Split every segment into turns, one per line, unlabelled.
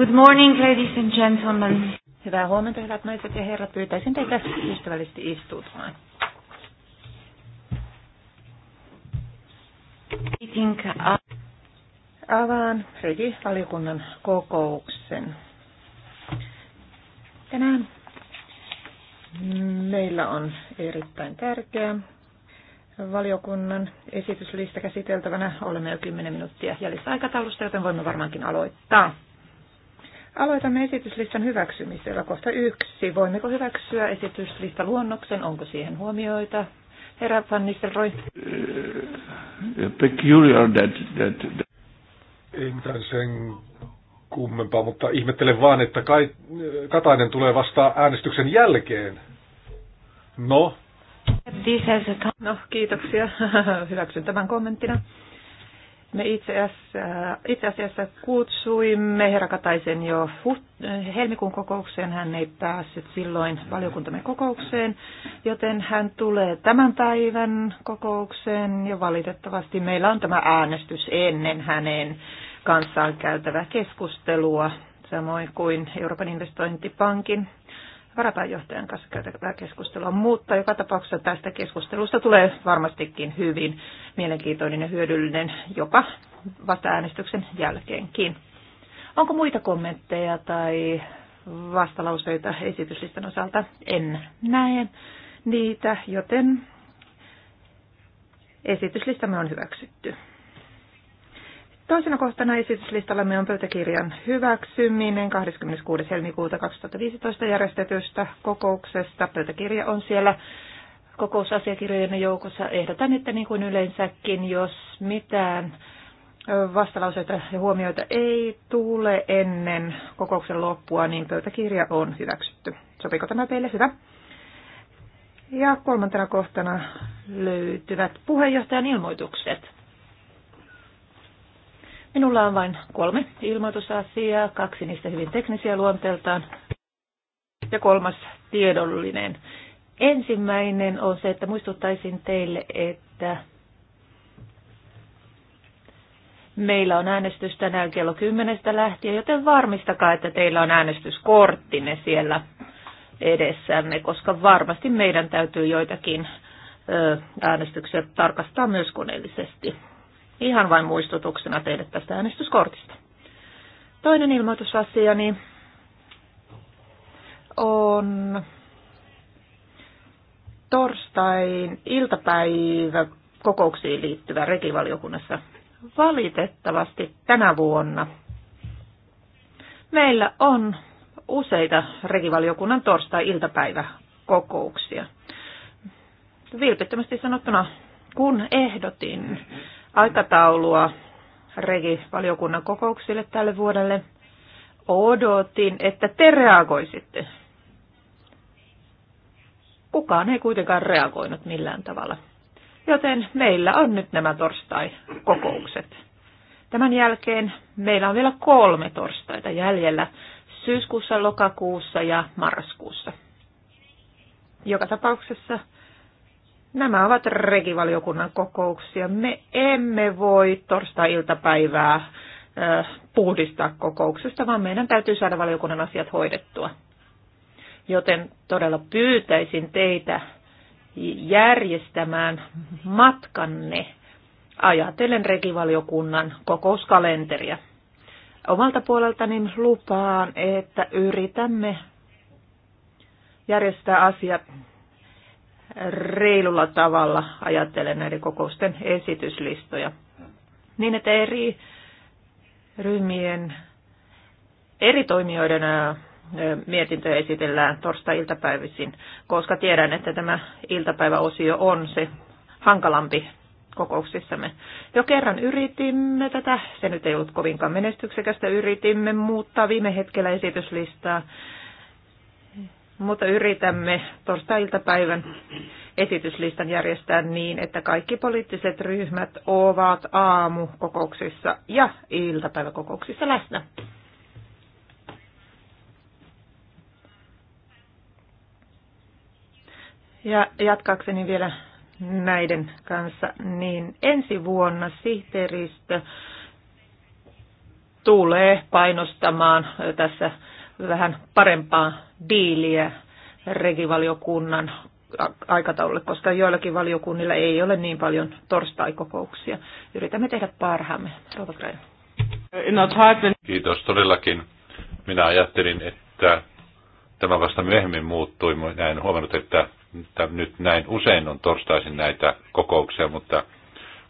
Good morning, ladies and gentlemen.
Hyvää huomenta, hyvät naiset ja herrat. Pyytäisin teitä ystävällisesti istuutumaan.
Uh,
Avaan Regi-valiokunnan kokouksen. Tänään meillä on erittäin tärkeä valiokunnan esityslista käsiteltävänä. Olemme jo 10 minuuttia jäljessä aikataulusta, joten voimme varmaankin aloittaa. Aloitamme esityslistan hyväksymisellä. Kohta yksi. Voimmeko hyväksyä esityslista luonnoksen? Onko siihen huomioita? Herra Van Nistelrooy.
Peculiar uh, that, that, that.
Ei mitään sen kummempaa, mutta ihmettelen vaan, että kai, Katainen tulee vasta äänestyksen jälkeen. No?
No, kiitoksia. Hyväksyn tämän kommenttina. Me itse asiassa, itse asiassa kutsuimme herra Kataisen jo helmikuun kokoukseen. Hän ei päässyt silloin valiokuntamme kokoukseen, joten hän tulee tämän päivän kokoukseen ja valitettavasti meillä on tämä äänestys ennen hänen kanssaan käytävää keskustelua, samoin kuin Euroopan investointipankin varapääjohtajan kanssa käytävää keskustelua, mutta joka tapauksessa tästä keskustelusta tulee varmastikin hyvin mielenkiintoinen ja hyödyllinen jopa vasta äänestyksen jälkeenkin. Onko muita kommentteja tai vastalauseita esityslistan osalta? En näe niitä, joten esityslistamme on hyväksytty. Toisena kohtana esityslistallamme on pöytäkirjan hyväksyminen 26. helmikuuta 2015 järjestetystä kokouksesta. Pöytäkirja on siellä kokousasiakirjojen joukossa. Ehdotan, että niin kuin yleensäkin, jos mitään vastalauseita ja huomioita ei tule ennen kokouksen loppua, niin pöytäkirja on hyväksytty. Sopiiko tämä teille? Hyvä. Ja kolmantena kohtana löytyvät puheenjohtajan ilmoitukset. Minulla on vain kolme ilmoitusasiaa, kaksi niistä hyvin teknisiä luonteeltaan ja kolmas tiedollinen. Ensimmäinen on se, että muistuttaisin teille, että meillä on äänestys tänään kello 10 lähtien, joten varmistakaa, että teillä on äänestyskorttinne siellä edessänne, koska varmasti meidän täytyy joitakin äänestyksiä tarkastaa myös koneellisesti. Ihan vain muistutuksena teille tästä äänestyskortista. Toinen ilmoitusasiani on torstain iltapäivä kokouksiin liittyvä rekivaliokunnassa. Valitettavasti tänä vuonna meillä on useita rekivaliokunnan torstai-iltapäiväkokouksia. Vilpittömästi sanottuna, kun ehdotin aikataulua Regi-valiokunnan kokouksille tälle vuodelle. Odotin, että te reagoisitte. Kukaan ei kuitenkaan reagoinut millään tavalla. Joten meillä on nyt nämä torstai-kokoukset. Tämän jälkeen meillä on vielä kolme torstaita jäljellä syyskuussa, lokakuussa ja marraskuussa. Joka tapauksessa Nämä ovat regivaliokunnan kokouksia. Me emme voi torstai-iltapäivää puhdistaa kokouksesta, vaan meidän täytyy saada valiokunnan asiat hoidettua. Joten todella pyytäisin teitä järjestämään matkanne ajatellen regivaliokunnan kokouskalenteria. Omalta puoleltani lupaan, että yritämme järjestää asiat reilulla tavalla ajattelen näiden kokousten esityslistoja. Niin, että eri ryhmien, eri toimijoiden mietintöjä esitellään torstai-iltapäivisin, koska tiedän, että tämä iltapäiväosio on se hankalampi kokouksissamme. Jo kerran yritimme tätä, se nyt ei ollut kovinkaan menestyksekästä, yritimme muuttaa viime hetkellä esityslistaa, mutta yritämme torstai-iltapäivän esityslistan järjestää niin, että kaikki poliittiset ryhmät ovat aamukokouksissa ja iltapäiväkokouksissa läsnä. Ja jatkaakseni vielä näiden kanssa, niin ensi vuonna sihteeristö tulee painostamaan tässä vähän parempaa diiliä regivaliokunnan aikataululle, koska joillakin valiokunnilla ei ole niin paljon torstaikokouksia. Yritämme tehdä parhaamme.
Kiitos todellakin. Minä ajattelin, että tämä vasta myöhemmin muuttui. Minä en huomannut, että nyt näin usein on torstaisin näitä kokouksia, mutta,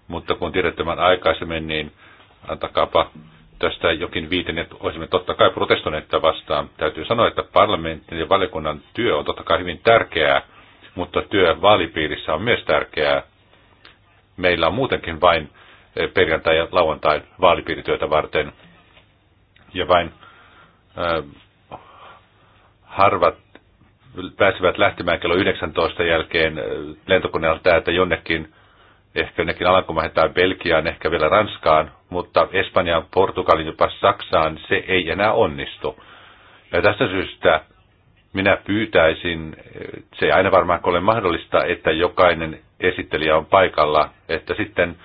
mutta kun tiedät tämän aikaisemmin, niin antakaapa tästä jokin että olisimme totta kai protestoineet tätä vastaan. Täytyy sanoa, että parlamentin ja valiokunnan työ on totta kai hyvin tärkeää, mutta työ vaalipiirissä on myös tärkeää. Meillä on muutenkin vain eh, perjantai- ja lauantai vaalipiirityötä varten. Ja vain äh, harvat pääsivät lähtemään kello 19 jälkeen eh, lentokoneelta täältä jonnekin ehkä jonnekin Alankomaihin Belgiaan, ehkä vielä Ranskaan, mutta Espanjaan, Portugalin, jopa Saksaan se ei enää onnistu. Ja tästä syystä minä pyytäisin, se ei aina varmaan ole mahdollista, että jokainen esittelijä on paikalla, että sitten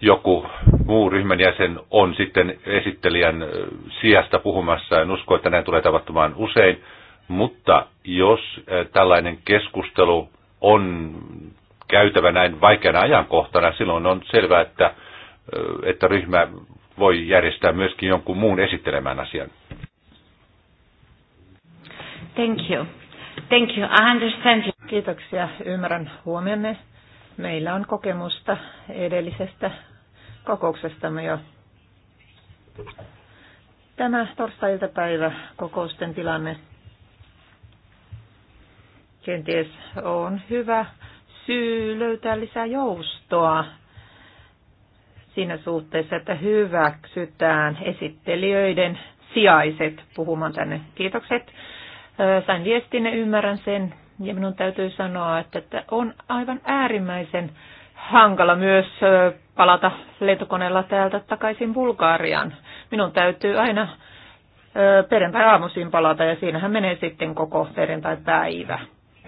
joku muu ryhmän jäsen on sitten esittelijän sijasta puhumassa. En usko, että näin tulee tapahtumaan usein, mutta jos tällainen keskustelu on käytävä näin vaikeana ajankohtana, silloin on selvää, että, että ryhmä voi järjestää myöskin jonkun muun esittelemään asian.
Thank you. Thank you. I understand you. Kiitoksia. Ymmärrän huomionne.
Meillä on kokemusta edellisestä kokouksestamme jo. Tämä torstai-iltapäivä kokousten tilanne kenties on hyvä syy löytää lisää joustoa siinä suhteessa, että hyväksytään esittelijöiden
sijaiset
puhumaan tänne. Kiitokset. Sain viestinne, ymmärrän sen. Ja minun täytyy sanoa, että on aivan äärimmäisen hankala myös palata lentokoneella täältä takaisin Bulgaariaan. Minun täytyy aina perjantai aamuisin palata ja siinähän menee sitten koko perjantai päivä.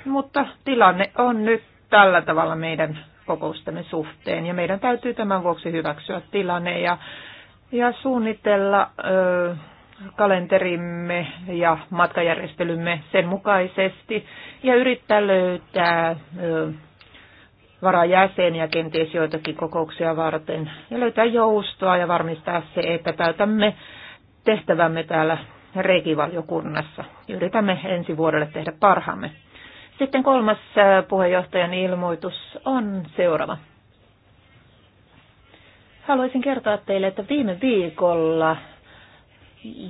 Mutta tilanne on nyt tällä tavalla meidän kokoustemme suhteen. Ja meidän täytyy tämän vuoksi hyväksyä tilanne ja, ja suunnitella ö, kalenterimme ja matkajärjestelymme sen mukaisesti ja yrittää löytää ö, varajäseniä kenties joitakin kokouksia varten ja löytää joustoa ja varmistaa se, että täytämme tehtävämme täällä reikivaliokunnassa. Yritämme ensi vuodelle tehdä parhaamme. Sitten kolmas puheenjohtajan ilmoitus on seuraava. Haluaisin kertoa teille, että viime viikolla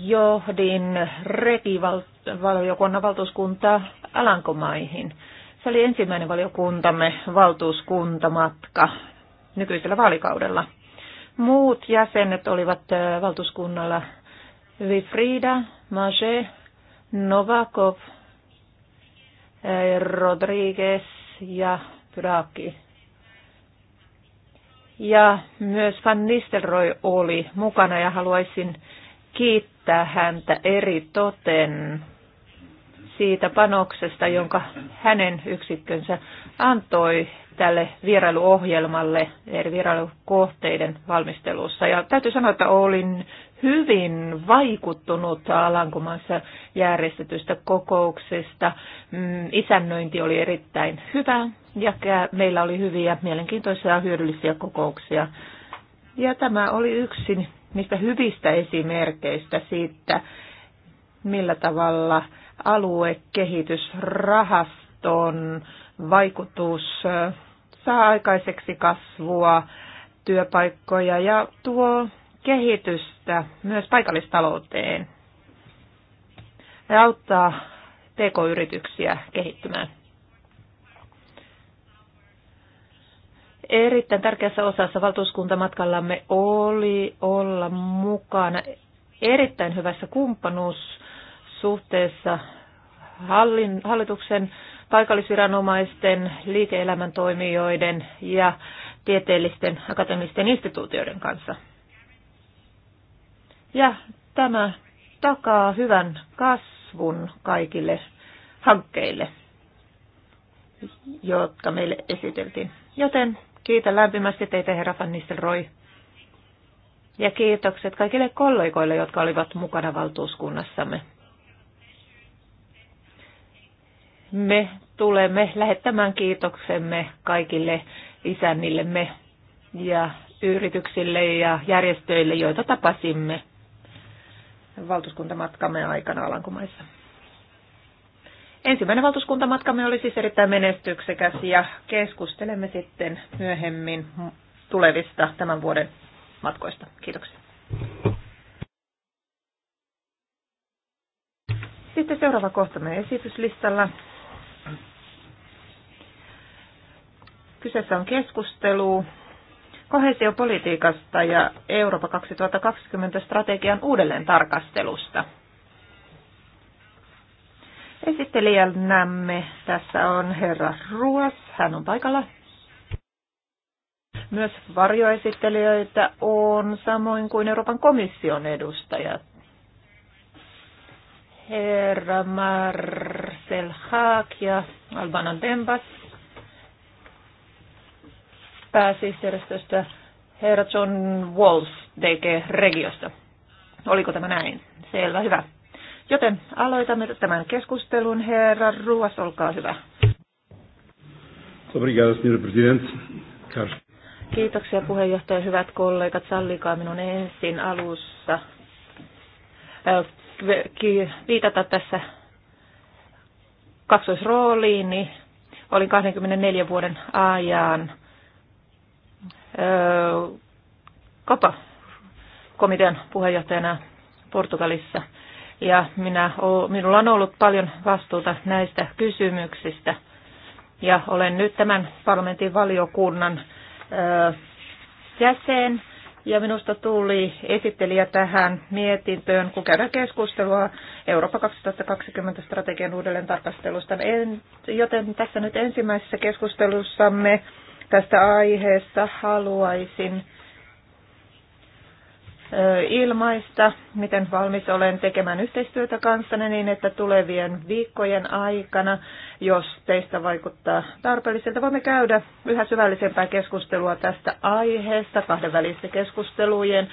johdin Reki-valiokunnan valtuuskuntaa Alankomaihin. Se oli ensimmäinen valiokuntamme valtuuskuntamatka nykyisellä vaalikaudella. Muut jäsenet olivat valtuuskunnalla Vifrida, Maje, Novakov, Eh, Rodriguez ja Pyraki. Ja myös Van Nistelrooy oli mukana ja haluaisin kiittää häntä eri toten siitä panoksesta, jonka hänen yksikkönsä antoi tälle vierailuohjelmalle eri vierailukohteiden valmistelussa. Ja täytyy sanoa, että olin hyvin vaikuttunut Alankomaissa järjestetystä kokouksesta. Mm, isännöinti oli erittäin hyvä ja meillä oli hyviä, mielenkiintoisia ja hyödyllisiä kokouksia. Ja tämä oli yksi niistä hyvistä esimerkkeistä siitä, millä tavalla aluekehitysrahaston vaikutus saa aikaiseksi kasvua, työpaikkoja ja tuo kehitystä myös paikallistalouteen ja auttaa pk-yrityksiä kehittymään. Erittäin tärkeässä osassa valtuuskuntamatkallamme oli olla mukana erittäin hyvässä kumppanuussuhteessa hallin, hallituksen, paikallisviranomaisten, liike-elämän toimijoiden ja tieteellisten akateemisten instituutioiden kanssa. Ja tämä takaa hyvän kasvun kaikille hankkeille, jotka meille esiteltiin. Joten kiitän lämpimästi teitä, herra Van Nistelrooy. Ja kiitokset kaikille kollegoille, jotka olivat mukana valtuuskunnassamme. Me tulemme lähettämään kiitoksemme kaikille isännillemme ja yrityksille ja järjestöille, joita tapasimme valtuuskuntamatkamme aikana Alankomaissa. Ensimmäinen valtuuskuntamatkamme oli siis erittäin menestyksekäs ja keskustelemme sitten myöhemmin tulevista tämän vuoden matkoista. Kiitoksia. Sitten seuraava kohta meidän esityslistalla. Kyseessä on keskustelu kohesiopolitiikasta ja Eurooppa 2020 strategian uudelleen tarkastelusta. Esittelijänämme tässä on herra Ruas, hän on paikalla. Myös varjoesittelijöitä on samoin kuin Euroopan komission edustajat. Herra Marcel Haak ja Albanan Dembas pääsihteeristöstä herra John Walls DG Regiosta. Oliko tämä näin? Selvä, hyvä. Joten aloitamme tämän keskustelun. Herra Ruas, olkaa hyvä. Obrigado, Kiitoksia puheenjohtaja, hyvät kollegat. Sallikaa minun ensin alussa äh, viitata tässä kaksoisrooliini. Olin 24 vuoden ajan kapa komitean puheenjohtajana Portugalissa. Ja minä, minulla on ollut paljon vastuuta näistä kysymyksistä. Ja olen nyt tämän parlamentin valiokunnan jäsen. Ja minusta tuli esittelijä tähän mietintöön, kun käydään keskustelua Eurooppa 2020 strategian uudelleen tarkastelusta. En, joten tässä nyt ensimmäisessä keskustelussamme tästä aiheesta haluaisin ilmaista, miten valmis olen tekemään yhteistyötä kanssanne niin, että tulevien viikkojen aikana, jos teistä vaikuttaa tarpeelliselta, voimme käydä yhä syvällisempää keskustelua tästä aiheesta kahdenvälisten keskustelujen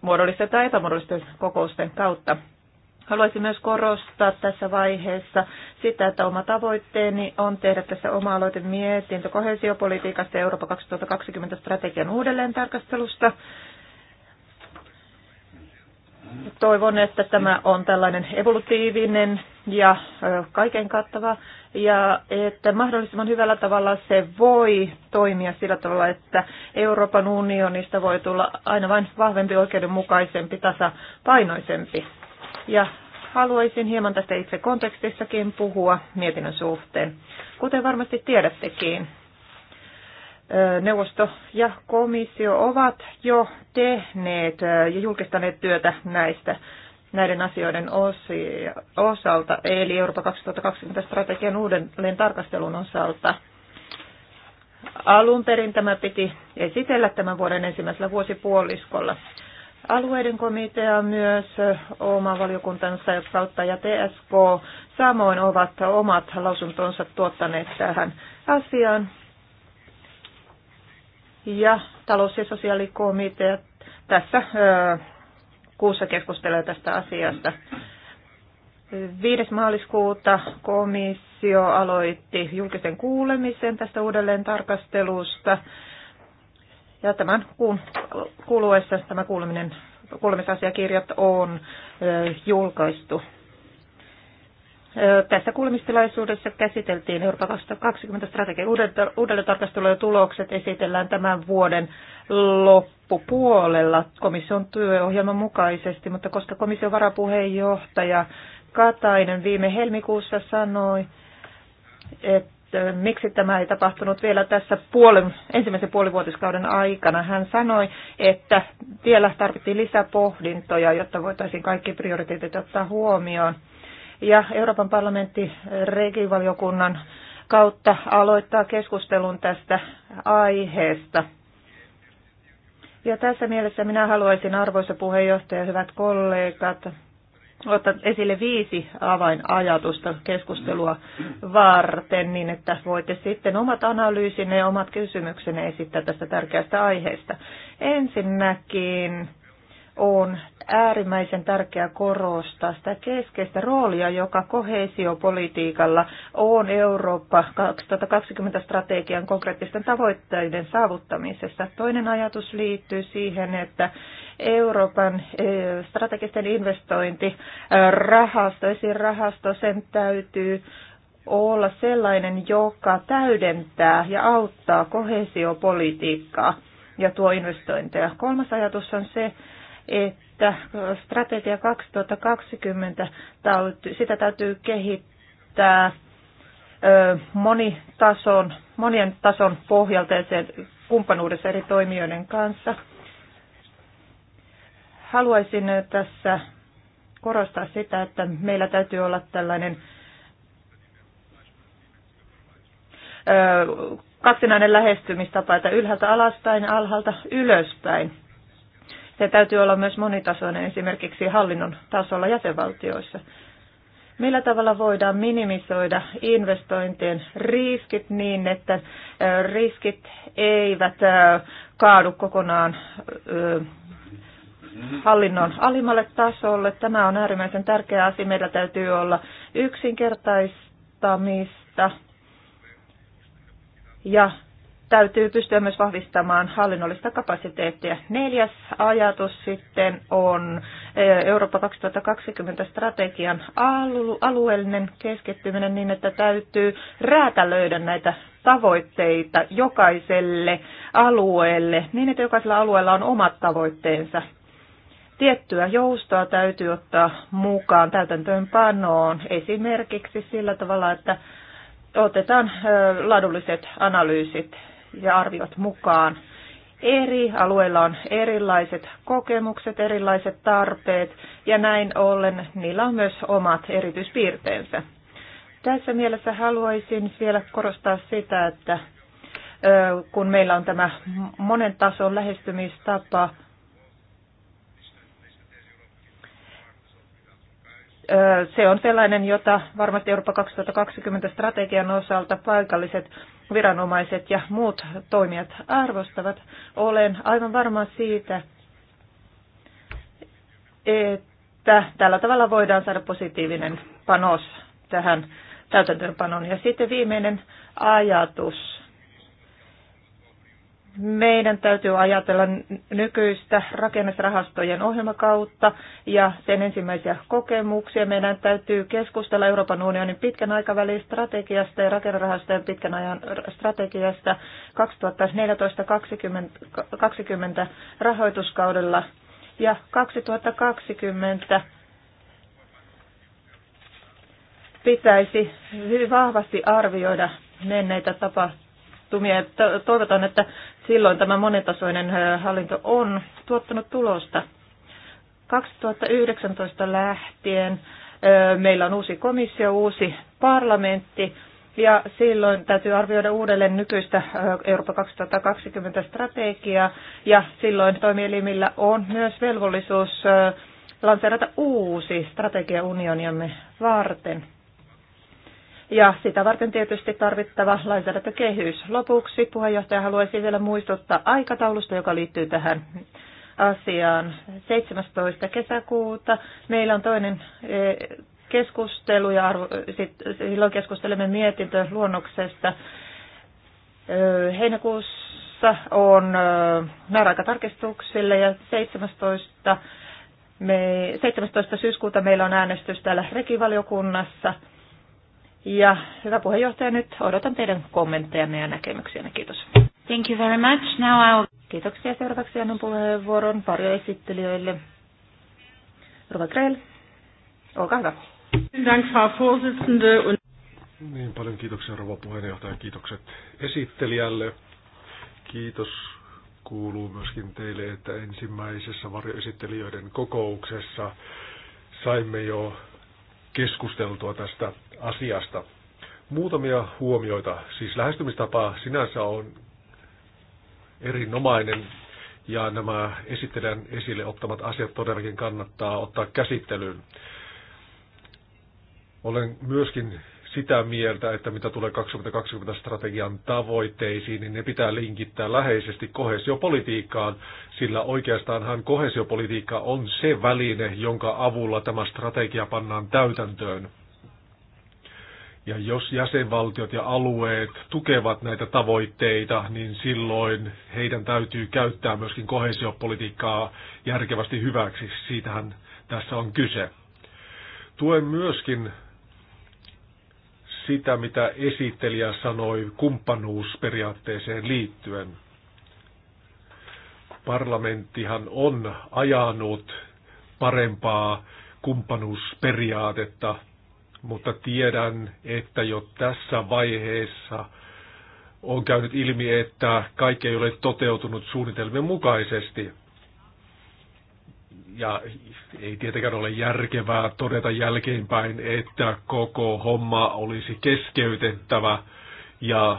muodollisten tai epämuodollisten kokousten kautta. Haluaisin myös korostaa tässä vaiheessa sitä, että oma tavoitteeni on tehdä tässä oma mietintö kohesiopolitiikasta Euroopan 2020 strategian uudelleen tarkastelusta. Toivon, että tämä on tällainen evolutiivinen ja kaiken kattava ja että mahdollisimman hyvällä tavalla se voi toimia sillä tavalla, että Euroopan unionista voi tulla aina vain vahvempi, oikeudenmukaisempi, tasapainoisempi. Ja haluaisin hieman tästä itse kontekstissakin puhua mietinnön suhteen. Kuten varmasti tiedättekin, neuvosto ja komissio ovat jo tehneet ja julkistaneet työtä näistä näiden asioiden osalta, eli Eurooppa 2020 strategian uudelleen tarkastelun osalta. Alun perin tämä piti esitellä tämän vuoden ensimmäisellä vuosipuoliskolla. Alueiden komitea myös oma valiokuntansa kautta ja TSK samoin ovat omat lausuntonsa tuottaneet tähän asiaan. Ja talous- ja sosiaalikomitea tässä kuussa keskustelee tästä asiasta. 5. maaliskuuta komissio aloitti julkisen kuulemisen tästä uudelleen tarkastelusta ja tämän kuun kuluessa tämä kuuleminen, kuulemisasiakirjat on julkaistu. Tässä kuulemistilaisuudessa käsiteltiin Euroopan 2020 strategian uudelleen ja tulokset esitellään tämän vuoden loppupuolella komission työohjelman mukaisesti, mutta koska komission varapuheenjohtaja Katainen viime helmikuussa sanoi, että miksi tämä ei tapahtunut vielä tässä puolen, ensimmäisen puolivuotiskauden aikana. Hän sanoi, että vielä tarvittiin lisäpohdintoja, jotta voitaisiin kaikki prioriteetit ottaa huomioon. Ja Euroopan parlamentti regivaliokunnan kautta aloittaa keskustelun tästä aiheesta. Ja tässä mielessä minä haluaisin, arvoisa puheenjohtaja, hyvät kollegat, otan esille viisi avainajatusta keskustelua varten, niin että voitte sitten omat analyysinne ja omat kysymyksenne esittää tästä tärkeästä aiheesta. Ensinnäkin on äärimmäisen tärkeää korostaa sitä keskeistä roolia, joka kohesiopolitiikalla on Eurooppa 2020-strategian konkreettisten tavoitteiden saavuttamisessa. Toinen ajatus liittyy siihen, että Euroopan eh, strategisten investointirahasto, rahasto sen täytyy olla sellainen, joka täydentää ja auttaa kohesiopolitiikkaa ja tuo investointeja. Kolmas ajatus on se, että strategia 2020, sitä täytyy kehittää monitason, monien tason pohjalta ja sen kumppanuudessa eri toimijoiden kanssa. Haluaisin tässä korostaa sitä, että meillä täytyy olla tällainen kaksinainen lähestymistapa, että ylhäältä alaspäin, alhaalta ylöspäin. Se täytyy olla myös monitasoinen esimerkiksi hallinnon tasolla jäsenvaltioissa. Millä tavalla voidaan minimisoida investointien riskit niin, että riskit eivät kaadu kokonaan hallinnon alimmalle tasolle. Tämä on äärimmäisen tärkeä asia. Meillä täytyy olla yksinkertaistamista ja täytyy pystyä myös vahvistamaan hallinnollista kapasiteettia. Neljäs ajatus sitten on eh, Eurooppa 2020 strategian alueellinen keskittyminen niin, että täytyy räätälöidä näitä tavoitteita jokaiselle alueelle, niin että jokaisella alueella on omat tavoitteensa. Tiettyä joustoa täytyy ottaa mukaan täytäntöönpanoon esimerkiksi sillä tavalla, että otetaan eh, laadulliset analyysit ja arviot mukaan. Eri alueilla on erilaiset kokemukset, erilaiset tarpeet ja näin ollen niillä on myös omat erityispiirteensä. Tässä mielessä haluaisin vielä korostaa sitä, että kun meillä on tämä monen tason lähestymistapa, se on sellainen, jota varmasti Eurooppa 2020 strategian osalta paikalliset viranomaiset ja muut toimijat arvostavat. Olen aivan varma siitä, että tällä tavalla voidaan saada positiivinen panos tähän täytäntöönpanoon. Ja sitten viimeinen ajatus meidän täytyy ajatella nykyistä rakennusrahastojen ohjelmakautta ja sen ensimmäisiä kokemuksia. Meidän täytyy keskustella Euroopan unionin pitkän aikavälin strategiasta ja rakennerahastojen pitkän ajan strategiasta 2014-2020 rahoituskaudella ja 2020 pitäisi hyvin vahvasti arvioida menneitä tapahtumia. Toivotan, että silloin tämä monitasoinen hallinto on tuottanut tulosta. 2019 lähtien meillä on uusi komissio, uusi parlamentti, ja silloin täytyy arvioida uudelleen nykyistä Eurooppa 2020 strategiaa, ja silloin toimielimillä on myös velvollisuus lanseerata uusi strategia unioniamme varten ja sitä varten tietysti tarvittava lainsäädäntökehys. Lopuksi puheenjohtaja haluaisi vielä muistuttaa aikataulusta, joka liittyy tähän asiaan. 17. kesäkuuta meillä on toinen e, keskustelu ja arvo, sit, silloin keskustelemme luonnoksesta. E, heinäkuussa on e, määräaikatarkistuksille ja 17. Me, 17. syyskuuta meillä on äänestys täällä rekivaliokunnassa – ja hyvä puheenjohtaja, nyt odotan teidän kommentteja ja näkemyksiä. Kiitos. Thank you very much. Now I'll... Kiitoksia. Seuraavaksi annan puheenvuoron varjoesittelijöille. Ruva Grell, olkaa hyvä.
Niin paljon kiitoksia rouva puheenjohtaja. Kiitokset esittelijälle. Kiitos kuuluu myöskin teille, että ensimmäisessä varjoesittelijöiden kokouksessa saimme jo keskusteltua tästä asiasta. Muutamia huomioita. Siis lähestymistapa sinänsä on erinomainen ja nämä esittelijän esille ottamat asiat todellakin kannattaa ottaa käsittelyyn. Olen myöskin sitä mieltä, että mitä tulee 2020-strategian tavoitteisiin, niin ne pitää linkittää läheisesti kohesiopolitiikkaan, sillä oikeastaanhan kohesiopolitiikka on se väline, jonka avulla tämä strategia pannaan täytäntöön. Ja jos jäsenvaltiot ja alueet tukevat näitä tavoitteita, niin silloin heidän täytyy käyttää myöskin kohesiopolitiikkaa järkevästi hyväksi. Siitähän tässä on kyse. Tuen myöskin sitä, mitä esittelijä sanoi kumppanuusperiaatteeseen liittyen. Parlamenttihan on ajanut parempaa kumppanuusperiaatetta, mutta tiedän, että jo tässä vaiheessa on käynyt ilmi, että kaikki ei ole toteutunut suunnitelmien mukaisesti – ja ei tietenkään ole järkevää todeta jälkeenpäin, että koko homma olisi keskeytettävä ja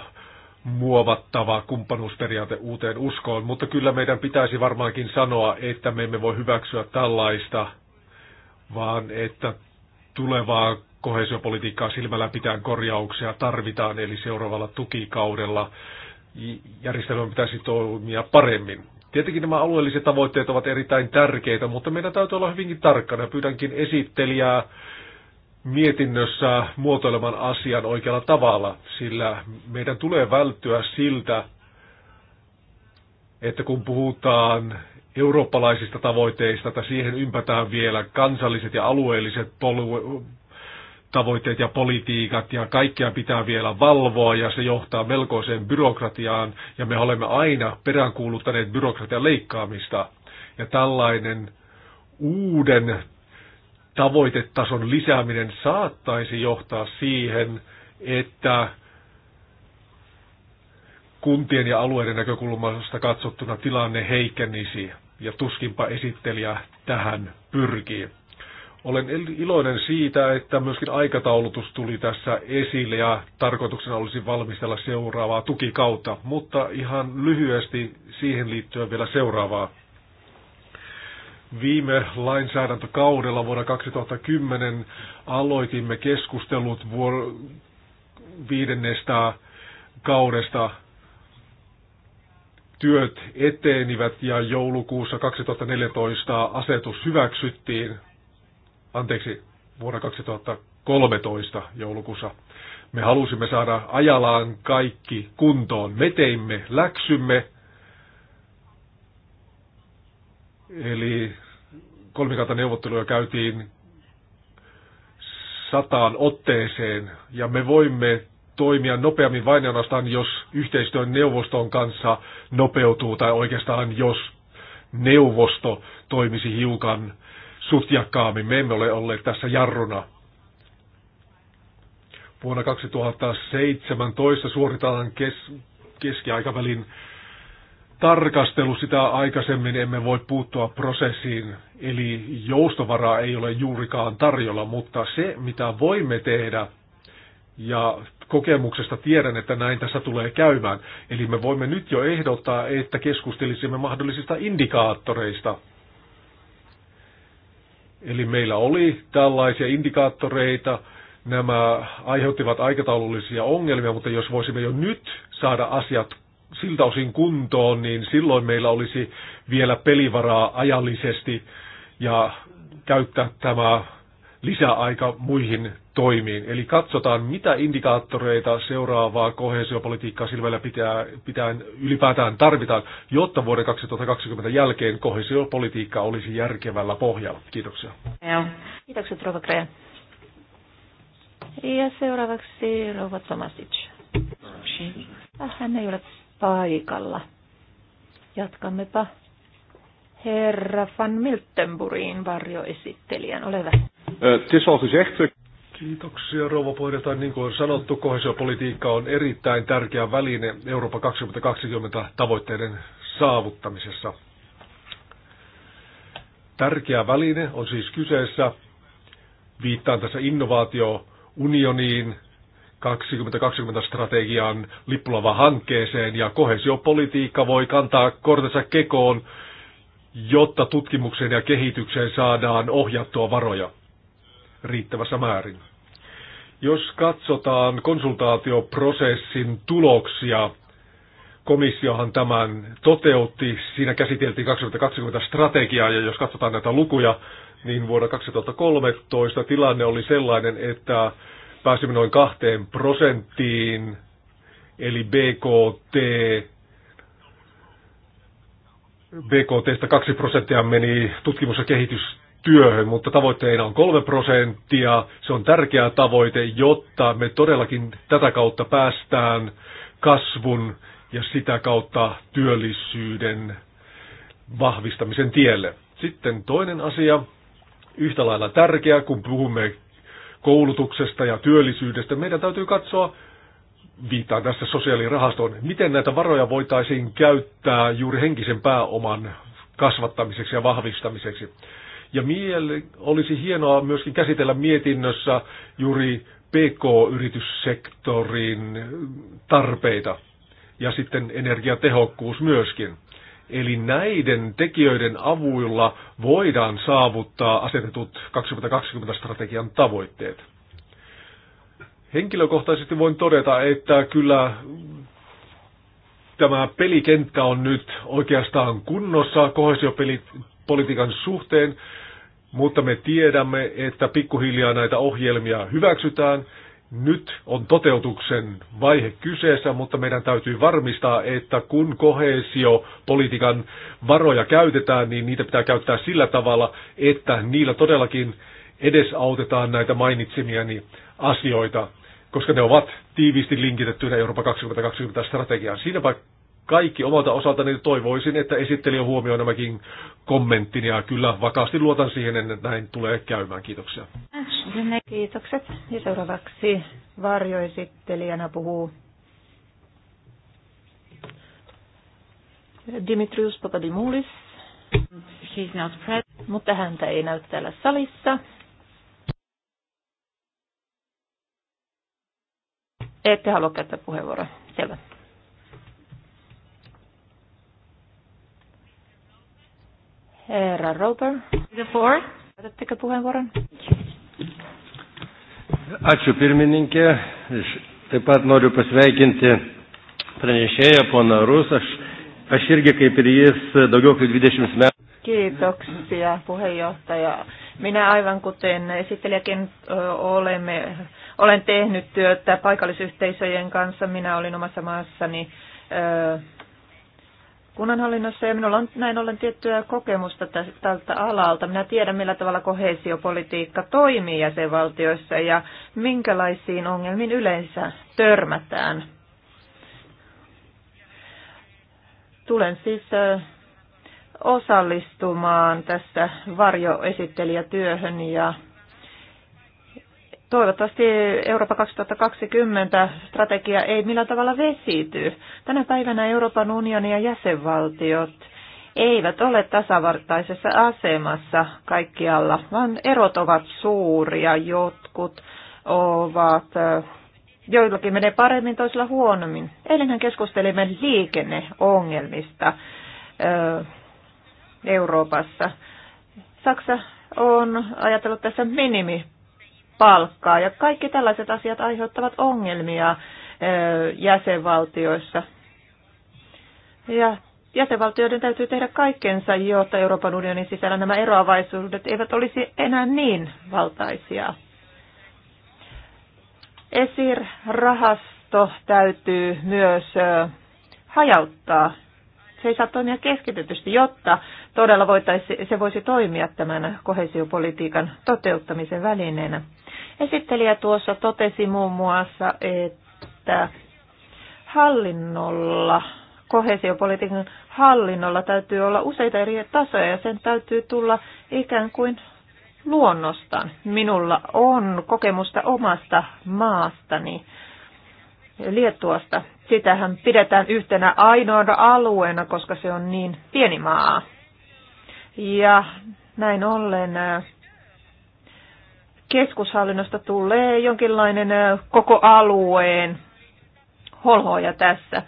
muovattava kumppanuusperiaate uuteen uskoon, mutta kyllä meidän pitäisi varmaankin sanoa, että me emme voi hyväksyä tällaista, vaan että tulevaa kohesiopolitiikkaa silmällä pitää korjauksia tarvitaan, eli seuraavalla tukikaudella järjestelmä pitäisi toimia paremmin. Tietenkin nämä alueelliset tavoitteet ovat erittäin tärkeitä, mutta meidän täytyy olla hyvinkin tarkkana. Pyydänkin esittelijää mietinnössä muotoilemaan asian oikealla tavalla, sillä meidän tulee välttyä siltä, että kun puhutaan eurooppalaisista tavoitteista, että siihen ympätään vielä kansalliset ja alueelliset tavoitteet ja politiikat ja kaikkea pitää vielä valvoa ja se johtaa melkoiseen byrokratiaan ja me olemme aina peräänkuuluttaneet byrokratian leikkaamista ja tällainen uuden tavoitetason lisääminen saattaisi johtaa siihen, että kuntien ja alueiden näkökulmasta katsottuna tilanne heikennisi ja tuskinpa esittelijä tähän pyrkii. Olen iloinen siitä, että myöskin aikataulutus tuli tässä esille ja tarkoituksena olisi valmistella seuraavaa tukikautta, mutta ihan lyhyesti siihen liittyen vielä seuraavaa. Viime lainsäädäntökaudella vuonna 2010 aloitimme keskustelut vuor- viidennestä kaudesta työt etenivät ja joulukuussa 2014 asetus hyväksyttiin anteeksi, vuonna 2013 joulukuussa. Me halusimme saada ajalaan kaikki kuntoon. Me teimme läksymme, eli kolmikantaneuvotteluja käytiin sataan otteeseen, ja me voimme toimia nopeammin vain ainoastaan, jos yhteistyön neuvoston kanssa nopeutuu, tai oikeastaan jos neuvosto toimisi hiukan suht jakkaammin. Me emme ole olleet tässä jarruna. Vuonna 2017 suoritetaan kes- keskiaikavälin tarkastelu. Sitä aikaisemmin emme voi puuttua prosessiin, eli joustovaraa ei ole juurikaan tarjolla, mutta se mitä voimme tehdä, ja kokemuksesta tiedän, että näin tässä tulee käymään. Eli me voimme nyt jo ehdottaa, että keskustelisimme mahdollisista indikaattoreista, Eli meillä oli tällaisia indikaattoreita, nämä aiheuttivat aikataulullisia ongelmia, mutta jos voisimme jo nyt saada asiat siltä osin kuntoon, niin silloin meillä olisi vielä pelivaraa ajallisesti ja käyttää tämä lisäaika muihin toimiin. Eli katsotaan, mitä indikaattoreita seuraavaa kohesiopolitiikkaa silmällä pitää, pitää ylipäätään tarvitaan, jotta vuoden 2020 jälkeen kohesiopolitiikka olisi järkevällä pohjalla. Kiitoksia.
Kiitokset, Rova Kreja. Ja seuraavaksi Rova Tomasic. Hän ei ole paikalla. Jatkammepa herra van Miltenburgin varjoesittelijän. Ole hyvä.
Eh, het is al gezegd, Kiitoksia rouva puheenjohtaja. Niin kuin on sanottu, kohesiopolitiikka on erittäin tärkeä väline Eurooppa 2020 tavoitteiden saavuttamisessa. Tärkeä väline on siis kyseessä, viittaan tässä innovaatiounioniin, 2020-strategian lippulava hankkeeseen ja kohesiopolitiikka voi kantaa kortensa kekoon, jotta tutkimukseen ja kehitykseen saadaan ohjattua varoja riittävässä määrin. Jos katsotaan konsultaatioprosessin tuloksia, komissiohan tämän toteutti. Siinä käsiteltiin 2020 strategiaa ja jos katsotaan näitä lukuja, niin vuonna 2013 tilanne oli sellainen, että pääsimme noin kahteen prosenttiin, eli BKT, BKTstä 2 prosenttia meni tutkimus- ja kehitys työhön, mutta tavoitteena on 3 prosenttia. Se on tärkeä tavoite, jotta me todellakin tätä kautta päästään kasvun ja sitä kautta työllisyyden vahvistamisen tielle. Sitten toinen asia, yhtä lailla tärkeä, kun puhumme koulutuksesta ja työllisyydestä, meidän täytyy katsoa, viittaan tässä sosiaalirahastoon, miten näitä varoja voitaisiin käyttää juuri henkisen pääoman kasvattamiseksi ja vahvistamiseksi. Ja miele, olisi hienoa myöskin käsitellä mietinnössä juuri PK-yrityssektorin tarpeita ja sitten energiatehokkuus myöskin. Eli näiden tekijöiden avuilla voidaan saavuttaa asetetut 2020-strategian tavoitteet. Henkilökohtaisesti voin todeta, että kyllä tämä pelikenttä on nyt oikeastaan kunnossa kohesiopolitiikan suhteen mutta me tiedämme, että pikkuhiljaa näitä ohjelmia hyväksytään. Nyt on toteutuksen vaihe kyseessä, mutta meidän täytyy varmistaa, että kun kohesiopolitiikan varoja käytetään, niin niitä pitää käyttää sillä tavalla, että niillä todellakin edesautetaan näitä mainitsemiani asioita, koska ne ovat tiiviisti linkitettynä Eurooppa 2020 strategiaan. Siinäpä kaikki omalta osaltani toivoisin, että esittelijä huomioi nämäkin kommenttini ja kyllä vakaasti luotan siihen, että näin tulee käymään. Kiitoksia.
Kiitokset. Ja seuraavaksi varjoesittelijänä puhuu Dimitrius Papadimoulis. He's not present. Mutta häntä ei näy täällä salissa. Ette halua käyttää puheenvuoroa. Selvä. Herra Roper. The floor. Otatteko puheenvuoron?
Ačiū
pirmininkė. Aš taip pat noriu pasveikinti pranešėją, poną Rus. Aš, aš irgi kaip ir jis daugiau kaip 20 metų.
Kiitoksia puheenjohtaja. Minä aivan kuten esittelijäkin olemme, olen tehnyt työtä paikallisyhteisöjen kanssa. Minä olin omassa maassani kunnanhallinnossa ja minulla on näin ollen tiettyä kokemusta tältä alalta. Minä tiedän, millä tavalla kohesiopolitiikka toimii jäsenvaltioissa ja minkälaisiin ongelmiin yleensä törmätään. Tulen siis osallistumaan tässä varjoesittelijätyöhön ja Toivottavasti Eurooppa 2020 strategia ei millään tavalla vesity. Tänä päivänä Euroopan unioni ja jäsenvaltiot eivät ole tasavartaisessa asemassa kaikkialla, vaan erot ovat suuria. Jotkut ovat, joillakin menee paremmin, toisilla huonommin. Eilenhän keskustelimme liikenneongelmista Euroopassa. Saksa on ajatellut tässä minimi palkkaa. Ja kaikki tällaiset asiat aiheuttavat ongelmia jäsenvaltioissa. Ja jäsenvaltioiden täytyy tehdä kaikkensa, jotta Euroopan unionin sisällä nämä eroavaisuudet eivät olisi enää niin valtaisia. ESIR-rahasto täytyy myös hajauttaa. Se ei saa toimia keskitetysti, jotta todella voitaisi, se voisi toimia tämän kohesiopolitiikan toteuttamisen välineenä. Esittelijä tuossa totesi muun muassa, että hallinnolla, kohesiopolitiikan hallinnolla täytyy olla useita eri tasoja ja sen täytyy tulla ikään kuin luonnostaan. Minulla on kokemusta omasta maastani, Liettuasta. Sitähän pidetään yhtenä ainoana alueena, koska se on niin pieni maa. Ja näin ollen äh, keskushallinnosta tulee jonkinlainen koko alueen holhoja tässä.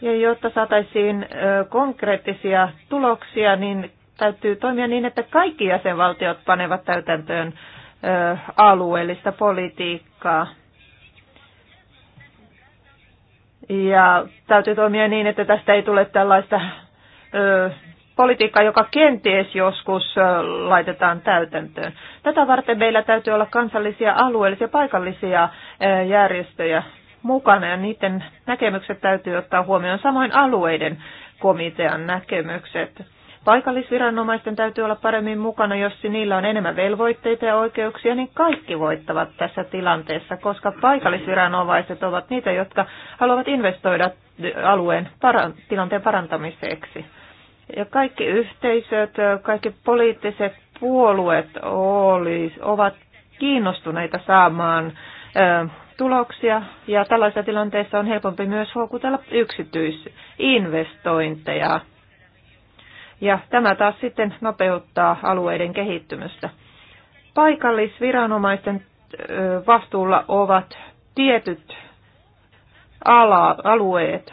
Ja jotta saataisiin konkreettisia tuloksia, niin täytyy toimia niin, että kaikki jäsenvaltiot panevat täytäntöön alueellista politiikkaa. Ja täytyy toimia niin, että tästä ei tule tällaista Politiikka, joka kenties joskus laitetaan täytäntöön. Tätä varten meillä täytyy olla kansallisia, alueellisia, paikallisia järjestöjä mukana ja niiden näkemykset täytyy ottaa huomioon samoin alueiden komitean näkemykset. Paikallisviranomaisten täytyy olla paremmin mukana, jos niillä on enemmän velvoitteita ja oikeuksia, niin kaikki voittavat tässä tilanteessa, koska paikallisviranomaiset ovat niitä, jotka haluavat investoida alueen tilanteen parantamiseksi. Ja kaikki yhteisöt, kaikki poliittiset puolueet oli, ovat kiinnostuneita saamaan ö, tuloksia ja tällaisessa tilanteessa on helpompi myös houkutella yksityisinvestointeja. Ja tämä taas sitten nopeuttaa alueiden kehittymistä. Paikallisviranomaisten vastuulla ovat tietyt ala, alueet.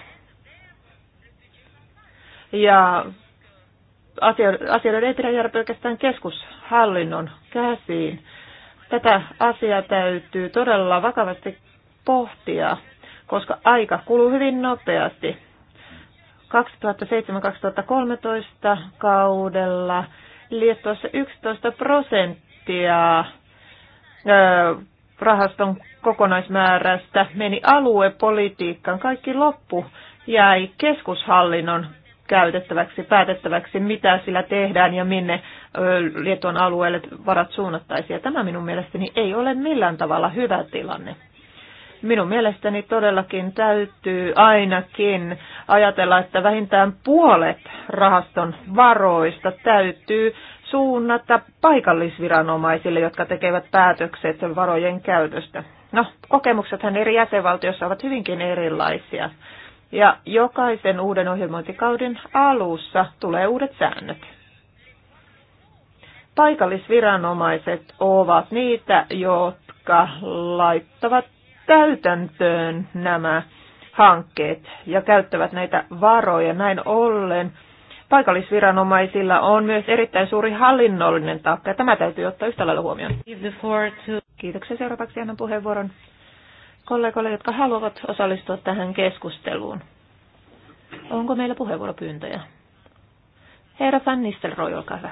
Ja asioiden ei pidä jäädä pelkästään keskushallinnon käsiin. Tätä asiaa täytyy todella vakavasti pohtia, koska aika kuluu hyvin nopeasti. 2007-2013 kaudella Liettuassa 11 prosenttia rahaston kokonaismäärästä meni aluepolitiikkaan. Kaikki loppu jäi keskushallinnon käytettäväksi, päätettäväksi, mitä sillä tehdään ja minne Lietuan alueelle varat suunnattaisiin. tämä minun mielestäni ei ole millään tavalla hyvä tilanne. Minun mielestäni todellakin täytyy ainakin ajatella, että vähintään puolet rahaston varoista täytyy suunnata paikallisviranomaisille, jotka tekevät päätökset varojen käytöstä. No, kokemuksethan eri jäsenvaltioissa ovat hyvinkin erilaisia. Ja jokaisen uuden ohjelmointikauden alussa tulee uudet säännöt. Paikallisviranomaiset ovat niitä, jotka laittavat täytäntöön nämä hankkeet ja käyttävät näitä varoja. Näin ollen paikallisviranomaisilla on myös erittäin suuri hallinnollinen taakka tämä täytyy ottaa yhtä lailla huomioon. Kiitoksia. Seuraavaksi annan puheenvuoron kollegoille, jotka haluavat osallistua tähän keskusteluun. Onko meillä puheenvuoropyyntöjä? Herra Van Nistelrooy, olkaa
hyvä.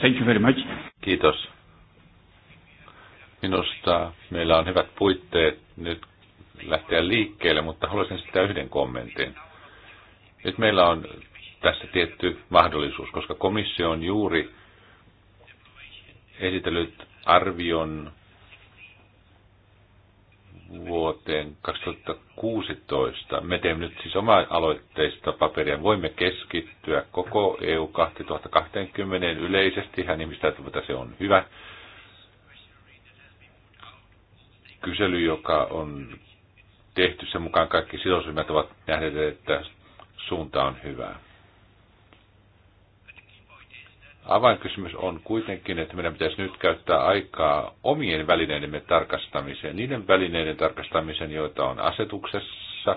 Thank you very much. Kiitos. Minusta meillä on hyvät puitteet nyt lähteä liikkeelle, mutta haluaisin sitä yhden kommentin. Nyt meillä on tässä tietty mahdollisuus, koska komissio on juuri esitellyt arvion vuoteen 2016. Me teemme nyt siis oma aloitteista paperia. Voimme keskittyä koko EU 2020 yleisesti. Hän nimistä, että se on hyvä. Kysely, joka on tehty, sen mukaan kaikki sidosryhmät ovat nähneet, että suunta on hyvää. Avainkysymys on kuitenkin, että meidän pitäisi nyt käyttää aikaa omien välineidemme tarkastamiseen, niiden välineiden tarkastamiseen, joita on asetuksessa,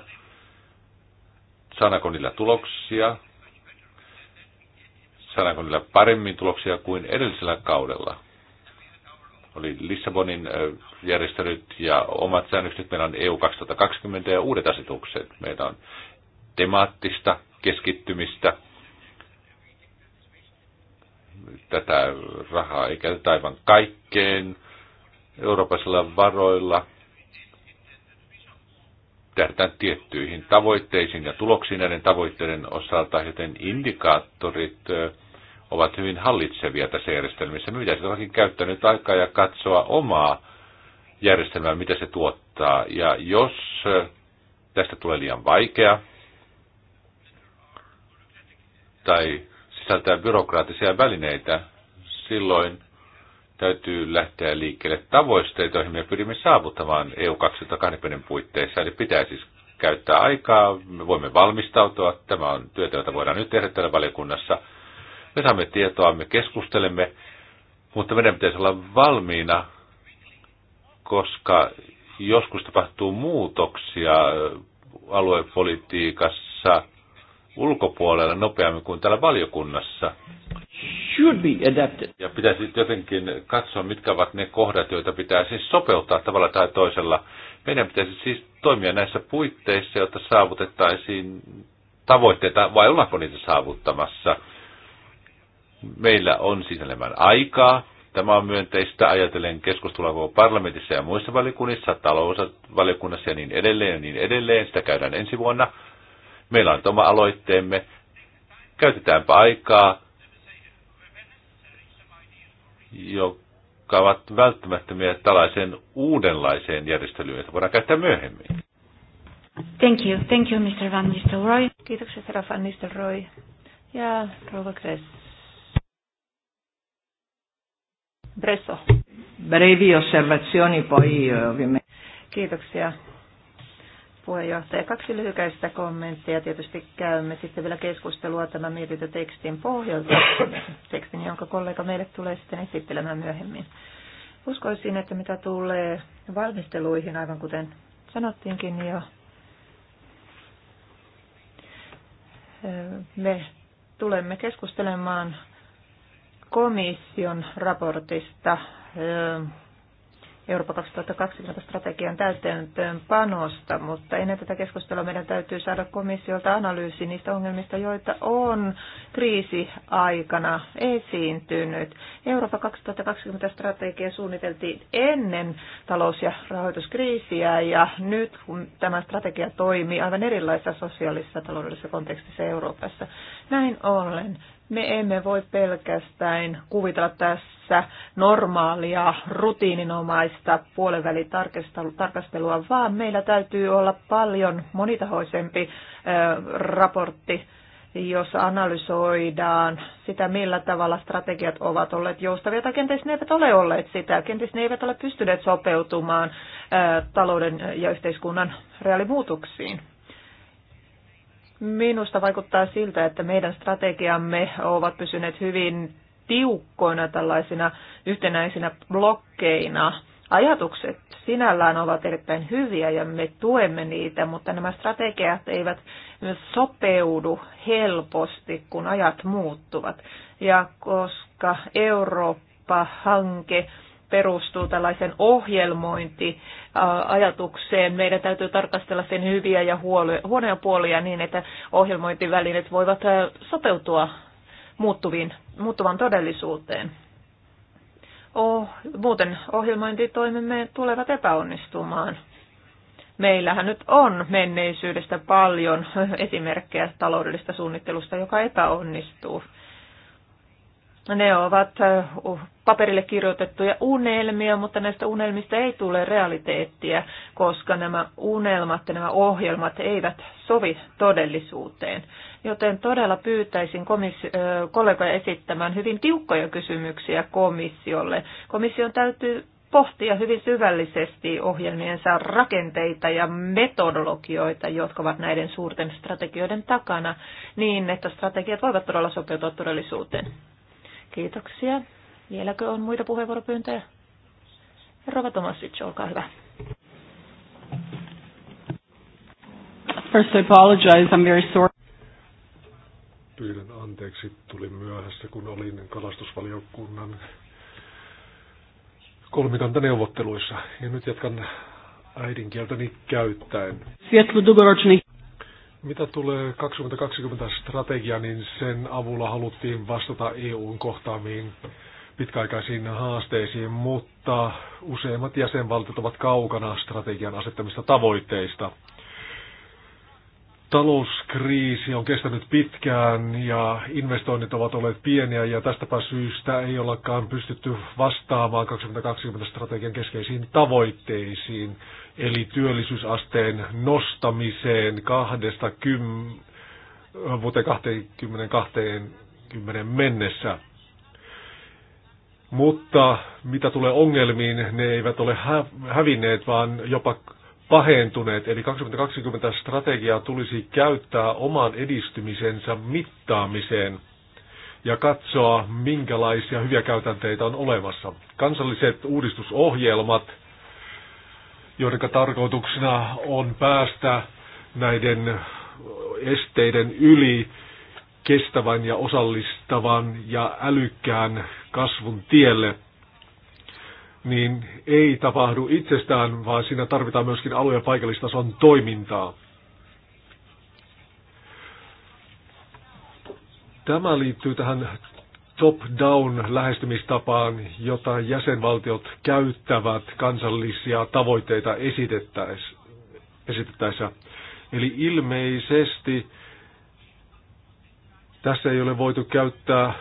saadaanko niillä tuloksia, saadaanko niillä paremmin tuloksia kuin edellisellä kaudella. Oli Lissabonin järjestelyt ja omat säännökset. Meillä on EU 2020 ja uudet asetukset. Meillä on temaattista keskittymistä tätä rahaa ei käytetä aivan kaikkeen eurooppalaisilla varoilla. Tähdään tiettyihin tavoitteisiin ja tuloksiin näiden tavoitteiden osalta, joten indikaattorit ovat hyvin hallitsevia tässä järjestelmissä. pitäisi se käyttää nyt aikaa ja katsoa omaa järjestelmää, mitä se tuottaa. Ja jos tästä tulee liian vaikea tai sisältää byrokraattisia välineitä, silloin täytyy lähteä liikkeelle tavoitteita, joihin me pyrimme saavuttamaan EU 2020 puitteissa. Eli pitää siis käyttää aikaa, me voimme valmistautua, tämä on työtä, jota voidaan nyt tehdä täällä valiokunnassa. Me saamme tietoa, me keskustelemme, mutta meidän pitäisi olla valmiina, koska joskus tapahtuu muutoksia aluepolitiikassa, ulkopuolella nopeammin kuin täällä valiokunnassa. Should be adapted. Ja pitäisi jotenkin katsoa, mitkä ovat ne kohdat, joita pitää siis sopeuttaa tavalla tai toisella. Meidän pitäisi siis toimia näissä puitteissa, jotta saavutettaisiin tavoitteita, vai ollaanko niitä saavuttamassa? Meillä on siis enemmän aikaa. Tämä on myönteistä ajatellen keskustelua parlamentissa ja muissa valiokunnissa, talousvaliokunnassa ja niin edelleen ja niin edelleen. Sitä käydään ensi vuonna Meillä on oma aloitteemme. Käytetäänpä aikaa, jotka ovat välttämättömiä tällaiseen uudenlaiseen järjestelyyn, jota voidaan käyttää myöhemmin.
Thank you. Thank you, Mr. Van Nistelrooy. Kiitoksia, herra Van Nistelrooy. Ja rouva Kress.
Bresso. Brevi osservazioni poi eh, ovviamente. Kiitoksia puheenjohtaja. Kaksi lyhykäistä kommenttia. Tietysti käymme sitten vielä keskustelua tämän mietintötekstin pohjalta, tekstin, jonka kollega meille tulee sitten esittelemään myöhemmin. Uskoisin, että mitä tulee valmisteluihin, aivan kuten sanottiinkin jo, me tulemme keskustelemaan komission raportista Eurooppa 2020 strategian täytäntöön panosta, mutta ennen tätä keskustelua meidän täytyy saada komissiolta analyysi niistä ongelmista, joita on kriisi-aikana aikana esiintynyt. Eurooppa 2020 strategia suunniteltiin ennen talous- ja rahoituskriisiä ja nyt kun tämä strategia toimii aivan erilaisessa sosiaalisessa ja taloudellisessa kontekstissa Euroopassa, näin ollen me emme voi pelkästään kuvitella tässä normaalia, rutiininomaista puolivälitarkastelua, vaan meillä täytyy olla paljon monitahoisempi raportti jossa analysoidaan sitä, millä tavalla strategiat ovat olleet joustavia, tai kenties ne eivät ole olleet sitä, kenties ne eivät ole pystyneet sopeutumaan talouden ja yhteiskunnan reaalimuutoksiin. Minusta vaikuttaa siltä, että meidän strategiamme ovat pysyneet hyvin tiukkoina tällaisina yhtenäisinä blokkeina. Ajatukset sinällään ovat erittäin hyviä ja me tuemme niitä, mutta nämä strategiat eivät sopeudu helposti, kun ajat muuttuvat. Ja koska Eurooppa-hanke perustuu tällaisen ohjelmointiajatukseen. Meidän täytyy tarkastella sen hyviä ja huonoja puolia niin, että ohjelmointivälineet voivat sopeutua muuttuviin, muuttuvan todellisuuteen. Oh, muuten ohjelmointitoimemme tulevat epäonnistumaan. Meillähän nyt on menneisyydestä paljon esimerkkejä taloudellisesta suunnittelusta, joka epäonnistuu. Ne ovat paperille kirjoitettuja unelmia, mutta näistä unelmista ei tule realiteettiä, koska nämä unelmat ja nämä ohjelmat eivät sovi todellisuuteen. Joten todella pyytäisin komissi- kollegoja esittämään hyvin tiukkoja kysymyksiä komissiolle. Komission täytyy pohtia hyvin syvällisesti ohjelmiensa rakenteita ja metodologioita, jotka ovat näiden suurten strategioiden takana, niin että strategiat voivat todella sopeutua todellisuuteen. Kiitoksia. Vieläkö on muita puheenvuoropyyntöjä? Rova Tomasic, olkaa hyvä.
First I
apologize, I'm very sorry. Pyydän anteeksi, tulin myöhässä, kun olin kalastusvaliokunnan kolmikantaneuvotteluissa. Ja nyt jatkan äidinkieltäni käyttäen. Svjetlu mitä tulee 2020 strategia, niin sen avulla haluttiin vastata EUn kohtaamiin pitkäaikaisiin haasteisiin, mutta useimmat jäsenvaltiot ovat kaukana strategian asettamista tavoitteista talouskriisi on kestänyt pitkään ja investoinnit ovat olleet pieniä ja tästäpä syystä ei ollakaan pystytty vastaamaan 2020-strategian keskeisiin tavoitteisiin, eli työllisyysasteen nostamiseen kahdesta kym, vuoteen 2020 mennessä. Mutta mitä tulee ongelmiin, ne eivät ole hävinneet, vaan jopa pahentuneet, eli 2020 strategiaa tulisi käyttää oman edistymisensä mittaamiseen ja katsoa, minkälaisia hyviä käytänteitä on olemassa. Kansalliset uudistusohjelmat, joiden tarkoituksena on päästä näiden esteiden yli kestävän ja osallistavan ja älykkään kasvun tielle niin ei tapahdu itsestään, vaan siinä tarvitaan myöskin alue- ja paikallistason toimintaa. Tämä liittyy tähän top-down lähestymistapaan, jota jäsenvaltiot käyttävät kansallisia tavoitteita esitettäessä. Eli ilmeisesti tässä ei ole voitu käyttää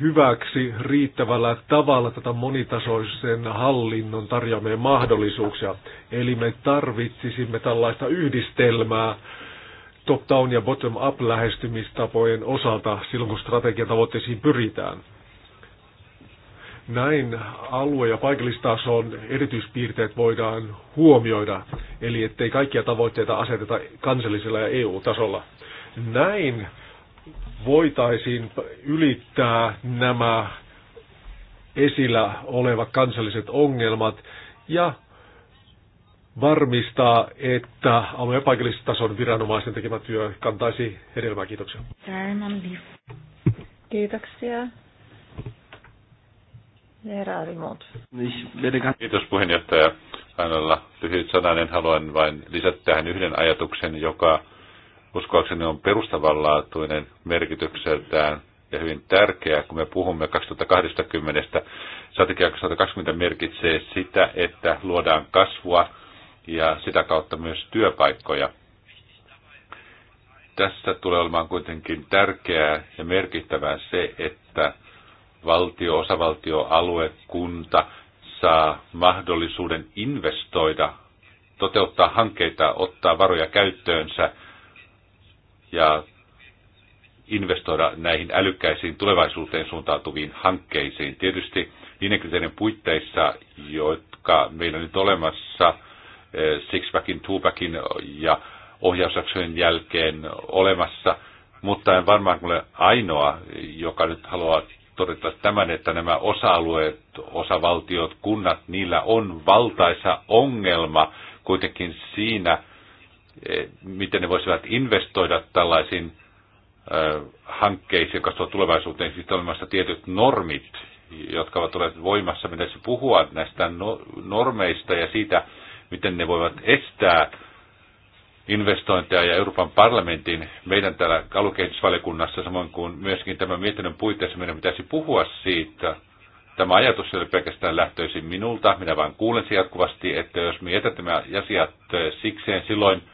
hyväksi riittävällä tavalla tätä monitasoisen hallinnon tarjoamia mahdollisuuksia. Eli me tarvitsisimme tällaista yhdistelmää top-down ja bottom-up lähestymistapojen osalta silloin, kun strategiatavoitteisiin pyritään. Näin alue- ja paikallistason erityispiirteet voidaan huomioida, eli ettei kaikkia tavoitteita aseteta kansallisella ja EU-tasolla. Näin voitaisiin ylittää nämä esillä olevat kansalliset ongelmat ja varmistaa, että alue- ja paikallistason viranomaisten tekemä työ kantaisi hedelmää. Kiitoksia.
Kiitoksia.
Kiitos puheenjohtaja. Ainoalla lyhyt sananen haluan vain lisätä tähän yhden ajatuksen, joka uskoakseni on perustavanlaatuinen merkitykseltään ja hyvin tärkeää, kun me puhumme 2020. Strategia 2020 merkitsee sitä, että luodaan kasvua ja sitä kautta myös työpaikkoja. Tässä tulee olemaan kuitenkin tärkeää ja merkittävää se, että valtio, osavaltio, alue, kunta saa mahdollisuuden investoida, toteuttaa hankkeita, ottaa varoja käyttöönsä – ja investoida näihin älykkäisiin tulevaisuuteen suuntautuviin hankkeisiin. Tietysti niiden kriteerien puitteissa, jotka meillä nyt olemassa eh, Sixpackin, Twopackin ja ohjausjaksojen jälkeen olemassa, mutta en varmaan ole ainoa, joka nyt haluaa todeta tämän, että nämä osa-alueet, osavaltiot, kunnat, niillä on valtaisa ongelma kuitenkin siinä, Eh, miten ne voisivat investoida tällaisiin hankkeisiin, jotka ovat tulevaisuuteen, siis olemassa tietyt normit, jotka ovat olleet voimassa, miten se puhua näistä no-, normeista ja siitä, miten ne voivat estää investointeja ja Euroopan parlamentin, meidän täällä alukehitysvaliokunnassa, samoin kuin myöskin tämän mietinnön puitteissa meidän pitäisi puhua siitä. Tämä ajatus ei ole pelkästään lähtöisin minulta, minä vain kuulen se jatkuvasti, että jos me jätämme asiat sikseen, silloin –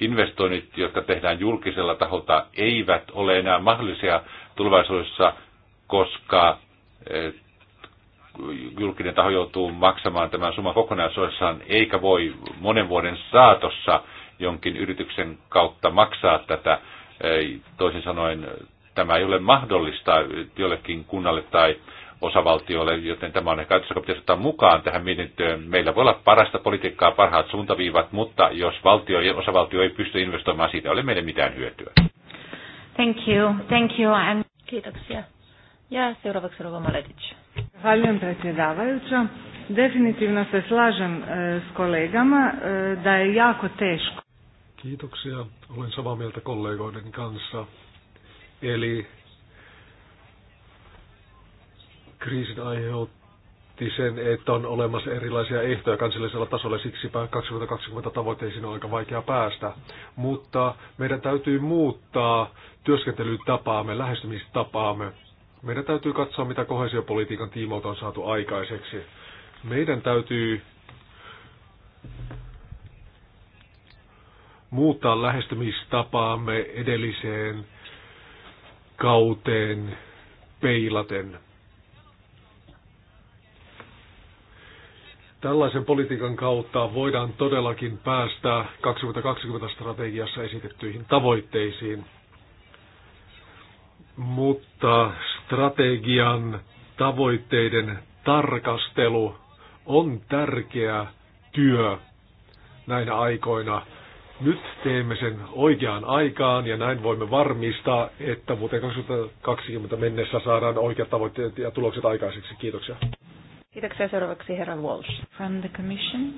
investoinnit, jotka tehdään julkisella taholta, eivät ole enää mahdollisia tulevaisuudessa, koska eh, julkinen taho joutuu maksamaan tämän summan kokonaisuudessaan, eikä voi monen vuoden saatossa jonkin yrityksen kautta maksaa tätä. Toisin sanoen tämä ei ole mahdollista jollekin kunnalle tai osavaltioille, joten tämä on ehkä ajatus, joka pitäisi ottaa mukaan tähän mietintöön. Meillä voi olla parasta politiikkaa, parhaat suuntaviivat, mutta jos valtio ja osavaltio ei pysty investoimaan, siitä ei ole meille mitään hyötyä.
Thank you. Thank you. And... Kiitoksia. Ja seuraavaksi Rova Maledic. Zahvaljujem predsjedavajuća. Definitivno se slažem e, s kolegama e, da je jako teško.
Kiitoksia. Olen samaa mieltä kollegoiden kanssa. Eli kriisin aiheutti sen, että on olemassa erilaisia ehtoja kansallisella tasolla, siksipä 2020 tavoitteisiin on aika vaikea päästä. Mutta meidän täytyy muuttaa työskentelytapaamme, lähestymistapaamme. Meidän täytyy katsoa, mitä kohesiopolitiikan tiimoilta on saatu aikaiseksi. Meidän täytyy muuttaa lähestymistapaamme edelliseen kauteen peilaten. Tällaisen politiikan kautta voidaan todellakin päästä 2020-strategiassa esitettyihin tavoitteisiin, mutta strategian tavoitteiden tarkastelu on tärkeä työ näinä aikoina. Nyt teemme sen oikeaan aikaan ja näin voimme varmistaa, että vuoteen 2020 mennessä saadaan oikeat tavoitteet ja tulokset aikaiseksi. Kiitoksia.
Kiitoksia seuraavaksi herra Walsh. From the commission.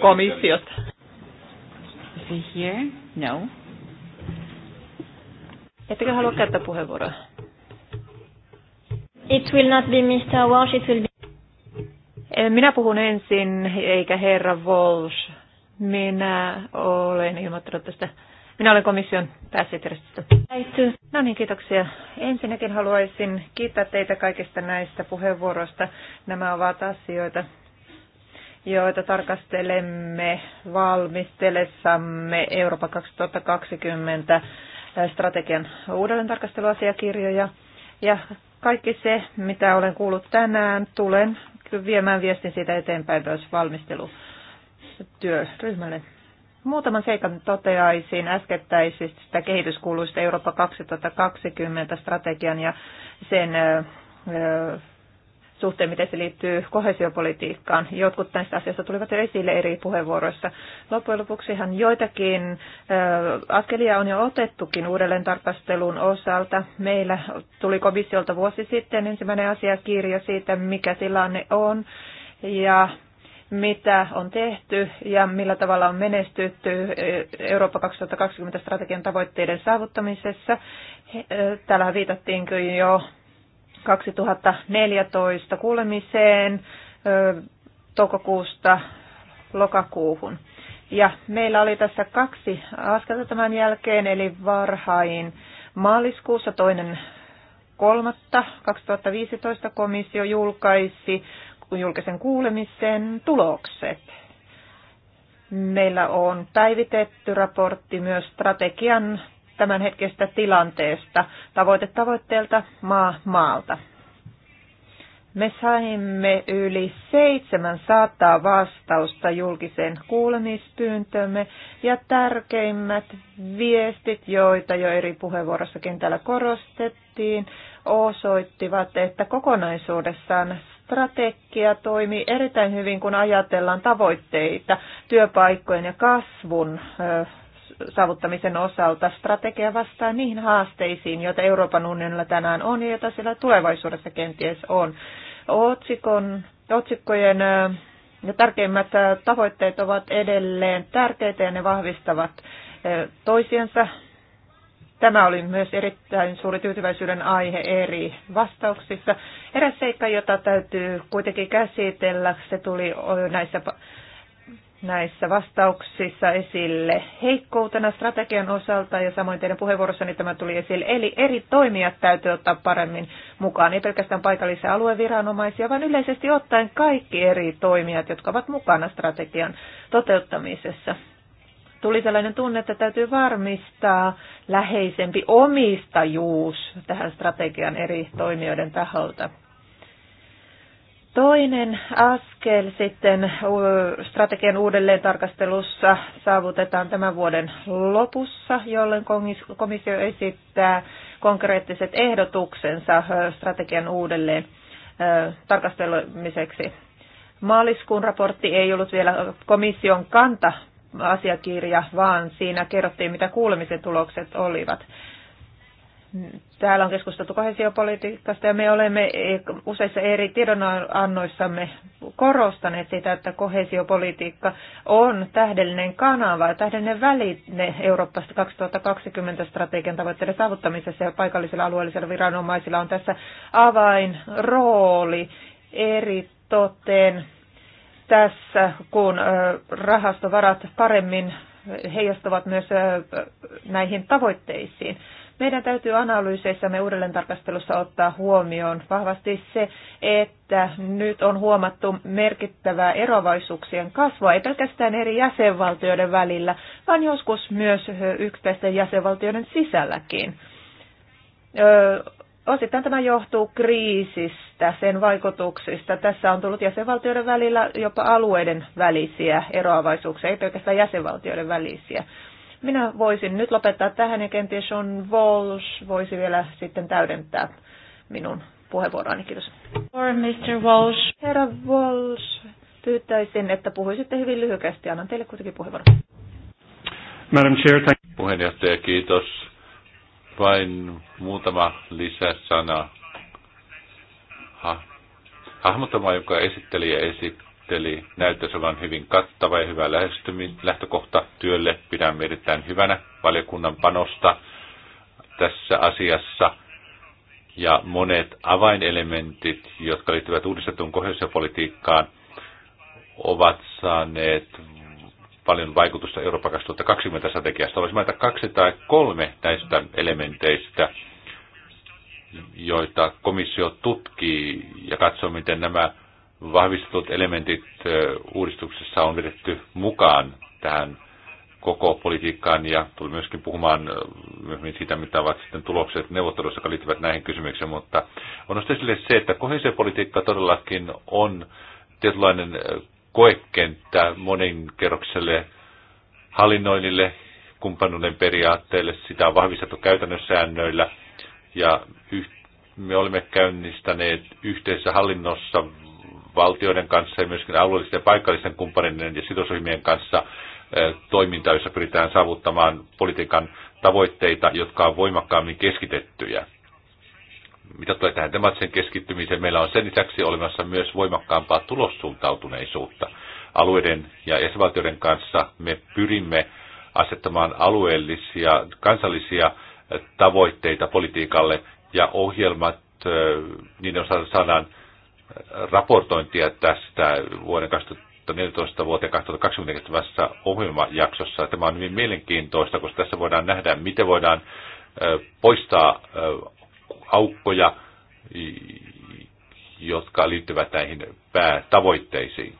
Komissiosta.
Is he here? No.
Ettekö halua käyttää puheenvuoroa? It will not be Mr. Walsh, it will be... Eh, minä puhun ensin, eikä herra Walsh. Minä olen ilmoittanut tästä minä olen komission pääsihteeristö. No niin, kiitoksia. Ensinnäkin haluaisin kiittää teitä kaikista näistä puheenvuoroista. Nämä ovat asioita, joita tarkastelemme valmistelessamme Eurooppa 2020 strategian uudelleen tarkasteluasiakirjoja. Ja kaikki se, mitä olen kuullut tänään, tulen viemään viestin siitä eteenpäin myös valmistelutyöryhmälle. Muutaman seikan toteaisin äskettäisistä kehityskuluista Eurooppa 2020 strategian ja sen suhteen, miten se liittyy kohesiopolitiikkaan. Jotkut näistä asioista tulivat jo esille eri puheenvuoroissa. Loppujen lopuksihan joitakin askelia on jo otettukin uudelleen tarkastelun osalta. Meillä tuli komissiolta vuosi sitten ensimmäinen asiakirja siitä, mikä tilanne on. Ja mitä on tehty ja millä tavalla on menestytty Eurooppa 2020 strategian tavoitteiden saavuttamisessa. Täällä viitattiin jo 2014 kuulemiseen toukokuusta lokakuuhun. Ja meillä oli tässä kaksi askelta tämän jälkeen, eli varhain maaliskuussa toinen kolmatta 2015 komissio julkaisi julkisen kuulemisen tulokset. Meillä on päivitetty raportti myös strategian tämänhetkisestä tilanteesta tavoite tavoitteelta maa maalta. Me saimme yli 700 vastausta julkiseen kuulemispyyntöömme ja tärkeimmät viestit, joita jo eri puheenvuorossakin täällä korostettiin, osoittivat, että kokonaisuudessaan strategia toimii erittäin hyvin, kun ajatellaan tavoitteita työpaikkojen ja kasvun saavuttamisen osalta. Strategia vastaa niihin haasteisiin, joita Euroopan unionilla tänään on ja joita sillä tulevaisuudessa kenties on. Otsikon, otsikkojen ja tärkeimmät tavoitteet ovat edelleen tärkeitä ja ne vahvistavat toisiansa Tämä oli myös erittäin suuri tyytyväisyyden aihe eri vastauksissa. Eräs seikka, jota täytyy kuitenkin käsitellä, se tuli näissä, näissä vastauksissa esille heikkoutena strategian osalta ja samoin teidän puheenvuorossani tämä tuli esille. Eli eri toimijat täytyy ottaa paremmin mukaan, ei pelkästään paikallisia alueviranomaisia, vaan yleisesti ottaen kaikki eri toimijat, jotka ovat mukana strategian toteuttamisessa tuli sellainen tunne, että täytyy varmistaa läheisempi omistajuus tähän strategian eri toimijoiden taholta. Toinen askel sitten strategian uudelleen tarkastelussa saavutetaan tämän vuoden lopussa, jolloin komissio esittää konkreettiset ehdotuksensa strategian uudelleen tarkastelemiseksi. Maaliskuun raportti ei ollut vielä komission kanta asiakirja, vaan siinä kerrottiin, mitä kuulemisen tulokset olivat. Täällä on keskusteltu kohesiopolitiikasta ja me olemme useissa eri tiedonannoissamme korostaneet sitä, että kohesiopolitiikka on tähdellinen kanava ja tähdellinen väline Euroopasta 2020 strategian tavoitteiden saavuttamisessa ja paikallisilla alueellisilla viranomaisilla on tässä avainrooli eri toteen tässä, kun rahastovarat paremmin heijastuvat myös näihin tavoitteisiin. Meidän täytyy analyyseissamme uudelleen tarkastelussa ottaa huomioon vahvasti se, että nyt on huomattu merkittävää eroavaisuuksien kasvua, ei pelkästään eri jäsenvaltioiden välillä, vaan joskus myös yksittäisten jäsenvaltioiden sisälläkin Osittain tämä johtuu kriisistä, sen vaikutuksista. Tässä on tullut jäsenvaltioiden välillä jopa alueiden välisiä eroavaisuuksia, ei pelkästään jäsenvaltioiden välisiä. Minä voisin nyt lopettaa tähän ja kenties on Walsh voisi vielä sitten täydentää minun puheenvuoroani. Kiitos.
Or Mr.
Walsh. Herra Walsh, pyytäisin, että puhuisitte hyvin lyhykästi. Annan teille kuitenkin puheenvuoron.
Madam Chair, thank puheenjohtaja, kiitos. Vain muutama lisäsana ha, hahmotama, esitteli ja esitteli, näyttäisi olevan hyvin kattava ja hyvä lähtökohta työlle. Pidän erittäin hyvänä valiokunnan panosta tässä asiassa. Ja monet avainelementit, jotka liittyvät uudistetun kohdallisuuspolitiikkaan, ovat saaneet paljon vaikutusta Euroopan 2020 strategiasta. Olisi mainita kaksi tai kolme näistä elementeistä, joita komissio tutkii ja katsoo, miten nämä vahvistetut elementit uudistuksessa on vedetty mukaan tähän koko politiikkaan ja tuli myöskin puhumaan myöhemmin siitä, mitä ovat sitten tulokset neuvotteluissa, jotka liittyvät näihin kysymyksiin, mutta on nostettu se, että kohesiopolitiikka todellakin on tietynlainen koekenttä moninkerrokselle hallinnoinnille, kumppanuuden periaatteelle. Sitä on vahvistettu käytännön säännöillä ja me olemme käynnistäneet yhteisessä hallinnossa valtioiden kanssa ja myöskin alueellisten ja paikallisten kumppaneiden ja sidosryhmien kanssa eh, toimintaa, jossa pyritään saavuttamaan politiikan tavoitteita, jotka ovat voimakkaammin keskitettyjä mitä tulee tähän tematisen keskittymiseen, meillä on sen lisäksi olemassa myös voimakkaampaa tulossuuntautuneisuutta. Alueiden ja jäsenvaltioiden kanssa me pyrimme asettamaan alueellisia, kansallisia tavoitteita politiikalle ja ohjelmat, niin on saadaan raportointia tästä vuoden 2014 vuoteen 2020 ohjelmajaksossa. Tämä on hyvin mielenkiintoista, koska tässä voidaan nähdä, miten voidaan poistaa aukkoja, jotka liittyvät näihin päätavoitteisiin.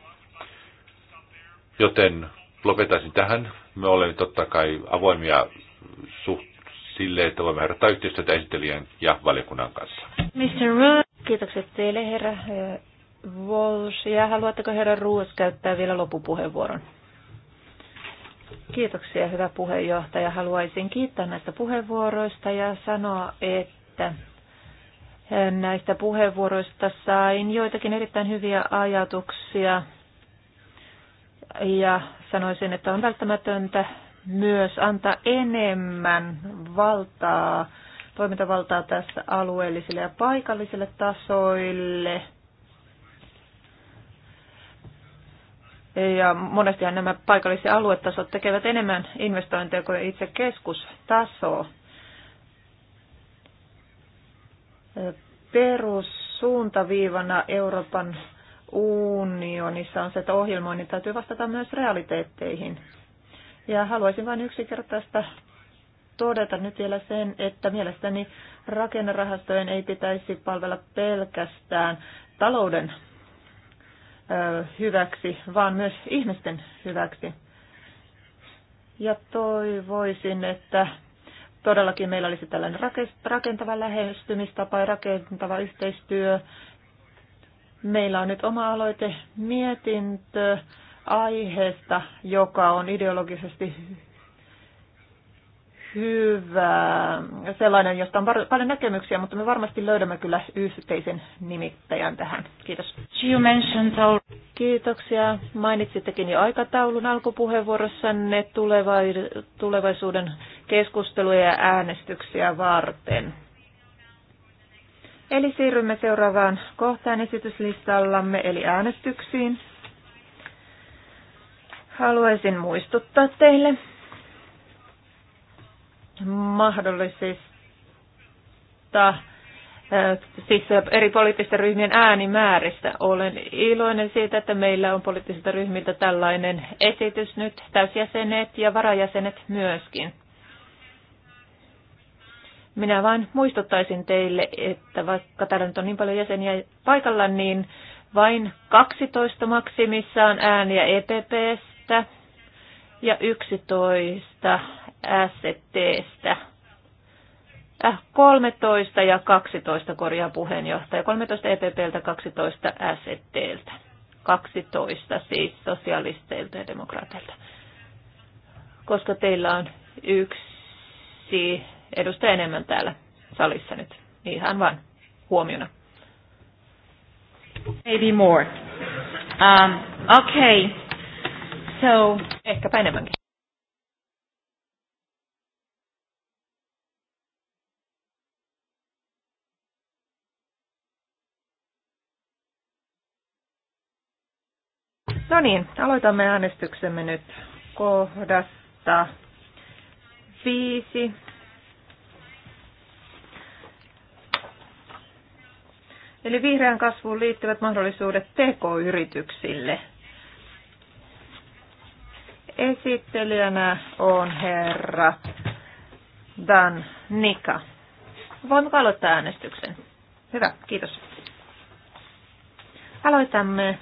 Joten lopetaisin tähän. Me olemme totta kai avoimia suht sille, että voimme herättää yhteistyötä esittelijän ja valiokunnan kanssa.
Mr. Ruhl, kiitokset teille herra Walsh. Ja haluatteko herra Ruus käyttää vielä lopupuheenvuoron? Kiitoksia, hyvä puheenjohtaja. Haluaisin kiittää näistä puheenvuoroista ja sanoa, että että näistä puheenvuoroista sain joitakin erittäin hyviä ajatuksia ja sanoisin, että on välttämätöntä myös antaa enemmän valtaa, toimintavaltaa tässä alueellisille ja paikallisille tasoille. Ja monestihan nämä paikalliset aluetasot tekevät enemmän investointeja kuin itse keskustaso. perussuuntaviivana Euroopan unionissa on se, että ohjelmoinnin täytyy vastata myös realiteetteihin. Ja haluaisin vain yksinkertaista todeta nyt vielä sen, että mielestäni rakennerahastojen ei pitäisi palvella pelkästään talouden hyväksi, vaan myös ihmisten hyväksi. Ja toivoisin, että todellakin meillä olisi tällainen rakentava lähestymistapa ja rakentava yhteistyö. Meillä on nyt oma aloite mietintö aiheesta, joka on ideologisesti hyvä, sellainen, josta on paljon näkemyksiä, mutta me varmasti löydämme kyllä yhteisen nimittäjän tähän. Kiitos. Kiitoksia. Mainitsittekin jo aikataulun alkupuheenvuorossanne tulevaisuuden keskusteluja ja äänestyksiä varten. Eli siirrymme seuraavaan kohtaan esityslistallamme, eli äänestyksiin. Haluaisin muistuttaa teille, mahdollisista siis eri poliittisten ryhmien äänimääristä. Olen iloinen siitä, että meillä on poliittisilta ryhmiltä tällainen esitys nyt, täysjäsenet ja varajäsenet myöskin. Minä vain muistuttaisin teille, että vaikka täällä nyt on niin paljon jäseniä paikalla, niin vain 12 maksimissaan ääniä EPPstä ja 11 STstä. Äh, 13 ja 12 korjaa puheenjohtaja. 13 EPPltä, 12 STltä. 12 siis sosialisteilta ja demokraateilta. Koska teillä on yksi edustaja enemmän täällä salissa nyt. Ihan vain huomiona. Maybe
more. Um, okay. So, ehkäpä enemmänkin.
No niin, aloitamme äänestyksemme nyt kohdasta viisi. Eli vihreän kasvuun liittyvät mahdollisuudet TK-yrityksille. Esittelijänä on herra Dan Nika. Voimmeko aloittaa äänestyksen? Hyvä, kiitos. Aloitamme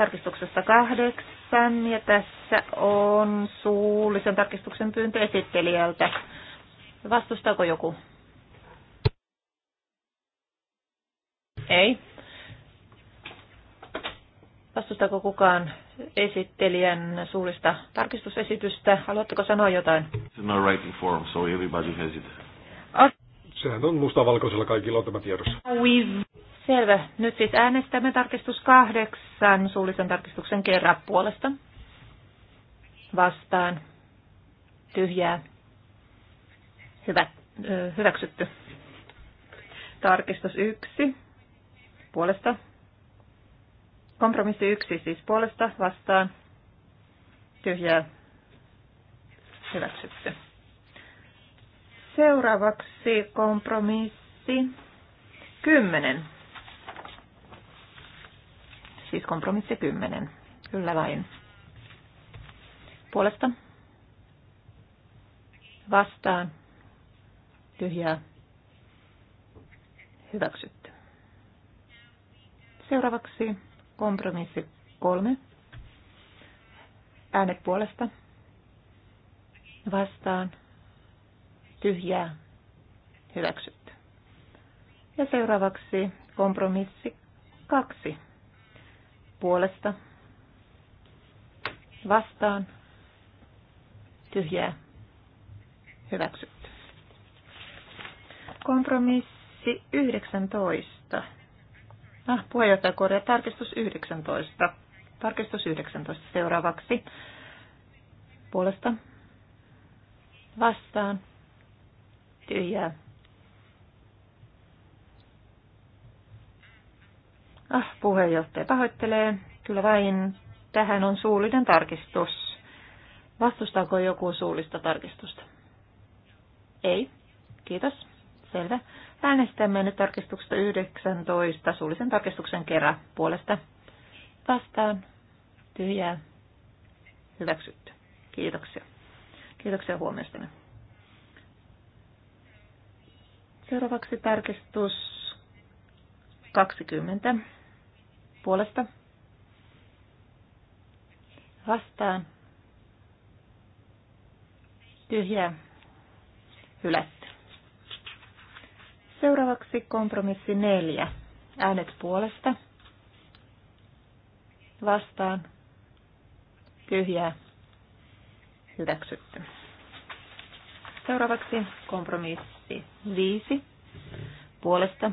tarkistuksessa kahdeksan ja tässä on suullisen tarkistuksen pyyntö esittelijältä. Vastustaako joku? Ei. Vastustaako kukaan esittelijän suullista tarkistusesitystä? Haluatteko sanoa jotain? Form, so ah.
Sehän on mustavalkoisella kaikilla on tämä tiedossa.
Selvä. Nyt siis äänestämme tarkistus kahdeksan suullisen tarkistuksen kerran puolesta. Vastaan. Tyhjää. Hyvä, hyväksytty. Tarkistus yksi puolesta. Kompromissi yksi siis puolesta vastaan. Tyhjää. Hyväksytty. Seuraavaksi kompromissi kymmenen Siis kompromissi 10. Kyllä vain. Puolesta. Vastaan. Tyhjää. Hyväksytty. Seuraavaksi kompromissi 3. Äänet puolesta. Vastaan. Tyhjää. Hyväksytty. Ja seuraavaksi kompromissi 2 puolesta vastaan tyhjää hyväksytty. Kompromissi 19. Ah, puheenjohtajakorja, tarkistus 19. Tarkistus 19 seuraavaksi. Puolesta vastaan tyhjää Ah, puheenjohtaja pahoittelee. Kyllä vain. Tähän on suullinen tarkistus. Vastustaako joku suullista tarkistusta? Ei. Kiitos. Selvä. Äänestämme nyt tarkistuksesta 19 suullisen tarkistuksen kerran puolesta. Vastaan. Tyhjää. Hyväksytty. Kiitoksia. Kiitoksia huomiostanne. Seuraavaksi tarkistus 20 puolesta vastaan tyhjä hylätty. Seuraavaksi kompromissi neljä. Äänet puolesta vastaan tyhjä hyväksytty. Seuraavaksi kompromissi viisi puolesta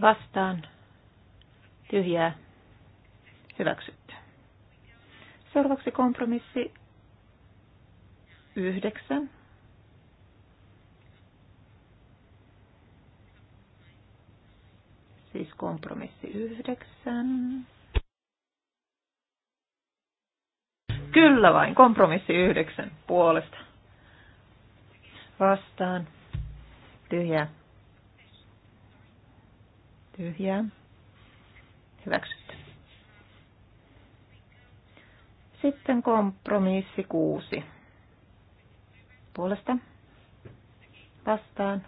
vastaan tyhjää, hyväksytty. Seuraavaksi kompromissi yhdeksän. Siis kompromissi yhdeksän. Kyllä vain, kompromissi yhdeksän puolesta. Vastaan. Tyhjää. Tyhjää hyväksytty. Sitten kompromissi kuusi. Puolesta. Vastaan.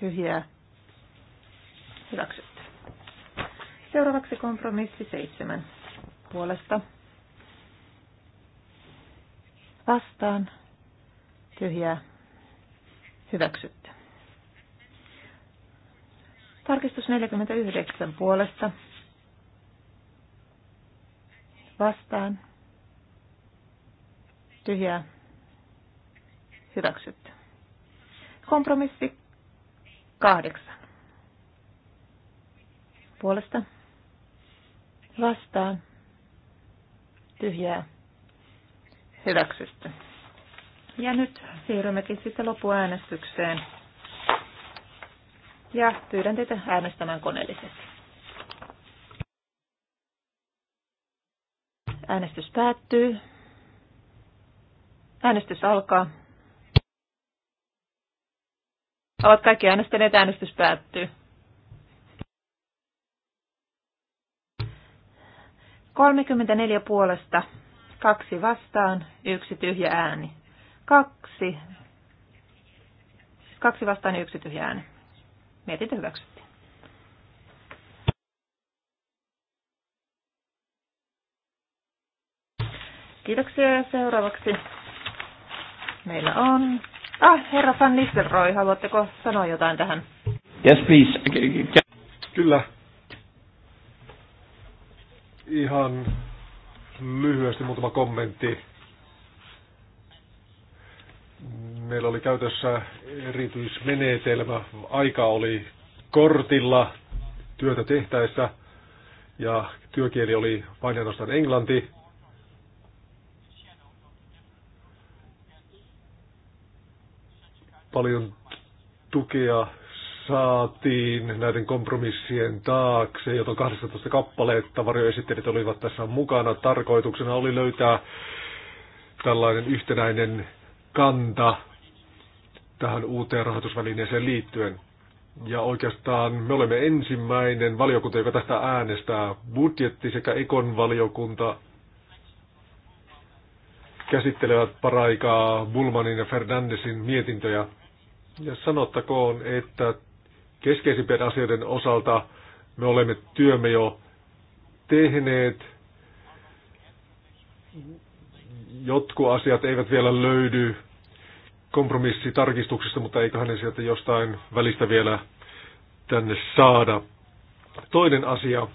Tyhjää. Hyväksytty. Seuraavaksi kompromissi seitsemän. Puolesta. Vastaan. Tyhjää. Hyväksytty. Tarkistus 49 puolesta vastaan tyhjää hyväksytty. Kompromissi kahdeksan. Puolesta vastaan tyhjää hyväksytty. Ja nyt siirrymmekin sitten loppuäänestykseen. Ja pyydän teitä äänestämään koneellisesti. Äänestys päättyy. Äänestys alkaa. Ovat kaikki äänestäneet, äänestys päättyy. 34 puolesta, kaksi vastaan, yksi tyhjä ääni. Kaksi, kaksi vastaan, yksi tyhjä ääni. Mietintö hyväksy. Kiitoksia ja seuraavaksi meillä on... Ah, herra Van Nistelrooy, haluatteko sanoa jotain tähän?
Yes, please.
Kyllä. Ihan lyhyesti muutama kommentti. Meillä oli käytössä erityismenetelmä. Aika oli kortilla työtä tehtäessä ja työkieli oli vain ainoastaan englanti. paljon tukea saatiin näiden kompromissien taakse, jota 18 kappaletta varjoesittelijät olivat tässä mukana. Tarkoituksena oli löytää tällainen yhtenäinen kanta tähän uuteen rahoitusvälineeseen liittyen. Ja oikeastaan me olemme ensimmäinen valiokunta, joka tästä äänestää. Budjetti sekä Ekon valiokunta käsittelevät paraikaa Bulmanin ja Fernandesin mietintöjä. Ja sanottakoon, että keskeisimpien asioiden osalta me olemme työmme jo tehneet. Jotkut asiat eivät vielä löydy kompromissitarkistuksesta, mutta eiköhän ne sieltä jostain välistä vielä tänne saada. Toinen asia.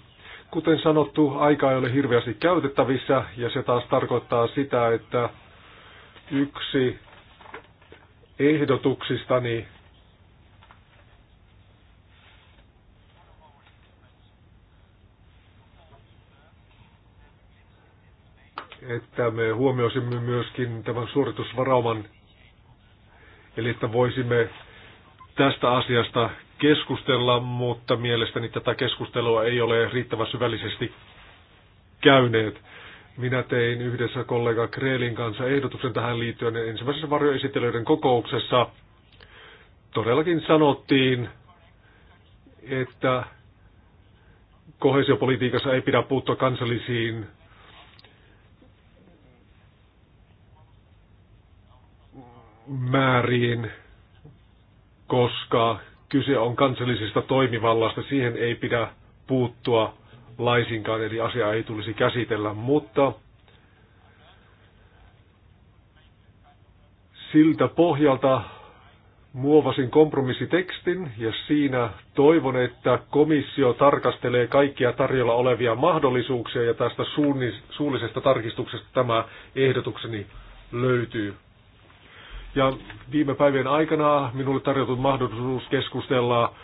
Kuten sanottu, aika ei ole hirveästi käytettävissä ja se taas tarkoittaa sitä, että yksi ehdotuksistani. että me huomioisimme myöskin tämän suoritusvarauman, eli että voisimme tästä asiasta keskustella, mutta mielestäni tätä keskustelua ei ole riittävän syvällisesti käyneet. Minä tein yhdessä kollega Kreelin kanssa ehdotuksen tähän liittyen ensimmäisessä varjoesittelyiden kokouksessa. Todellakin sanottiin, että kohesiopolitiikassa ei pidä puuttua kansallisiin määriin, koska kyse on kansallisesta toimivallasta. Siihen ei pidä puuttua laisinkaan, eli asiaa ei tulisi käsitellä, mutta siltä pohjalta muovasin kompromissitekstin ja siinä toivon, että komissio tarkastelee kaikkia tarjolla olevia mahdollisuuksia ja tästä suullisesta tarkistuksesta tämä ehdotukseni löytyy. Ja viime päivien aikana minulle tarjotut mahdollisuus keskustella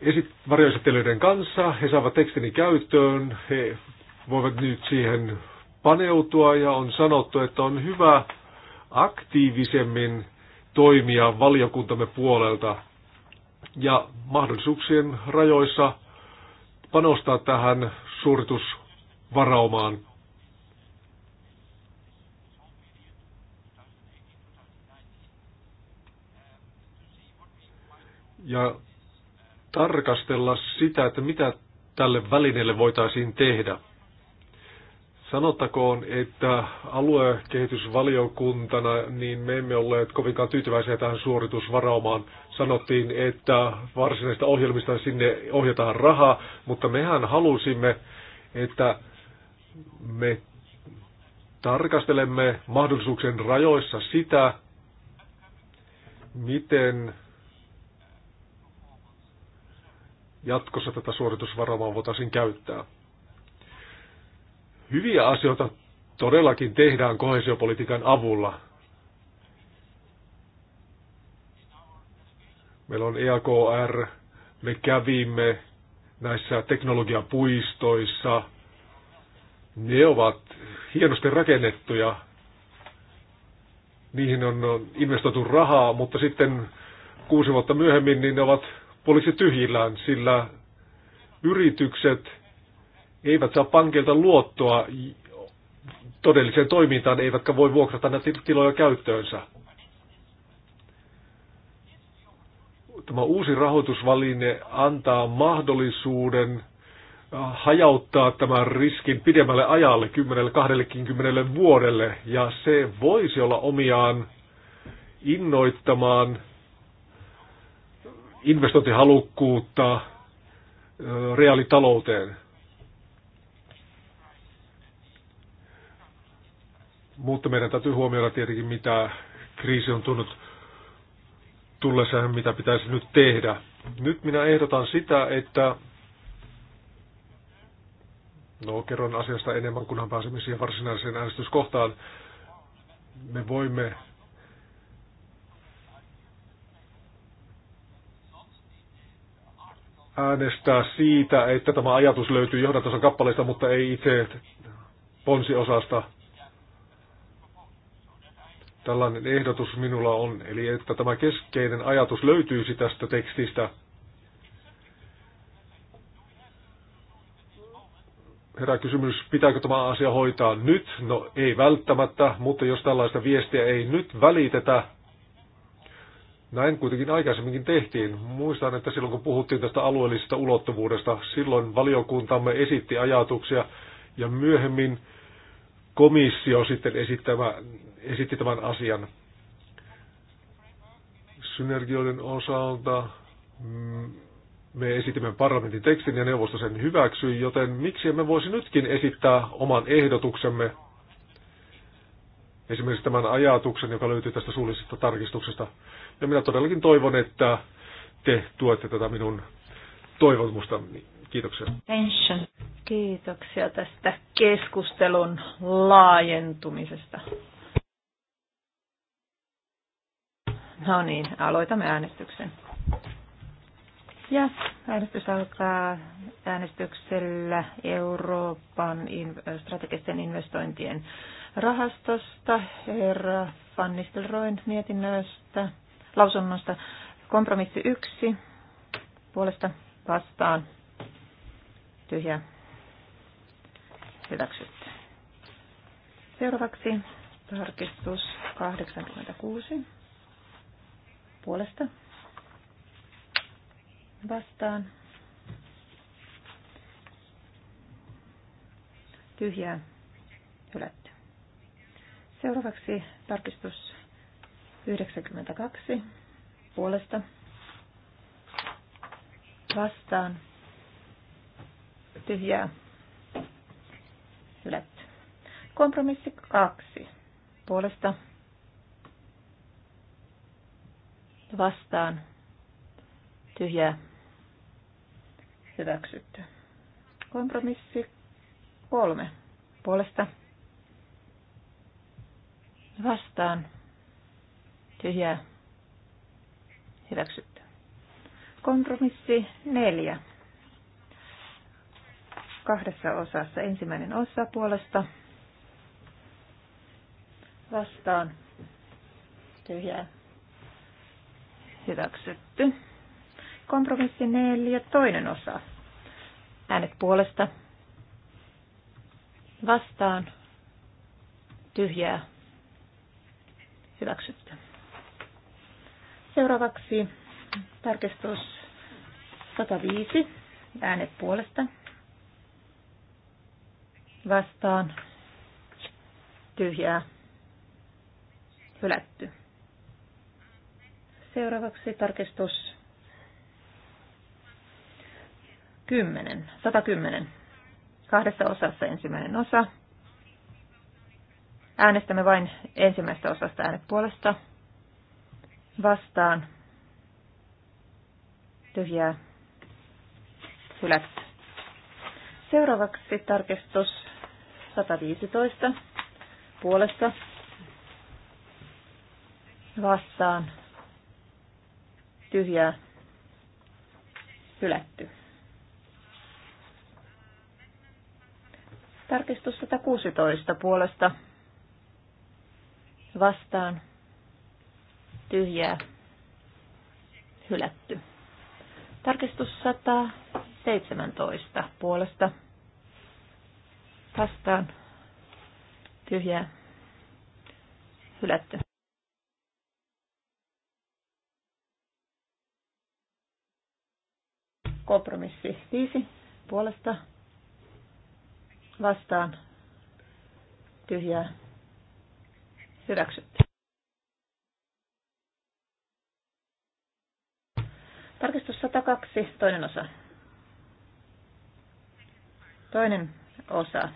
esit- varjoesittelyiden kanssa. He saavat tekstini käyttöön. He voivat nyt siihen paneutua ja on sanottu, että on hyvä aktiivisemmin toimia valiokuntamme puolelta ja mahdollisuuksien rajoissa panostaa tähän suoritusvaraumaan. Ja tarkastella sitä, että mitä tälle välineelle voitaisiin tehdä. Sanottakoon, että aluekehitysvaliokuntana niin me emme olleet kovinkaan tyytyväisiä tähän suoritusvaraumaan. Sanottiin, että varsinaista ohjelmista sinne ohjataan rahaa, mutta mehän halusimme, että me tarkastelemme mahdollisuuksien rajoissa sitä, miten jatkossa tätä suoritusvaravaa voitaisiin käyttää. Hyviä asioita todellakin tehdään kohesiopolitiikan avulla. Meillä on EAKR, me kävimme näissä teknologiapuistoissa. Ne ovat hienosti rakennettuja. Niihin on investoitu rahaa, mutta sitten kuusi vuotta myöhemmin niin ne ovat olisi tyhjillään, sillä yritykset eivät saa pankilta luottoa todelliseen toimintaan, eivätkä voi vuokrata näitä tiloja käyttöönsä. Tämä uusi rahoitusvaline antaa mahdollisuuden äh, hajauttaa tämän riskin pidemmälle ajalle, 10-20 vuodelle, ja se voisi olla omiaan innoittamaan investointihalukkuutta reaalitalouteen. Mutta meidän täytyy huomioida tietenkin, mitä kriisi on tunnut tullessaan, mitä pitäisi nyt tehdä. Nyt minä ehdotan sitä, että No, kerron asiasta enemmän, kunhan pääsemme siihen varsinaiseen äänestyskohtaan. Me voimme äänestää siitä, että tämä ajatus löytyy johdantosan kappaleesta, mutta ei itse ponsiosasta. Tällainen ehdotus minulla on, eli että tämä keskeinen ajatus löytyisi tästä tekstistä. Herää kysymys, pitääkö tämä asia hoitaa nyt? No ei välttämättä, mutta jos tällaista viestiä ei nyt välitetä, näin kuitenkin aikaisemminkin tehtiin. Muistan, että silloin kun puhuttiin tästä alueellisesta ulottuvuudesta, silloin valiokuntamme esitti ajatuksia ja myöhemmin komissio sitten esitti tämän asian synergioiden osalta. Mm, me esitimme parlamentin tekstin ja neuvosto sen hyväksyi, joten miksi emme voisi nytkin esittää oman ehdotuksemme esimerkiksi tämän ajatuksen, joka löytyy tästä suullisesta tarkistuksesta. Ja minä todellakin toivon, että te tuette tätä minun toivomustani. Kiitoksia.
Tension. Kiitoksia tästä keskustelun laajentumisesta. No niin, aloitamme äänestyksen. Ja äänestys alkaa äänestyksellä Euroopan strategisten investointien rahastosta, herra Van Nistelrooyn mietinnöstä, lausunnosta kompromissi yksi puolesta vastaan tyhjä hyväksytty. Seuraavaksi tarkistus 86 puolesta vastaan tyhjää hylätty. Seuraavaksi tarkistus 92 puolesta vastaan tyhjää hylätty. Kompromissi 2 puolesta vastaan tyhjää hyväksytty. Kompromissi 3 puolesta vastaan Vastaan. Tyhjää. Hyväksytty. Kompromissi neljä. Kahdessa osassa. Ensimmäinen osa puolesta. Vastaan. Tyhjää. Hyväksytty. Kompromissi neljä. Toinen osa. Äänet puolesta. Vastaan. Tyhjää Hyväksytty. Seuraavaksi tarkistus 105. Äänet puolesta. Vastaan. Tyhjää. Hylätty. Seuraavaksi tarkistus 10. 110. Kahdessa osassa ensimmäinen osa Äänestämme vain ensimmäistä osasta äänet puolesta. Vastaan. Tyhjää. Hylätty. Seuraavaksi tarkistus 115 puolesta vastaan tyhjää hylätty. Tarkistus 116 puolesta vastaan tyhjää hylätty. Tarkistus 117 puolesta vastaan tyhjää hylätty. Kompromissi 5 puolesta vastaan tyhjää Hyväksytty. Tarkistus 102, toinen osa. Toinen osa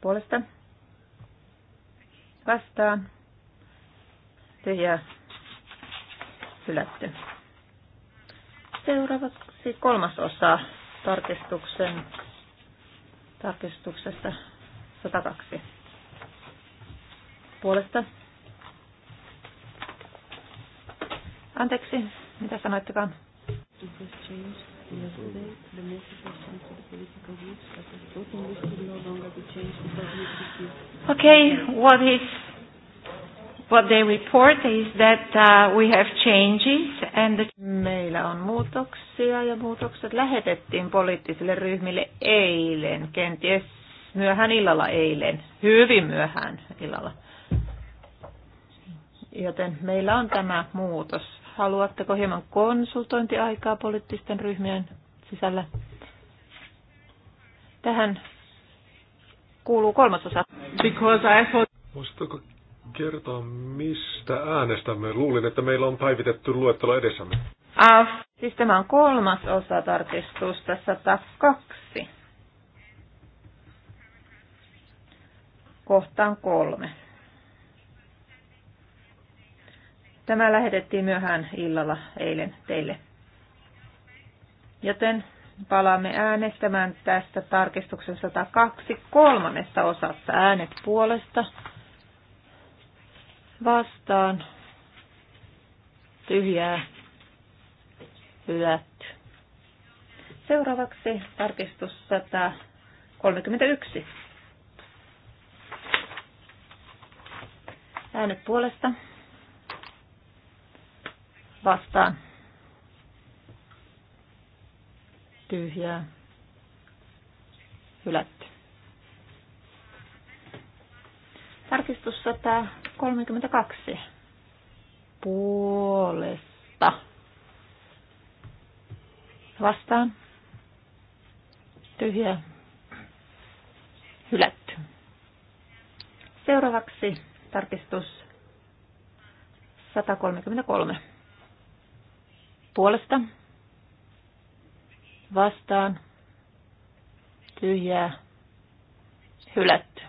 puolesta. Vastaan. Tyhjää. Hylätty. Seuraavaksi kolmas osa tarkistuksen, tarkistuksesta 102. Puolesta Anteeksi, mitä sanoittekaan?
Okay, what is what they report is that uh, we have changes and the meillä on muutoksia ja muutokset lähetettiin
poliittisille ryhmille eilen, kenties myöhään illalla eilen, hyvin myöhään illalla. Joten meillä on tämä muutos Haluatteko hieman konsultointiaikaa poliittisten ryhmien sisällä? Tähän kuuluu kolmasosa. Because
Voisitko kertoa, mistä äänestämme? Luulin, että meillä on päivitetty luettelo edessämme.
Ah, siis tämä on kolmas osa tarkistusta 102. Kohtaan kolme. Tämä lähetettiin myöhään illalla eilen teille. Joten palaamme äänestämään tästä tarkistuksen 102 kolmannesta osasta äänet puolesta vastaan tyhjää hylätty. Seuraavaksi tarkistus 131. Äänet puolesta vastaan. Tyhjää. Hylätty. Tarkistus 132. Puolesta. Vastaan. Tyhjää. Hylätty. Seuraavaksi tarkistus 133 puolesta vastaan tyhjää hylätty.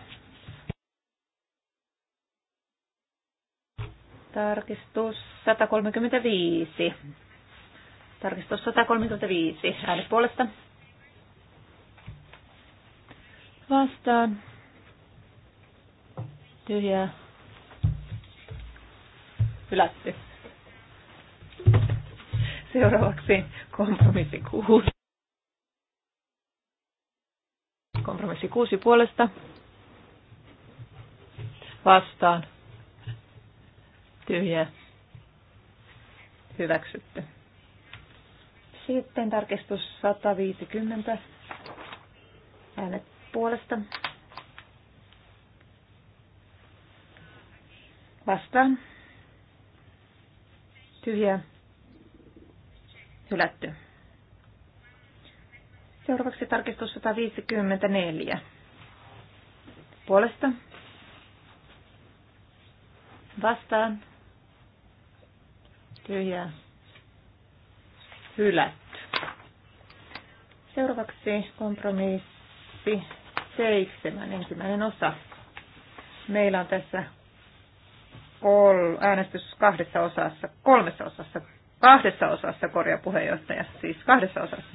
Tarkistus 135. Tarkistus 135. Ääni puolesta.
Vastaan. Tyhjää.
Hylätty. Seuraavaksi kompromissi kuusi. Kompromissi kuusi puolesta. Vastaan. Tyhjä. Hyväksytty. Sitten tarkistus 150. Äänet puolesta. Vastaan. Tyhjä Hylätty. Seuraavaksi tarkistus 154. Puolesta. Vastaan. Tyhjää. Hylätty. Seuraavaksi kompromissi 7, ensimmäinen osa. Meillä on tässä kol- äänestys kahdessa osassa, kolmessa osassa. Kahdessa osassa, korja puheenjohtaja, siis kahdessa osassa.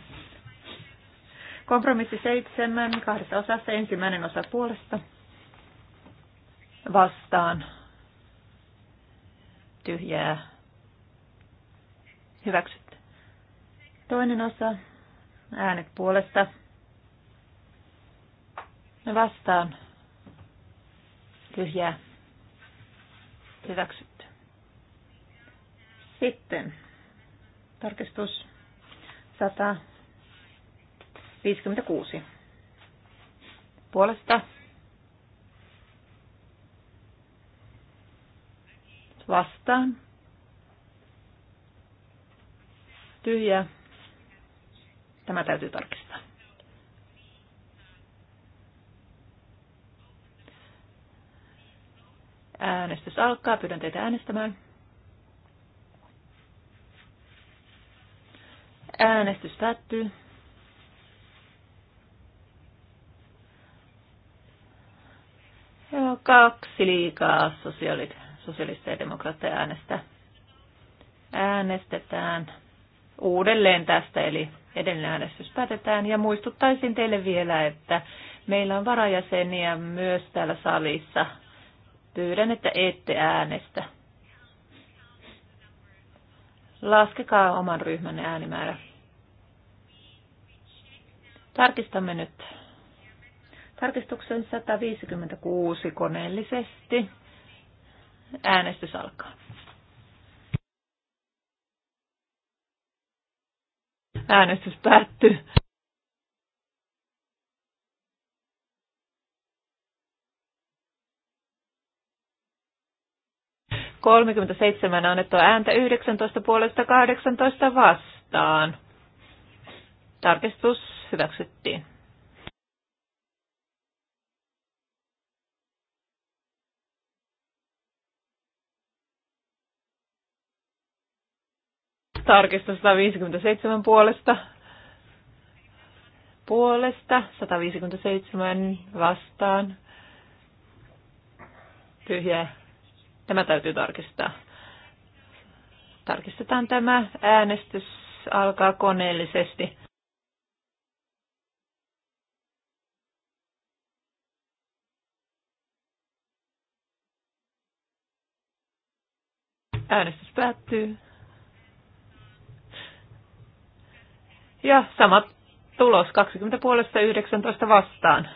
Kompromissi seitsemän, kahdessa osassa, ensimmäinen osa puolesta. Vastaan. Tyhjää. hyväksyt. Toinen osa, äänet puolesta. Vastaan. Tyhjää. Hyväksytty. Sitten Tarkistus 156. Puolesta. Vastaan. Tyhjä. Tämä täytyy tarkistaa. Äänestys alkaa. Pyydän teitä äänestämään. Äänestys päättyy. Joo, kaksi liikaa sosiaalit, ja demokraatteja äänestää. Äänestetään uudelleen tästä, eli edellinen äänestys päätetään. Ja muistuttaisin teille vielä, että meillä on varajäseniä myös täällä salissa. Pyydän, että ette äänestä. Laskekaa oman ryhmänne äänimäärä. Tarkistamme nyt tarkistuksen 156 koneellisesti. Äänestys alkaa. Äänestys päättyy.
seitsemän annettua ääntä
yhdeksäntoista puolesta kahdeksantoista vastaan. Tarkistus hyväksyttiin. Tarkistus 157 puolesta. Puolesta 157 vastaan. Tyhjä. Tämä täytyy tarkistaa. Tarkistetaan tämä äänestys alkaa koneellisesti. Äänestys päättyy. Ja sama tulos 20 puolesta 19 vastaan.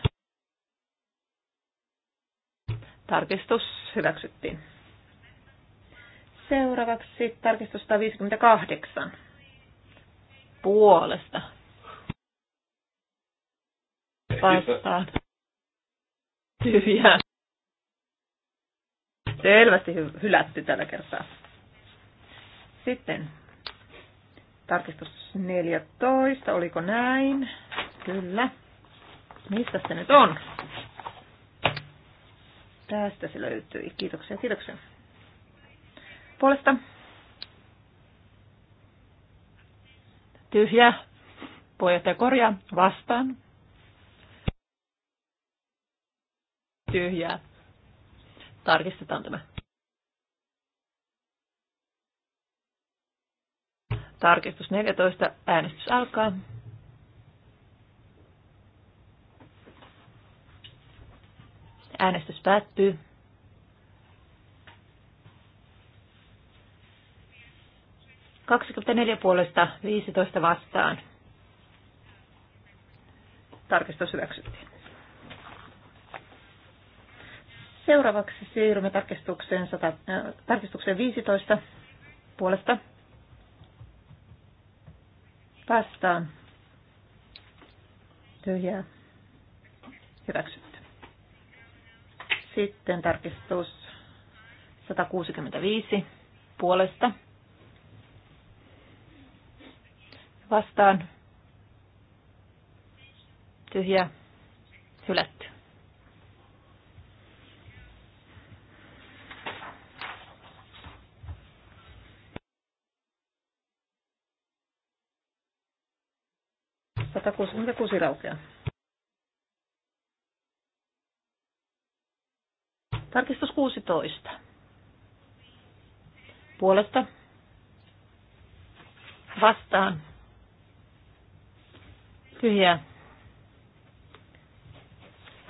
Tarkistus hyväksyttiin. Seuraavaksi tarkistus 158 puolesta. Vastaan. Tyhjää. Selvästi hylätty tällä kertaa. Sitten tarkistus 14, oliko näin? Kyllä. Mistä se nyt on? Tästä se löytyi. Kiitoksia, kiitoksia. Puolesta. Tyhjä. Puheenjohtaja korjaa. Vastaan. Tyhjää. Tarkistetaan tämä. Tarkistus 14. Äänestys alkaa. Äänestys päättyy. Kaksikymmentäneljä puolesta 15 vastaan. Tarkistus hyväksyttiin. Seuraavaksi siirrymme tarkistukseen, 100, äh, tarkistukseen 15 puolesta Vastaan. Tyhjää. Hyväksytty. Sitten tarkistus 165 puolesta. Vastaan. Tyhjää. Hylätty. 66 raukeaa. Tarkistus 16. Puolesta. Vastaan. Tyhjää.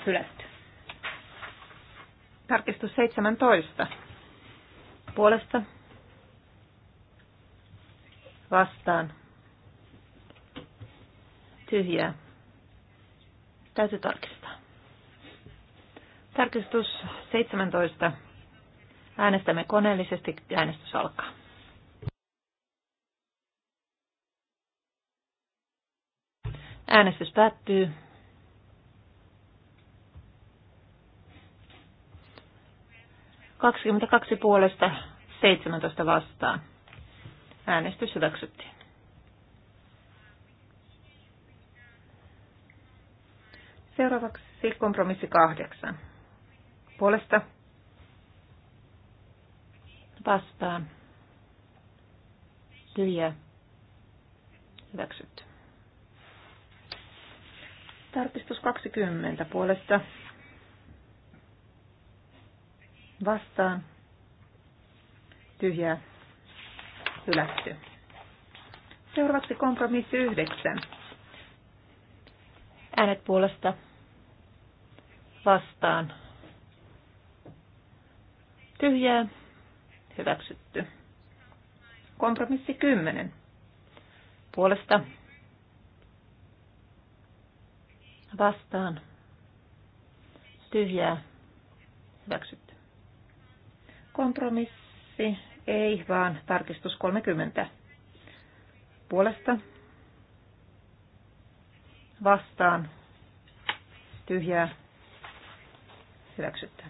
Hylätty. Tarkistus 17. Puolesta. Vastaan tyhjää. Täytyy tarkistaa. Tarkistus 17. Äänestämme koneellisesti. Äänestys alkaa. Äänestys päättyy. kaksi puolesta, 17 vastaan. Äänestys hyväksyttiin. Seuraavaksi kompromissi kahdeksan. Puolesta vastaan. Tyhjä. Hyväksytty. Tarkistus 20 puolesta. Vastaan. Tyhjää. Hylätty. Seuraavaksi kompromissi 9. Äänet puolesta vastaan tyhjää hyväksytty. Kompromissi 10 puolesta vastaan tyhjää hyväksytty. Kompromissi ei, vaan tarkistus 30 puolesta vastaan tyhjää Hyväksytty.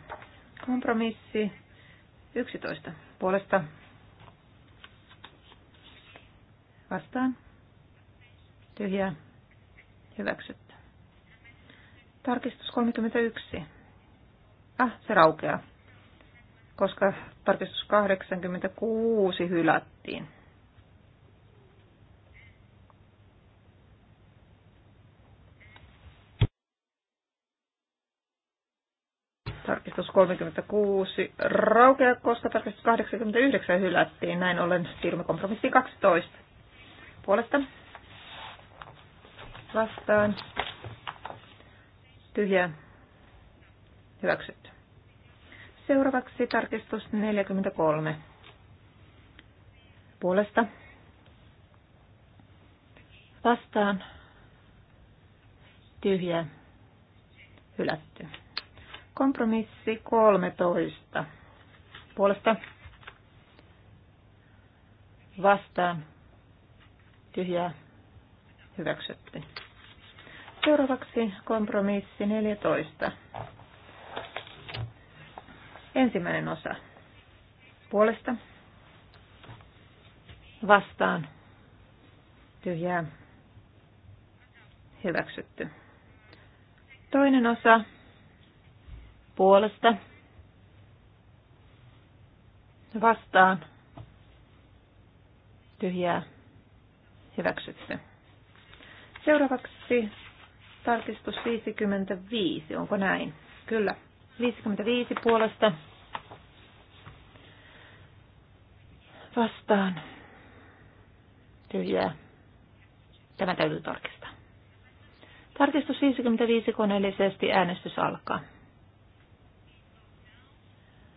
Kompromissi 11. Puolesta vastaan. Tyhjää. hyväksyttä, Tarkistus 31. Ah, se raukeaa, koska tarkistus 86 hylättiin. tarkistus 36 raukea, koska tarkistus 89 hylättiin. Näin ollen siirrymme kompromissiin 12. Puolesta vastaan tyhjä hyväksytty. Seuraavaksi tarkistus 43 puolesta vastaan tyhjä hylätty. Kompromissi 13. Puolesta vastaan tyhjää hyväksytty. Seuraavaksi kompromissi 14. Ensimmäinen osa. Puolesta vastaan tyhjää hyväksytty. Toinen osa puolesta vastaan tyhjää hyväksytty. Seuraavaksi tarkistus 55, onko näin? Kyllä. 55 puolesta vastaan tyhjää. Tämä täytyy tarkistaa. Tarkistus 55 koneellisesti äänestys alkaa.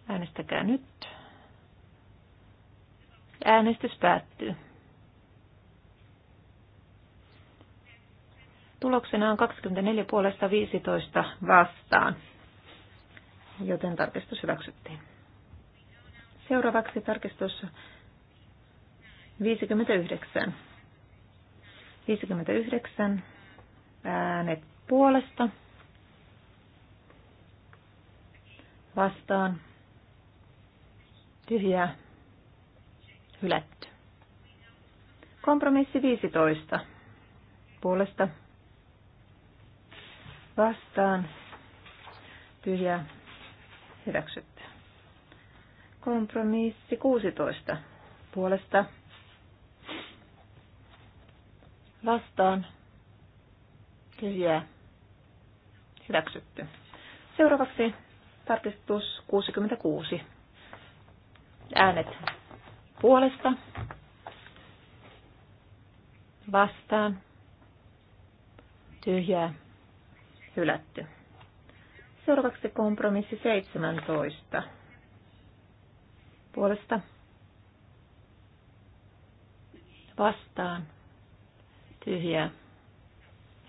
Äänestäkää nyt. Äänestys päättyy. Tuloksena on 24 puolesta 15 vastaan, joten tarkistus hyväksyttiin. Seuraavaksi tarkistus 59. 59 äänet puolesta vastaan Tyhjää. Hylätty. Kompromissi 15. Puolesta. Vastaan. Tyhjää. Hyväksytty. Kompromissi 16. Puolesta. Vastaan. Tyhjää. Hyväksytty. Seuraavaksi tarkistus 66 Äänet puolesta. Vastaan. Tyhjää. Hylätty. Seuraavaksi kompromissi 17. Puolesta. Vastaan. Tyhjää.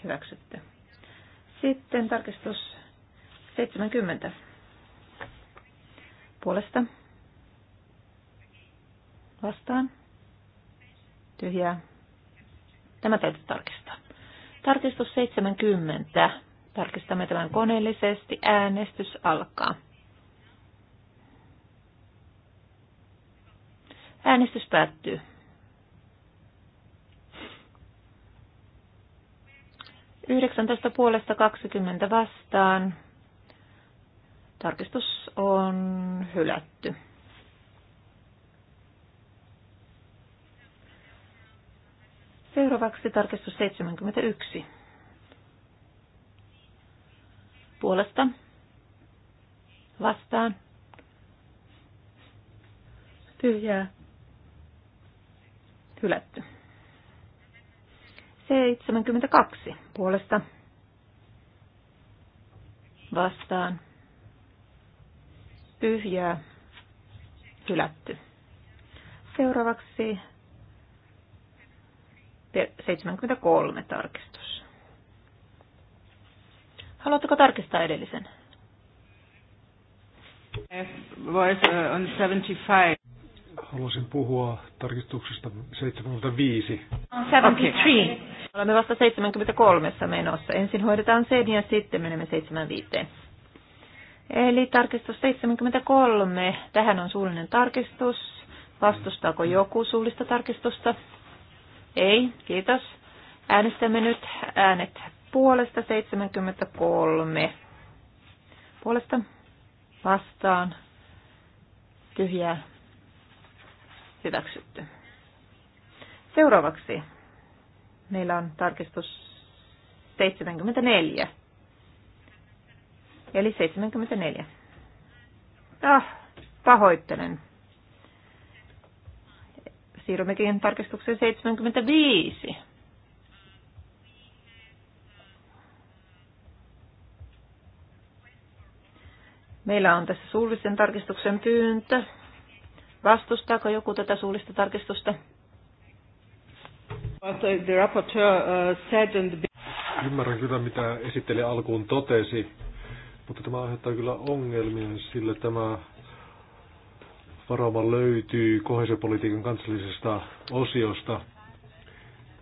Hyväksytty. Sitten tarkistus 70. Puolesta Vastaan. Tyhjää. Tämä täytyy tarkistaa. Tarkistus 70. Tarkistamme tämän koneellisesti. Äänestys alkaa. Äänestys päättyy. Yhdeksäntoista puolesta 20 vastaan. Tarkistus on hylätty. Seuraavaksi tarkistus 71. Puolesta. Vastaan. Tyhjää. Hylätty. 72. Puolesta. Vastaan. Tyhjää. Hylätty. Seuraavaksi 73 tarkistus. Haluatteko tarkistaa edellisen?
Uh, Haluaisin puhua tarkistuksesta 75. 73.
Olemme vasta 73 menossa. Ensin hoidetaan sen ja sitten menemme 75. Eli tarkistus 73. Tähän on suullinen tarkistus. Vastustaako joku suullista tarkistusta? Ei, kiitos. Äänestämme nyt äänet puolesta 73. Puolesta vastaan tyhjää hyväksytty. Seuraavaksi meillä on tarkistus 74. Eli 74. Ah, pahoittelen siirrymmekin tarkistukseen 75. Meillä on tässä suullisen tarkistuksen pyyntö. Vastustaako joku tätä suullista tarkistusta?
Uh, uh,
Ymmärrän kyllä, mitä esittelijä alkuun totesi, mutta tämä aiheuttaa kyllä ongelmia, sillä tämä varauma löytyy kohesiopolitiikan kansallisesta osiosta,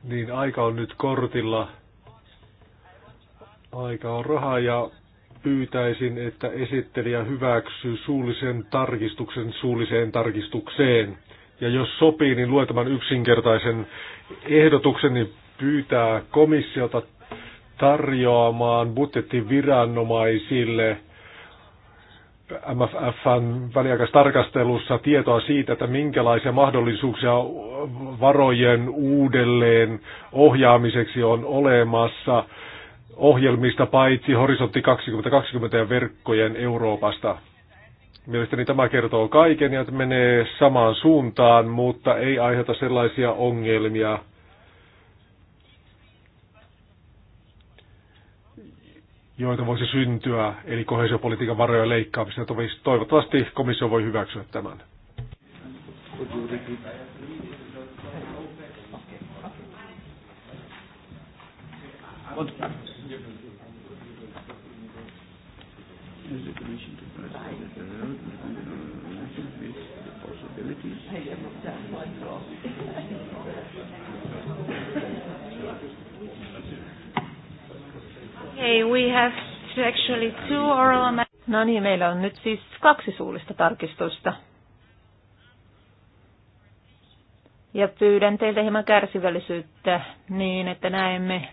niin aika on nyt kortilla. Aika on rahaa ja pyytäisin, että esittelijä hyväksyy suullisen tarkistuksen suulliseen tarkistukseen. Ja jos sopii, niin lue tämän yksinkertaisen ehdotuksen, niin pyytää komissiota tarjoamaan budjettiviranomaisille viranomaisille MFFn väliaikaistarkastelussa tietoa siitä, että minkälaisia mahdollisuuksia varojen uudelleen ohjaamiseksi on olemassa ohjelmista paitsi Horisontti 2020 ja verkkojen Euroopasta. Mielestäni tämä kertoo kaiken ja menee samaan suuntaan, mutta ei aiheuta sellaisia ongelmia, joita voisi syntyä, eli kohesiopolitiikan varojen leikkaamista. Toivottavasti komissio voi hyväksyä tämän.
Okay, we have
actually two oral No niin, meillä on nyt siis kaksi suullista tarkistusta. Ja pyydän teiltä hieman kärsivällisyyttä niin, että näemme,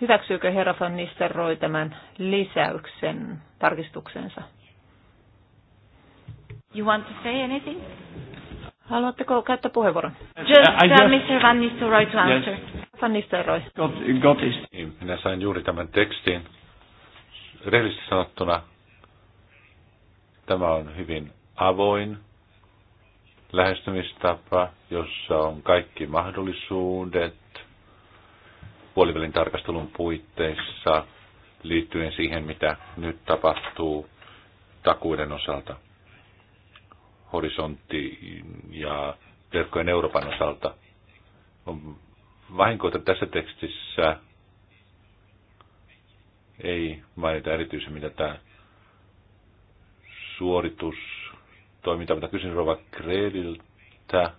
hyväksyykö herra von Nisteroi tämän lisäyksen tarkistuksensa.
You want to say anything?
Haluatteko käyttää puheenvuoron? Just tell Mr. Van Nistelrooy to answer. Yes. God,
God is. Team. minä sain juuri tämän tekstin. Rehellisesti sanottuna tämä on hyvin avoin lähestymistapa, jossa on kaikki mahdollisuudet puolivälin tarkastelun puitteissa liittyen siihen, mitä nyt tapahtuu takuuden osalta, horisontti ja verkkojen Euroopan osalta. On vahinkoita tässä tekstissä ei mainita erityisemmin tätä suoritustoimintaa, mitä kysyn Rova Kreeliltä.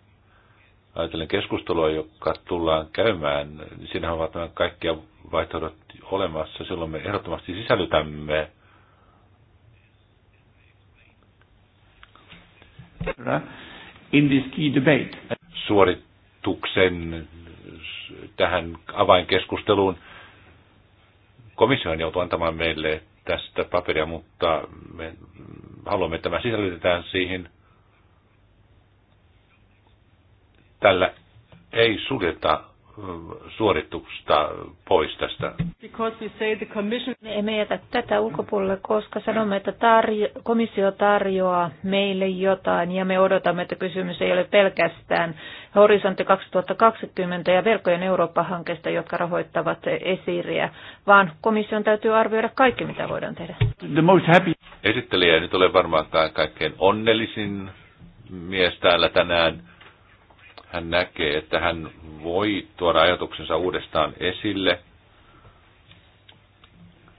Ajatellen keskustelua, joka tullaan käymään, niin siinä ovat nämä kaikkia vaihtoehdot olemassa. Silloin me ehdottomasti sisällytämme in this key debate. suorituksen tähän avainkeskusteluun. komissio on joutu antamaan meille tästä paperia, mutta me haluamme, että tämä sisällytetään siihen. Tällä ei suljeta suoritusta pois tästä?
Me emme jätä tätä ulkopuolelle, koska sanomme, että tarjo- komissio tarjoaa meille jotain ja me odotamme, että kysymys ei ole pelkästään Horisontti 2020 ja Verkkojen Eurooppa-hankkeesta, jotka rahoittavat esiriä, vaan komission täytyy arvioida kaikki, mitä voidaan tehdä.
The most happy. Esittelijä ei nyt ole varmaankaan kaikkein onnellisin mies täällä tänään hän näkee, että hän voi tuoda ajatuksensa uudestaan esille.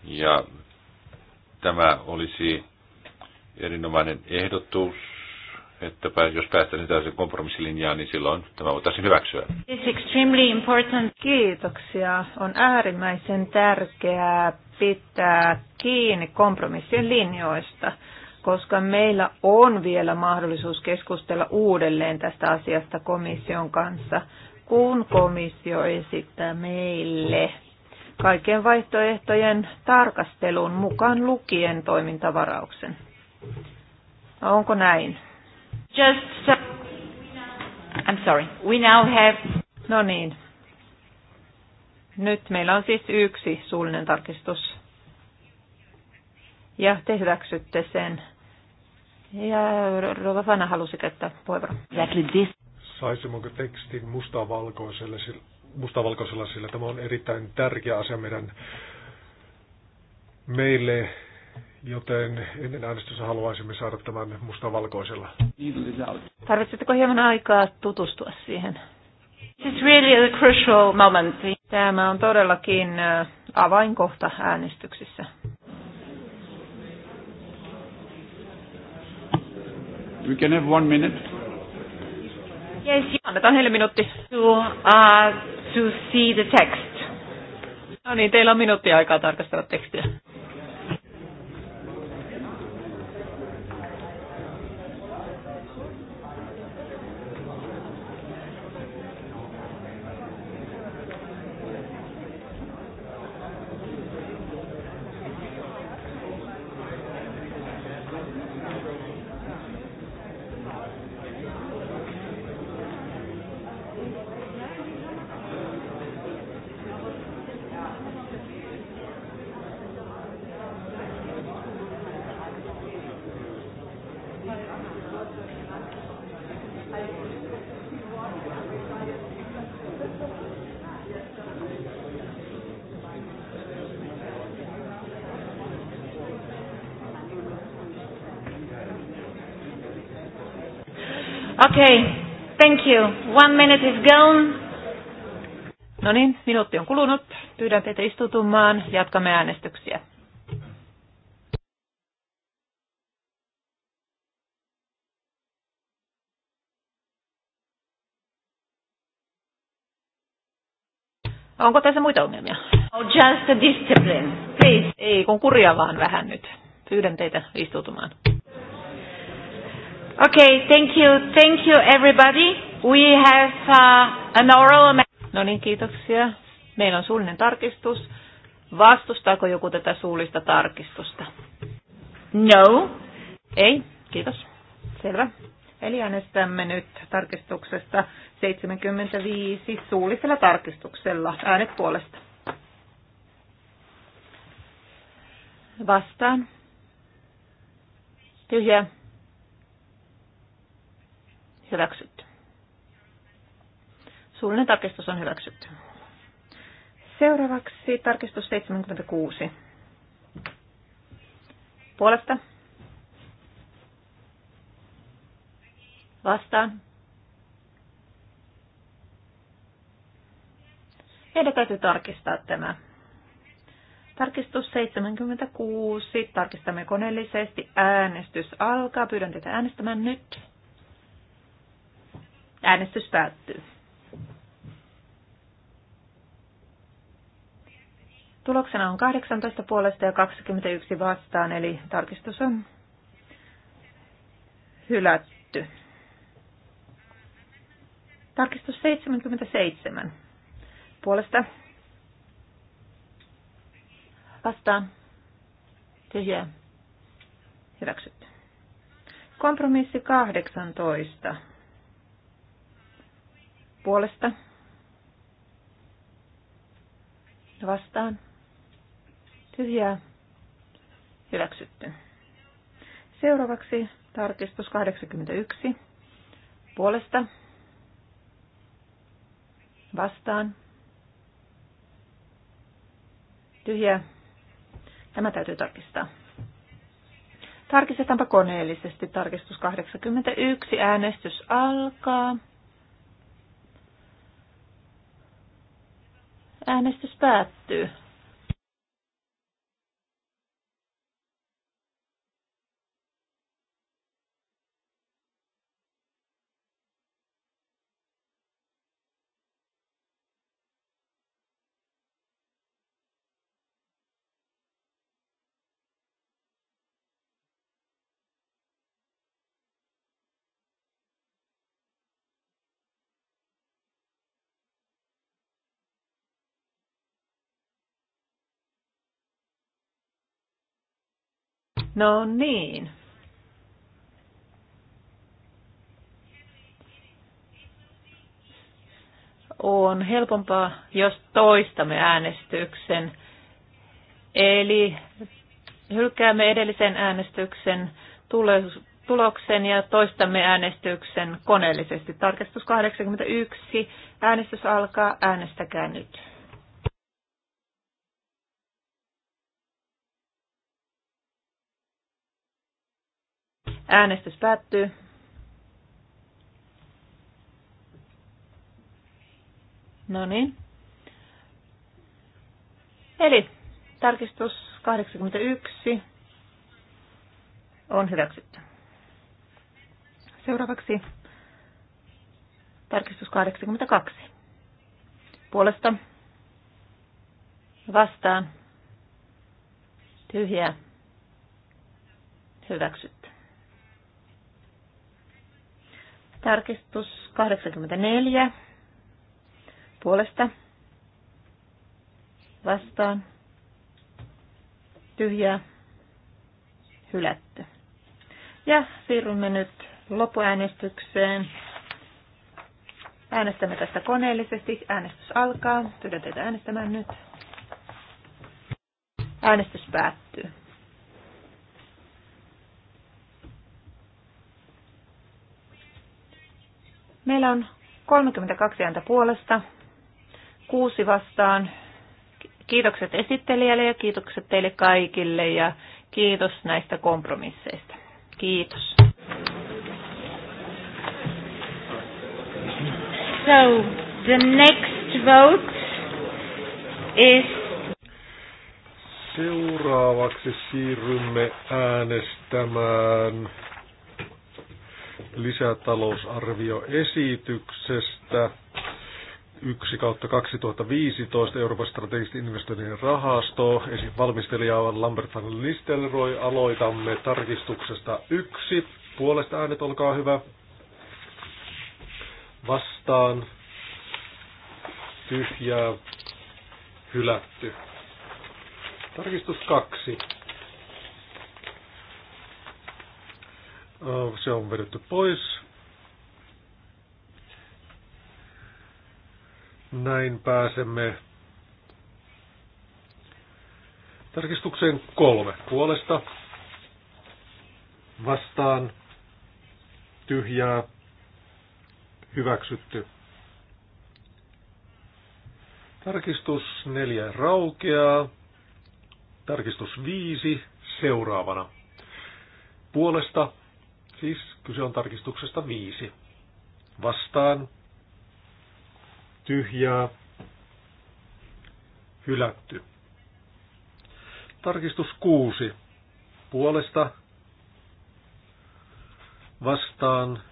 Ja tämä olisi erinomainen ehdotus, että jos päästään täysin kompromissilinjaan, niin silloin tämä voitaisiin hyväksyä.
Kiitoksia. On äärimmäisen tärkeää pitää kiinni kompromissin linjoista koska meillä on vielä mahdollisuus keskustella uudelleen tästä asiasta komission kanssa, kun komissio esittää meille kaiken vaihtoehtojen tarkastelun mukaan lukien toimintavarauksen. Onko näin? Just so... I'm sorry. We now have... No niin. Nyt meillä on siis yksi suullinen tarkistus. Ja te hyväksytte sen. Ja Rova Fana halusi käyttää puheenvuoron. Exactly
this. Saisimmeko tekstin mustavalkoiselle, mustavalkoisella, sillä tämä on erittäin tärkeä asia meidän meille, joten ennen äänestystä haluaisimme saada tämän mustavalkoisella.
Tarvitsetteko hieman aikaa tutustua siihen? really a crucial moment. Tämä on todellakin avainkohta äänestyksissä. We can have
one minute.
Yes,
annetaan heille minuutti. To, uh, to see the text. No niin, teillä on minuutti aikaa tarkastella tekstiä.
Okay, thank you. One minute is
gone. No niin, minuutti on kulunut. Pyydän teitä istutumaan. Jatkamme äänestyksiä.
Onko tässä muita ongelmia? Oh, just the discipline,
please. Ei, kun kuria vaan vähän nyt. Pyydän teitä istutumaan.
Okay, thank you. Thank you
everybody. We have uh, an oral No niin, kiitoksia. Meillä on suullinen tarkistus. Vastustaako joku tätä suullista tarkistusta? No. Ei, kiitos. Selvä. Eli äänestämme nyt tarkistuksesta 75 suullisella tarkistuksella. Äänet puolesta. Vastaan. Tyhjä. Hyväksytty. Suullinen tarkistus on hyväksytty. Seuraavaksi tarkistus 76. Puolesta. Vastaan. Meidän täytyy tarkistaa tämä. Tarkistus 76. Tarkistamme koneellisesti. Äänestys alkaa. Pyydän teitä äänestämään nyt. Äänestys päättyy. Tuloksena on 18 puolesta ja 21 vastaan, eli tarkistus on hylätty. Tarkistus 77 puolesta vastaan tyhjää hyväksytty. Kompromissi 18 puolesta. Vastaan. Tyhjää. Hyväksytty. Seuraavaksi tarkistus 81. Puolesta. Vastaan. Tyhjää. Tämä täytyy tarkistaa. Tarkistetaanpa koneellisesti. Tarkistus 81. Äänestys alkaa. Äänestys päättyy.
No niin.
On helpompaa, jos toistamme äänestyksen. Eli hylkäämme edellisen äänestyksen tuloksen ja toistamme äänestyksen koneellisesti. Tarkastus 81. Äänestys alkaa. Äänestäkää nyt. Äänestys päättyy. No niin. Eli tarkistus 81 on hyväksytty. Seuraavaksi tarkistus 82. Puolesta vastaan tyhjää hyväksytty. Tarkistus 84 puolesta vastaan tyhjää hylätty. Ja siirrymme nyt lopuäänestykseen. Äänestämme tästä koneellisesti. Äänestys alkaa. Pyydän teitä äänestämään nyt. Äänestys päättyy. Meillä on 32 ääntä puolesta, kuusi vastaan. Kiitokset esittelijälle ja kiitokset teille kaikille ja kiitos näistä kompromisseista. Kiitos.
So, the next vote is...
Seuraavaksi siirrymme äänestämään lisätalousarvioesityksestä 1 kautta 2015 Euroopan strategisten investointien rahasto. Valmistelija on Lambert van Listelroy. Aloitamme tarkistuksesta yksi. Puolesta äänet, olkaa hyvä. Vastaan. Tyhjää. Hylätty. Tarkistus kaksi Äh, se on vedetty pois. Näin pääsemme tarkistukseen kolme puolesta. Vastaan tyhjää hyväksytty. Tarkistus neljä raukeaa. Tarkistus viisi seuraavana. Puolesta Siis kyse on tarkistuksesta viisi. Vastaan. Tyhjää. Hylätty. Tarkistus kuusi. Puolesta. Vastaan.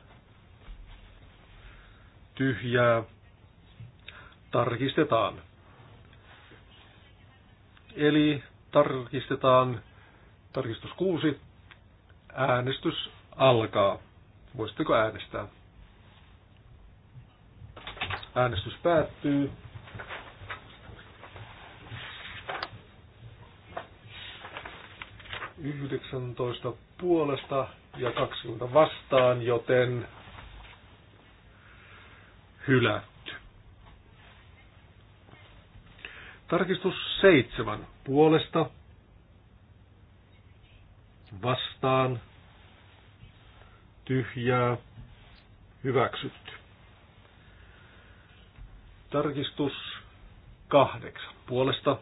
Tyhjää. Tarkistetaan. Eli tarkistetaan tarkistus 6. Äänestys alkaa. Voisitteko äänestää? Äänestys päättyy. Yhdeksäntoista puolesta ja 20 vastaan, joten hylätty. Tarkistus seitsemän puolesta vastaan tyhjää, hyväksytty. Tarkistus kahdeksan. Puolesta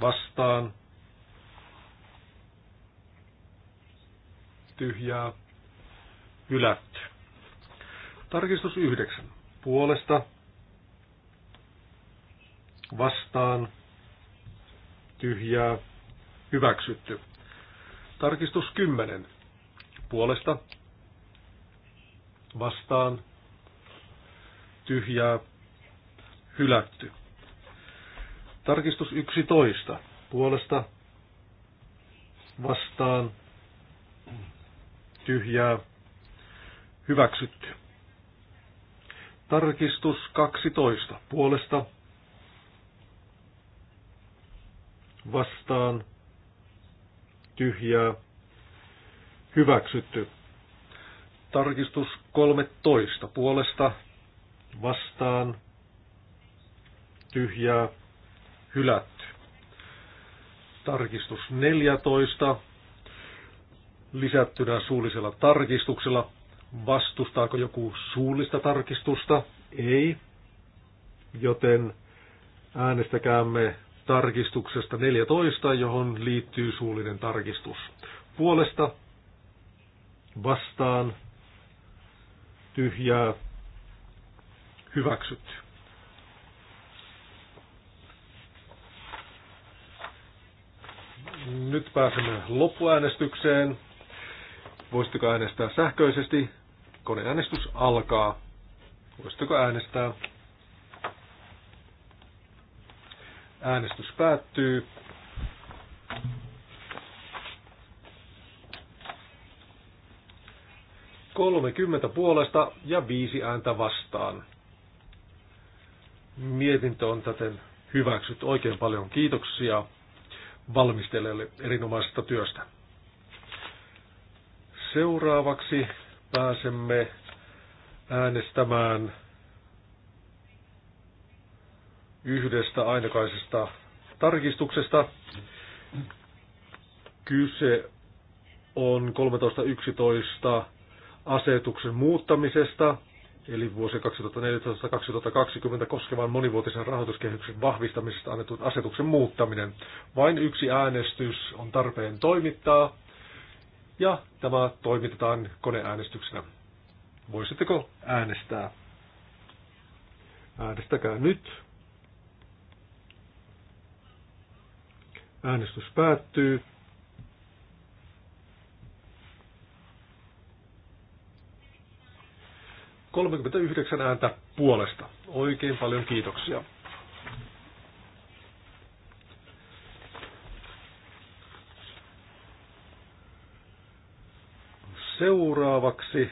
vastaan tyhjää, hylätty. Tarkistus yhdeksän. Puolesta vastaan tyhjää, hyväksytty. Tarkistus 10. Puolesta vastaan tyhjää hylätty. Tarkistus 11 puolesta vastaan tyhjää hyväksytty. Tarkistus 12 puolesta vastaan tyhjää hyväksytty. Tarkistus 13 puolesta vastaan tyhjää hylätty. Tarkistus 14 lisättynä suullisella tarkistuksella. Vastustaako joku suullista tarkistusta? Ei. Joten äänestäkäämme tarkistuksesta 14, johon liittyy suullinen tarkistus. Puolesta vastaan tyhjää hyväksytty. Nyt pääsemme loppuäänestykseen. Voisitteko äänestää sähköisesti? Koneäänestys alkaa. Voisitteko äänestää? Äänestys päättyy. 30 puolesta ja 5 ääntä vastaan. Mietintö on täten hyväksytty. Oikein paljon kiitoksia valmistelijalle erinomaisesta työstä. Seuraavaksi pääsemme äänestämään yhdestä ainokaisesta tarkistuksesta. Kyse on 13.11 asetuksen muuttamisesta, eli vuosi 2014-2020 koskevan monivuotisen rahoituskehyksen vahvistamisesta annetun asetuksen muuttaminen. Vain yksi äänestys on tarpeen toimittaa, ja tämä toimitetaan koneäänestyksenä. Voisitteko äänestää? Äänestäkää nyt. Äänestys päättyy. 39 ääntä puolesta. Oikein paljon kiitoksia. Seuraavaksi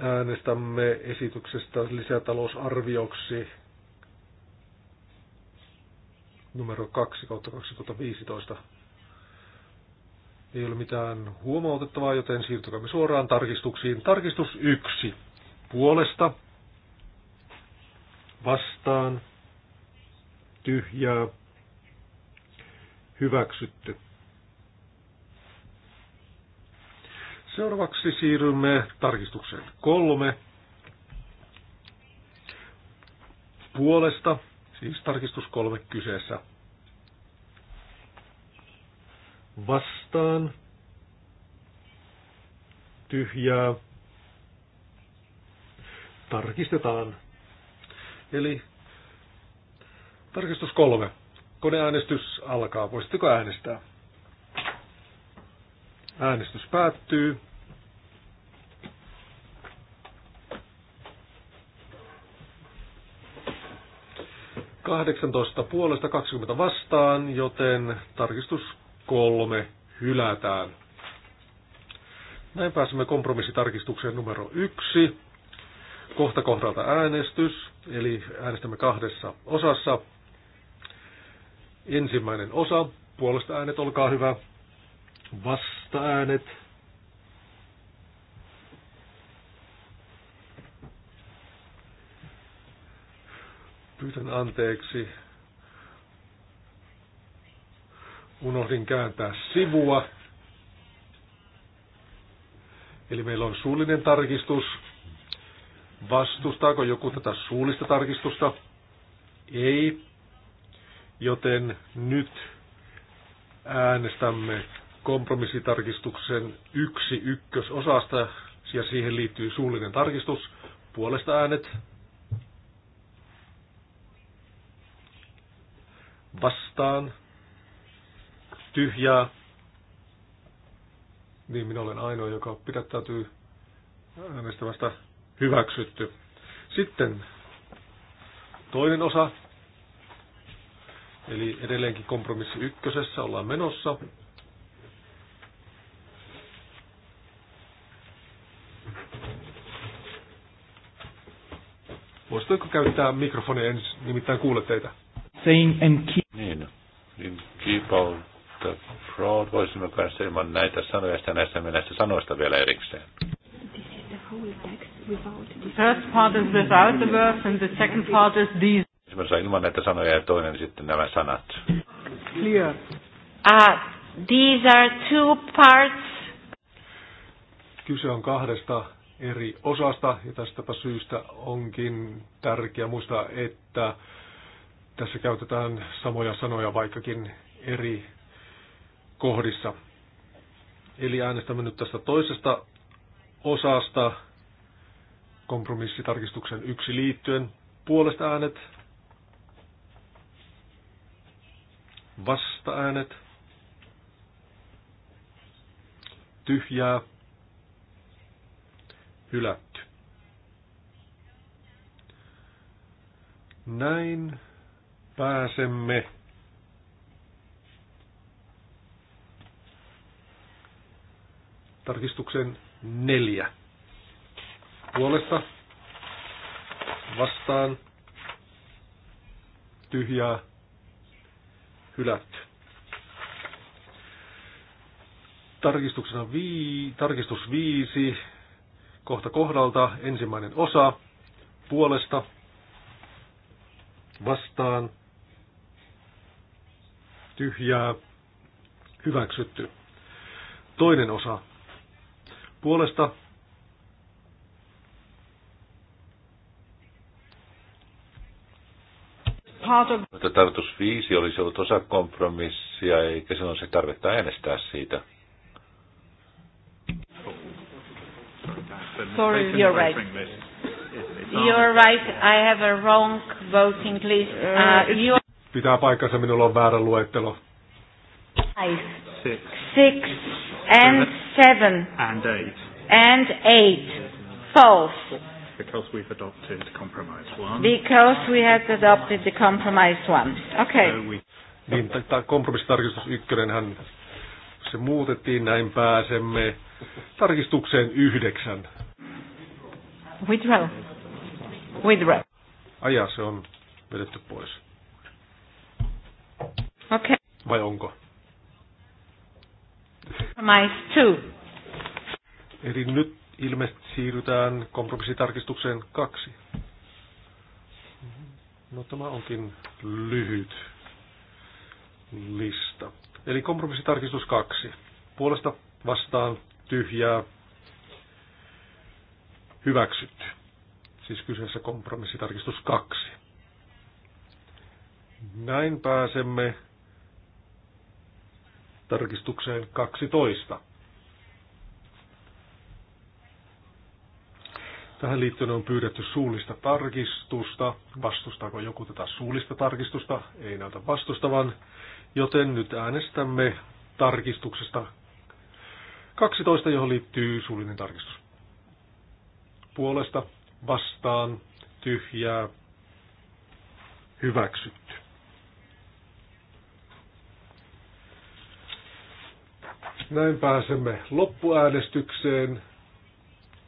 äänestämme esityksestä lisätalousarvioksi numero 2 kautta 2015. Ei ole mitään huomautettavaa, joten siirtykäämme suoraan tarkistuksiin. Tarkistus 1. Puolesta. Vastaan. Tyhjää. Hyväksytty. Seuraavaksi siirrymme tarkistukseen kolme. Puolesta, siis tarkistus kolme kyseessä vastaan tyhjää tarkistetaan. Eli tarkistus kolme. Koneäänestys alkaa. Voisitteko äänestää? Äänestys päättyy. Kahdeksantoista puolesta 20 vastaan, joten tarkistus kolme hylätään. Näin pääsemme kompromissitarkistukseen numero yksi. Kohta kohdalta äänestys, eli äänestämme kahdessa osassa. Ensimmäinen osa, puolesta äänet, olkaa hyvä. Vasta äänet, pyytän anteeksi. Unohdin kääntää sivua. Eli meillä on suullinen tarkistus. Vastustaako joku tätä suullista tarkistusta? Ei. Joten nyt äänestämme kompromissitarkistuksen yksi ykkösosasta ja siihen liittyy suullinen tarkistus. Puolesta äänet. Vastaan tyhjää, niin minä olen ainoa, joka pidättäytyy äänestämästä hyväksytty. Sitten toinen osa, eli edelleenkin kompromissi ykkösessä ollaan menossa. Voisitko käyttää mikrofonia ensin, nimittäin kuule teitä. Saying and keep.
Niin, niin keep on fraud, voisimme päästä ilman näitä sanoja ja näistä, näistä sanoista vielä erikseen.
The first part is without the verbs and the second part is
these. ilman näitä sanoja ja toinen sitten nämä sanat.
Clear. Uh, these are two parts.
Kyse on kahdesta eri osasta ja tästäpä syystä onkin tärkeää muistaa, että tässä käytetään samoja sanoja, vaikkakin eri kohdissa. Eli äänestämme nyt tästä toisesta osasta kompromissitarkistuksen yksi liittyen. Puolesta äänet, vasta äänet, tyhjää, hylätty. Näin pääsemme tarkistuksen neljä. Puolesta vastaan tyhjää hylätty. Tarkistuksena vii, tarkistus viisi kohta kohdalta ensimmäinen osa puolesta vastaan tyhjää hyväksytty. Toinen osa puolesta
Mutta
tarkoitus 5 olisi ollut osa kompromissia, eikä silloin se tarvetta äänestää siitä. Sorry, you're right. You're
right, I have a wrong voting list. Uh, uh, you...
Pitää paikkansa, minulla on väärä luettelo. Five. Six
six and seven. And eight. And eight. False.
Because we've adopted compromise one. Because
we had adopted the compromise one. Okay.
Niin, tämä kompromissitarkistus ykkönenhän se muutettiin, näin pääsemme tarkistukseen yhdeksän.
Withdraw. Withdraw.
Aja, se on vedetty pois. Okei. Okay. Vai onko? Eli nyt ilmeisesti siirrytään kompromissitarkistukseen kaksi. No tämä onkin lyhyt lista. Eli kompromissitarkistus kaksi. Puolesta vastaan tyhjää hyväksytty. Siis kyseessä kompromissitarkistus kaksi. Näin pääsemme tarkistukseen 12. Tähän liittyen on pyydetty suullista tarkistusta. Vastustaako joku tätä suullista tarkistusta? Ei näytä vastustavan. Joten nyt äänestämme tarkistuksesta 12, johon liittyy suullinen tarkistus. Puolesta, vastaan, tyhjää, hyväksytty. Näin pääsemme loppuäänestykseen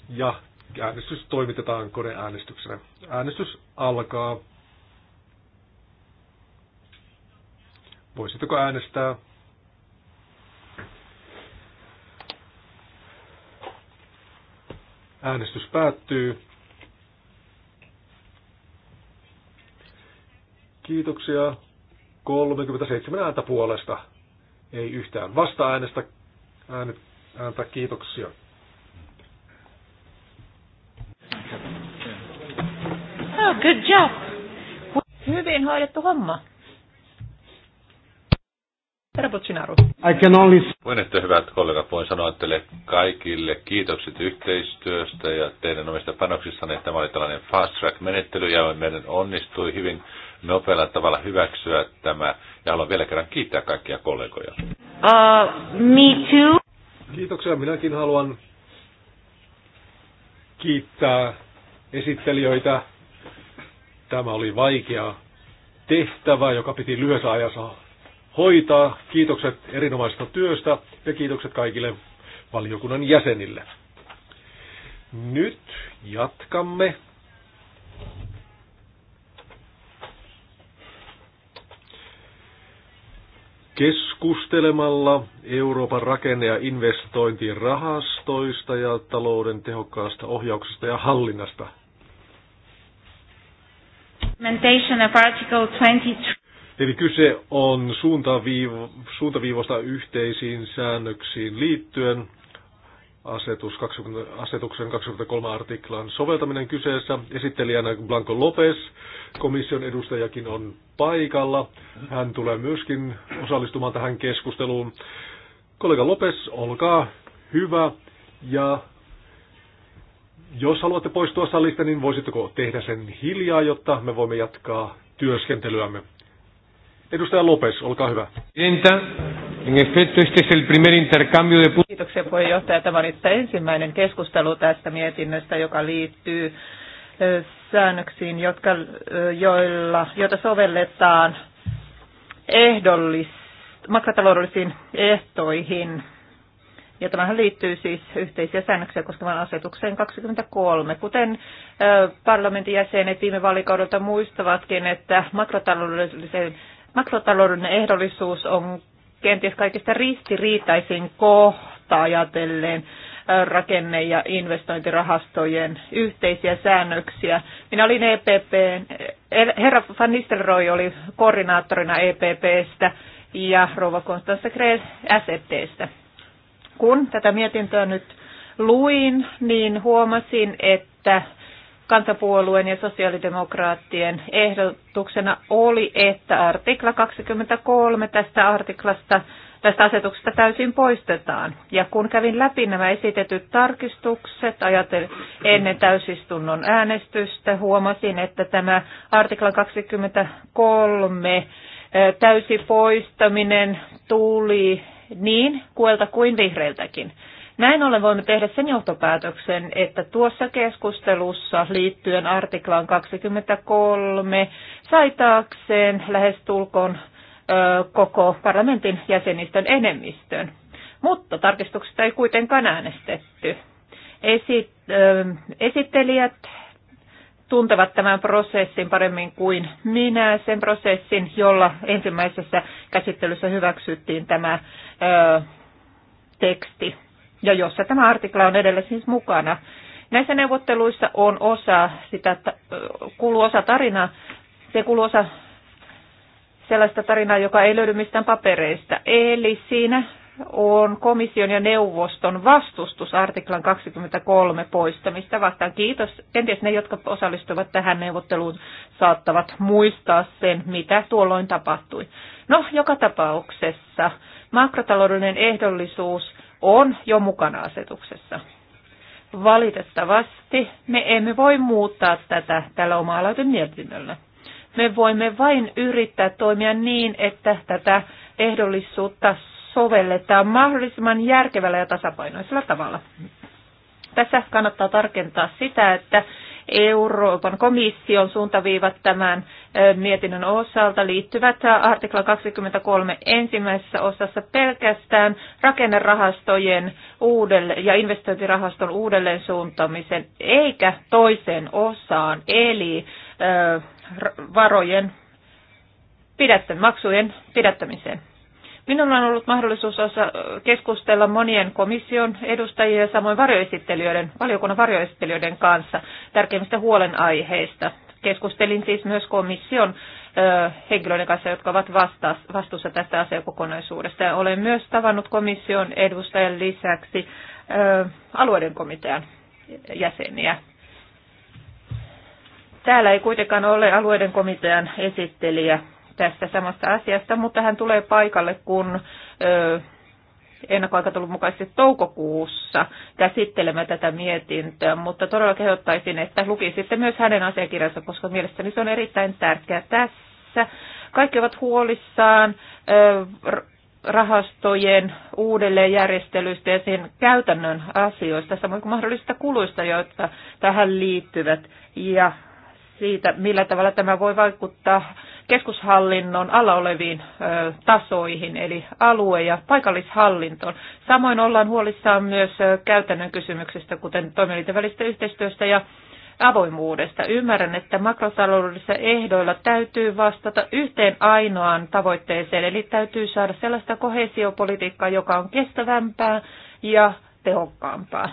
ja äänestys toimitetaan koneäänestyksenä. Äänestys alkaa. Voisitteko äänestää? Äänestys päättyy. Kiitoksia. 37 ääntä puolesta. Ei yhtään vasta-äänestä äänet, ääntä kiitoksia. Oh, good job.
Hyvin hoidettu homma. I can only...
Voin, että hyvät kollegat, voin sanoa teille kaikille kiitokset yhteistyöstä ja teidän omista panoksistanne. Tämä oli tällainen fast track menettely ja meidän onnistui hyvin nopealla tavalla hyväksyä tämä. Ja haluan vielä kerran kiittää kaikkia kollegoja.
Uh, me too. Kiitoksia. Minäkin haluan kiittää esittelijöitä. Tämä oli vaikea tehtävä, joka piti lyhyessä ajassa hoitaa. Kiitokset erinomaisesta työstä ja kiitokset kaikille valiokunnan jäsenille. Nyt jatkamme keskustelemalla Euroopan rakenne- ja investointirahastoista ja talouden tehokkaasta ohjauksesta ja hallinnasta. Eli kyse on suuntaviivo, suuntaviivosta yhteisiin säännöksiin liittyen asetus 20, asetuksen 23 artiklan soveltaminen kyseessä. Esittelijänä Blanco Lopez, komission edustajakin on paikalla. Hän tulee myöskin osallistumaan tähän keskusteluun. Kollega Lopez, olkaa hyvä. Ja jos haluatte poistua salista, niin voisitteko tehdä sen hiljaa, jotta me voimme jatkaa työskentelyämme. Edustaja Lopes, olkaa hyvä. Entä? En efecto, este es el primer intercambio de
Kiitoksia puheenjohtaja. Tämä oli ensimmäinen keskustelu tästä mietinnöstä, joka liittyy säännöksiin, jotka, joilla, joita sovelletaan ehdollis, matkataloudellisiin ehtoihin. Ja tämähän liittyy siis yhteisiä säännöksiä koskevan asetukseen 23. Kuten parlamentin jäsenet viime vaalikaudelta muistavatkin, että makrotaloudellinen ehdollisuus on kenties kaikista ristiriitaisin kohta ajatellen rakenne- ja investointirahastojen yhteisiä säännöksiä. Minä olin EPP, e, e, herra Van Nistelrooy oli koordinaattorina EPPstä ja rouva Konstanssa Kreel SFTstä. Kun tätä mietintöä nyt luin, niin huomasin, että kansapuolueen ja sosiaalidemokraattien ehdotuksena oli, että artikla 23 tästä artiklasta tästä asetuksesta täysin poistetaan. Ja kun kävin läpi nämä esitetyt tarkistukset ajatel, ennen täysistunnon äänestystä, huomasin, että tämä artikla 23 täysi poistaminen tuli niin kuelta kuin vihreiltäkin. Näin ollen voimme tehdä sen johtopäätöksen, että tuossa keskustelussa liittyen artiklaan 23 saitaakseen lähestulkoon koko parlamentin jäsenistön enemmistön. Mutta tarkistuksesta ei kuitenkaan äänestetty. Esit, esittelijät tuntevat tämän prosessin paremmin kuin minä, sen prosessin, jolla ensimmäisessä käsittelyssä hyväksyttiin tämä ö, teksti ja jossa tämä artikla on edellä siis mukana. Näissä neuvotteluissa on osa sitä, kuuluu osa tarinaa, se kuuluu osa sellaista tarinaa, joka ei löydy mistään papereista. Eli siinä on komission ja neuvoston vastustus artiklan 23 poistamista vastaan. Kiitos. Kenties ne, jotka osallistuvat tähän neuvotteluun, saattavat muistaa sen, mitä tuolloin tapahtui. No, joka tapauksessa makrotaloudellinen ehdollisuus on jo mukana asetuksessa. Valitettavasti me emme voi muuttaa tätä tällä oma-aloitemietinnöllä. Me voimme vain yrittää toimia niin, että tätä ehdollisuutta sovelletaan mahdollisimman järkevällä ja tasapainoisella tavalla. Tässä kannattaa tarkentaa sitä, että Euroopan komission suuntaviivat tämän mietinnön osalta liittyvät artikla 23 ensimmäisessä osassa pelkästään rakennerahastojen uudelle ja investointirahaston uudelleen suuntamisen eikä toiseen osaan, eli varojen pidättä, maksujen pidättämiseen. Minulla on ollut mahdollisuus osa keskustella monien komission edustajien ja samoin varjoesittelijöiden, valiokunnan varjoesittelijöiden kanssa tärkeimmistä huolenaiheista. Keskustelin siis myös komission henkilöiden kanssa, jotka ovat vastuussa tästä asiakokonaisuudesta. Ja olen myös tavannut komission edustajan lisäksi alueiden komitean jäseniä. Täällä ei kuitenkaan ole alueiden komitean esittelijä tästä samasta asiasta, mutta hän tulee paikalle, kun ennakkoaikataulun mukaisesti toukokuussa käsittelemään tätä mietintöä, mutta todella kehottaisin, että lukisitte myös hänen asiakirjansa, koska mielestäni se on erittäin tärkeä tässä. Kaikki ovat huolissaan rahastojen uudelleenjärjestelyistä ja sen käytännön asioista, samoin kuin mahdollisista kuluista, jotka tähän liittyvät, ja siitä, millä tavalla tämä voi vaikuttaa keskushallinnon alla oleviin tasoihin, eli alue- ja paikallishallintoon. Samoin ollaan huolissaan myös käytännön kysymyksistä, kuten toimielinten välistä yhteistyöstä ja avoimuudesta. Ymmärrän, että makrotaloudellisissa ehdoilla täytyy vastata yhteen ainoaan tavoitteeseen, eli täytyy saada sellaista kohesiopolitiikkaa, joka on kestävämpää ja tehokkaampaa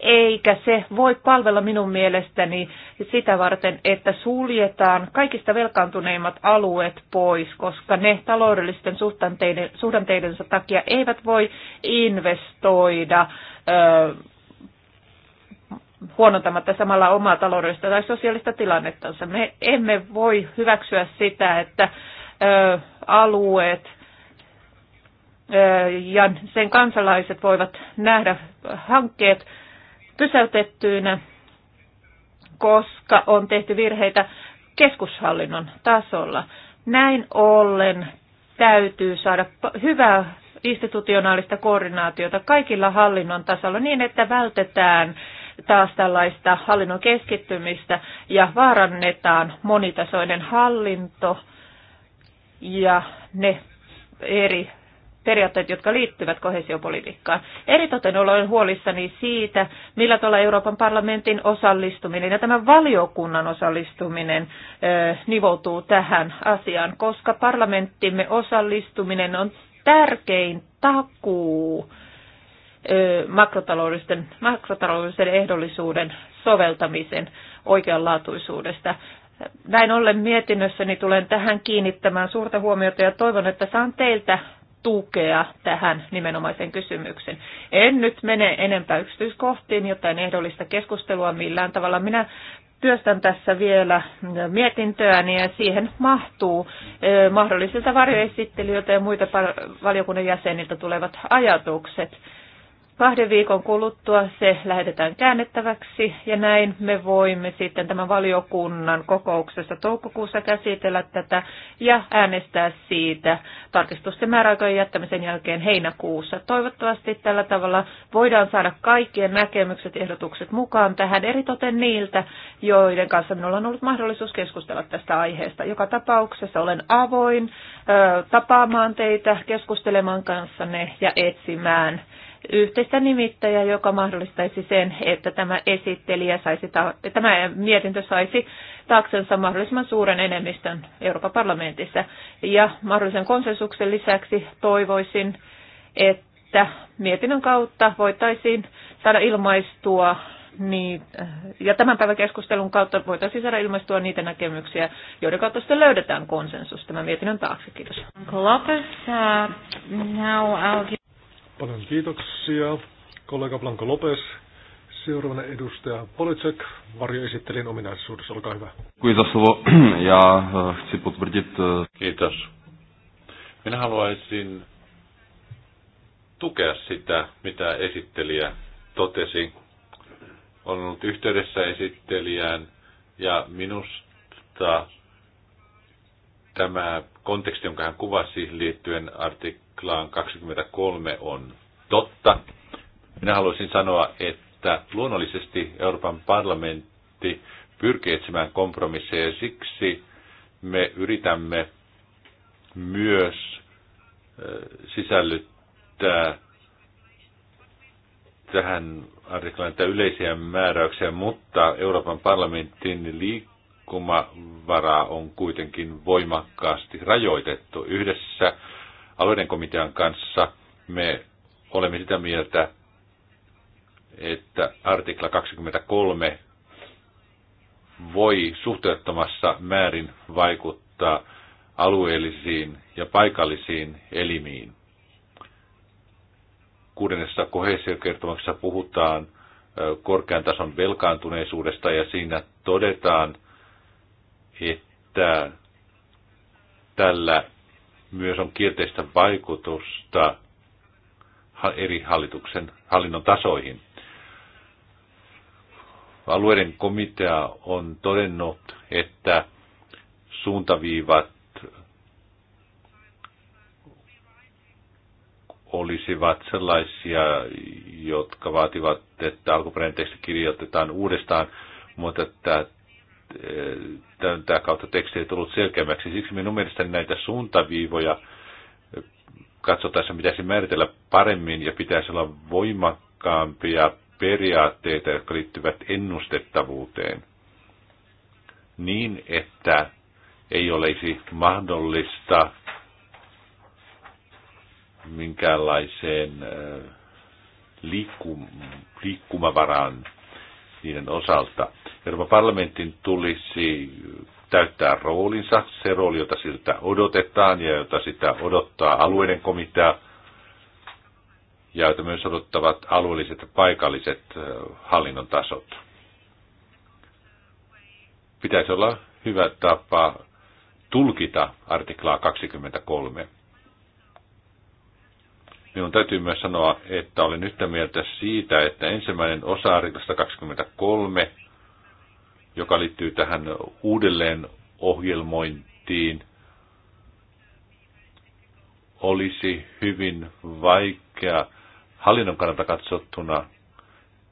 eikä se voi palvella minun mielestäni sitä varten, että suljetaan kaikista velkaantuneimmat alueet pois, koska ne taloudellisten suhdanteidensa takia eivät voi investoida ö, huonontamatta samalla omaa taloudellista tai sosiaalista tilannettansa. Me emme voi hyväksyä sitä, että ö, alueet ja sen kansalaiset voivat nähdä hankkeet, pysäytettyinä, koska on tehty virheitä keskushallinnon tasolla. Näin ollen täytyy saada hyvää institutionaalista koordinaatiota kaikilla hallinnon tasolla niin, että vältetään taas tällaista hallinnon keskittymistä ja vaarannetaan monitasoinen hallinto ja ne eri periaatteet, jotka liittyvät kohesiopolitiikkaan. Eritoten olen huolissani siitä, millä tuolla Euroopan parlamentin osallistuminen ja tämän valiokunnan osallistuminen nivoutuu tähän asiaan, koska parlamenttimme osallistuminen on tärkein takuu makrotaloudellisen, makrotaloudellisen ehdollisuuden soveltamisen oikeanlaatuisuudesta. Näin ollen mietinnössäni tulen tähän kiinnittämään suurta huomiota ja toivon, että saan teiltä tukea tähän nimenomaisen kysymyksen. En nyt mene enempää yksityiskohtiin, jotain ehdollista keskustelua millään tavalla. Minä työstän tässä vielä mietintöäni ja siihen mahtuu mahdollisilta varjoesittelijöiltä ja muita valiokunnan jäseniltä tulevat ajatukset. Kahden viikon kuluttua se lähetetään käännettäväksi ja näin me voimme sitten tämän valiokunnan kokouksessa toukokuussa käsitellä tätä ja äänestää siitä tarkistusten määräaikojen jättämisen jälkeen heinäkuussa. Toivottavasti tällä tavalla voidaan saada kaikkien näkemykset ja ehdotukset mukaan tähän eritoten niiltä, joiden kanssa minulla on ollut mahdollisuus keskustella tästä aiheesta. Joka tapauksessa olen avoin tapaamaan teitä, keskustelemaan kanssanne ja etsimään yhteistä nimittäjää, joka mahdollistaisi sen, että tämä esittelijä saisi, tämä mietintö saisi taaksensa mahdollisimman suuren enemmistön Euroopan parlamentissa. Ja mahdollisen konsensuksen lisäksi toivoisin, että mietinnön kautta voitaisiin saada ilmaistua niin, ja tämän päivän keskustelun kautta voitaisiin saada ilmaistua niitä näkemyksiä, joiden kautta sitten löydetään konsensus tämän mietinnön taakse. Kiitos.
Lopez, uh, now I'll give... Paljon kiitoksia. Kollega Blanco Lopes, seuraavana edustaja Policek, esittelin ominaisuudessa, olkaa hyvä.
Kiitos slovo ja eh, chci potvrdit. Eh, Kiitos. Minä haluaisin tukea sitä, mitä esittelijä totesi. Olen ollut yhteydessä esittelijään ja minusta tämä konteksti, jonka hän kuvasi liittyen artik- artiklaan 23 on totta. Minä haluaisin sanoa, että luonnollisesti Euroopan parlamentti pyrkii etsimään kompromisseja ja siksi me yritämme myös eh, sisällyttää tähän artiklaan näitä yleisiä määräyksiä, mutta Euroopan parlamentin liikkumavaraa on kuitenkin voimakkaasti rajoitettu. Yhdessä alueiden komitean kanssa me olemme sitä mieltä, että artikla 23 voi suhteettomassa määrin vaikuttaa alueellisiin ja paikallisiin elimiin. Kuudennessa kohesiokertomuksessa puhutaan korkean tason velkaantuneisuudesta ja siinä todetaan, että tällä myös on kielteistä vaikutusta eri hallituksen hallinnon tasoihin. Alueiden komitea on todennut, että suuntaviivat olisivat sellaisia, jotka vaativat, että alkuperäinen teksti kirjoitetaan uudestaan, mutta että Tämän kautta teksti ei tullut selkeämmäksi. Siksi minun mielestäni näitä suuntaviivoja katsotaan pitäisi määritellä paremmin ja pitäisi olla voimakkaampia periaatteita, jotka liittyvät ennustettavuuteen niin, että ei olisi mahdollista minkäänlaiseen äh, liikkum- liikkumavaraan niiden osalta. Euroopan parlamentin tulisi täyttää roolinsa, se rooli, jota siltä odotetaan ja jota sitä odottaa alueiden komitea, ja jota myös odottavat alueelliset ja paikalliset hallinnon tasot. Pitäisi olla hyvä tapa tulkita artiklaa 23. Minun täytyy myös sanoa, että olen yhtä mieltä siitä, että ensimmäinen osa artiklasta 23, joka liittyy tähän uudelleen ohjelmointiin, olisi hyvin vaikea hallinnon kannalta katsottuna.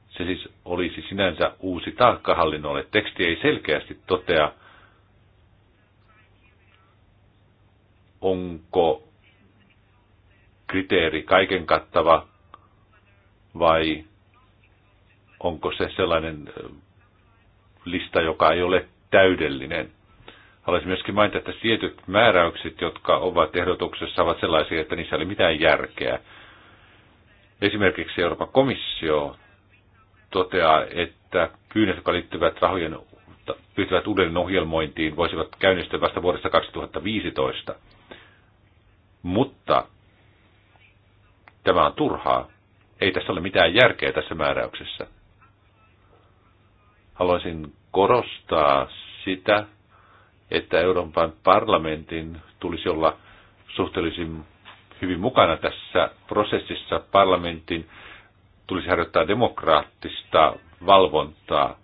Se siis olisi sinänsä uusi taakka hallinnolle. Teksti ei selkeästi totea, onko kriteeri kaiken kattava vai onko se sellainen lista, joka ei ole täydellinen? Haluaisin myöskin mainita, että tietyt määräykset, jotka ovat ehdotuksessa, ovat sellaisia, että niissä oli mitään järkeä. Esimerkiksi Euroopan komissio toteaa, että pyynnöt, jotka liittyvät rahojen pyytävät uudelleen ohjelmointiin, voisivat käynnistyä vasta vuodesta 2015. Mutta Tämä on turhaa. Ei tässä ole mitään järkeä tässä määräyksessä. Haluaisin korostaa sitä, että Euroopan parlamentin tulisi olla suhteellisen hyvin mukana tässä prosessissa. Parlamentin tulisi harjoittaa demokraattista valvontaa.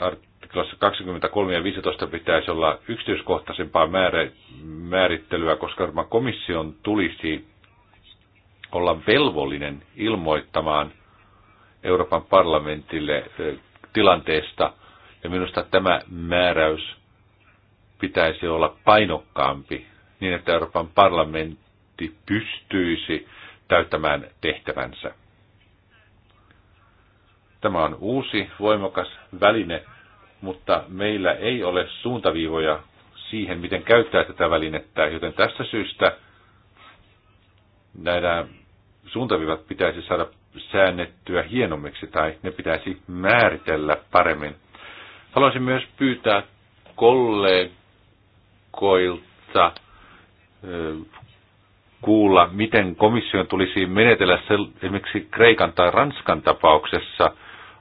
Artiklassa 23 ja 15 pitäisi olla yksityiskohtaisempaa määrä, määrittelyä, koska komission tulisi olla velvollinen ilmoittamaan Euroopan parlamentille eh, tilanteesta. Ja minusta tämä määräys pitäisi olla painokkaampi niin, että Euroopan parlamentti pystyisi täyttämään tehtävänsä. Tämä on uusi, voimakas väline, mutta meillä ei ole suuntaviivoja siihen, miten käyttää tätä välinettä, joten tästä syystä näiden suuntaviivat pitäisi saada säännettyä hienommiksi tai ne pitäisi määritellä paremmin. Haluaisin myös pyytää kollegoilta kuulla, miten komission tulisi menetellä esimerkiksi Kreikan tai Ranskan tapauksessa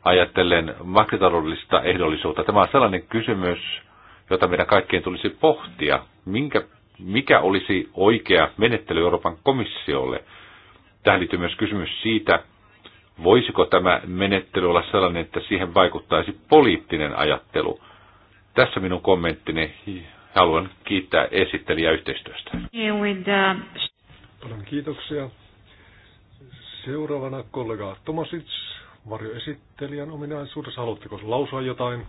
ajatellen makrotaloudellista ehdollisuutta. Tämä on sellainen kysymys, jota meidän kaikkien tulisi pohtia. Minkä, mikä olisi oikea menettely Euroopan komissiolle? Tähän liittyy myös kysymys siitä, voisiko tämä menettely olla sellainen, että siihen vaikuttaisi poliittinen ajattelu. Tässä minun kommenttini. Haluan kiittää esittelijä yhteistyöstä.
Paljon kiitoksia. Seuraavana kollega Tomasic, varjoesittelijän ominaisuudessa. Haluatteko lausua jotain?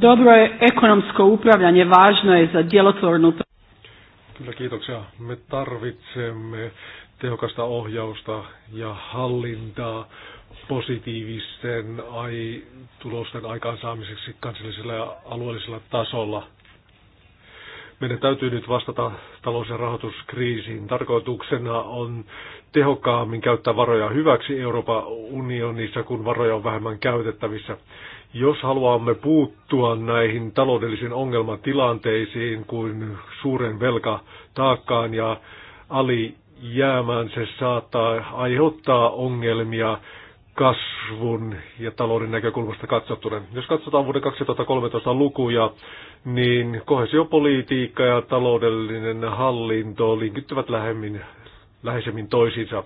Dobro je ekonomsko upravljanje, važno je za djelotvornu...
Kyllä, kiitoksia. Me tarvitsemme tehokasta ohjausta ja hallintaa positiivisten ai, tulosten aikaansaamiseksi kansallisella ja alueellisella tasolla. Meidän täytyy nyt vastata talous- ja rahoituskriisiin. Tarkoituksena on tehokkaammin käyttää varoja hyväksi Euroopan unionissa, kun varoja on vähemmän käytettävissä. Jos haluamme puuttua näihin taloudellisiin ongelmatilanteisiin kuin suuren velkataakkaan ja ali jäämään, se saattaa aiheuttaa ongelmia kasvun ja talouden näkökulmasta katsottuna. Jos katsotaan vuoden 2013 lukuja, niin kohesiopolitiikka ja taloudellinen hallinto linkittyvät lähemmin, läheisemmin toisiinsa.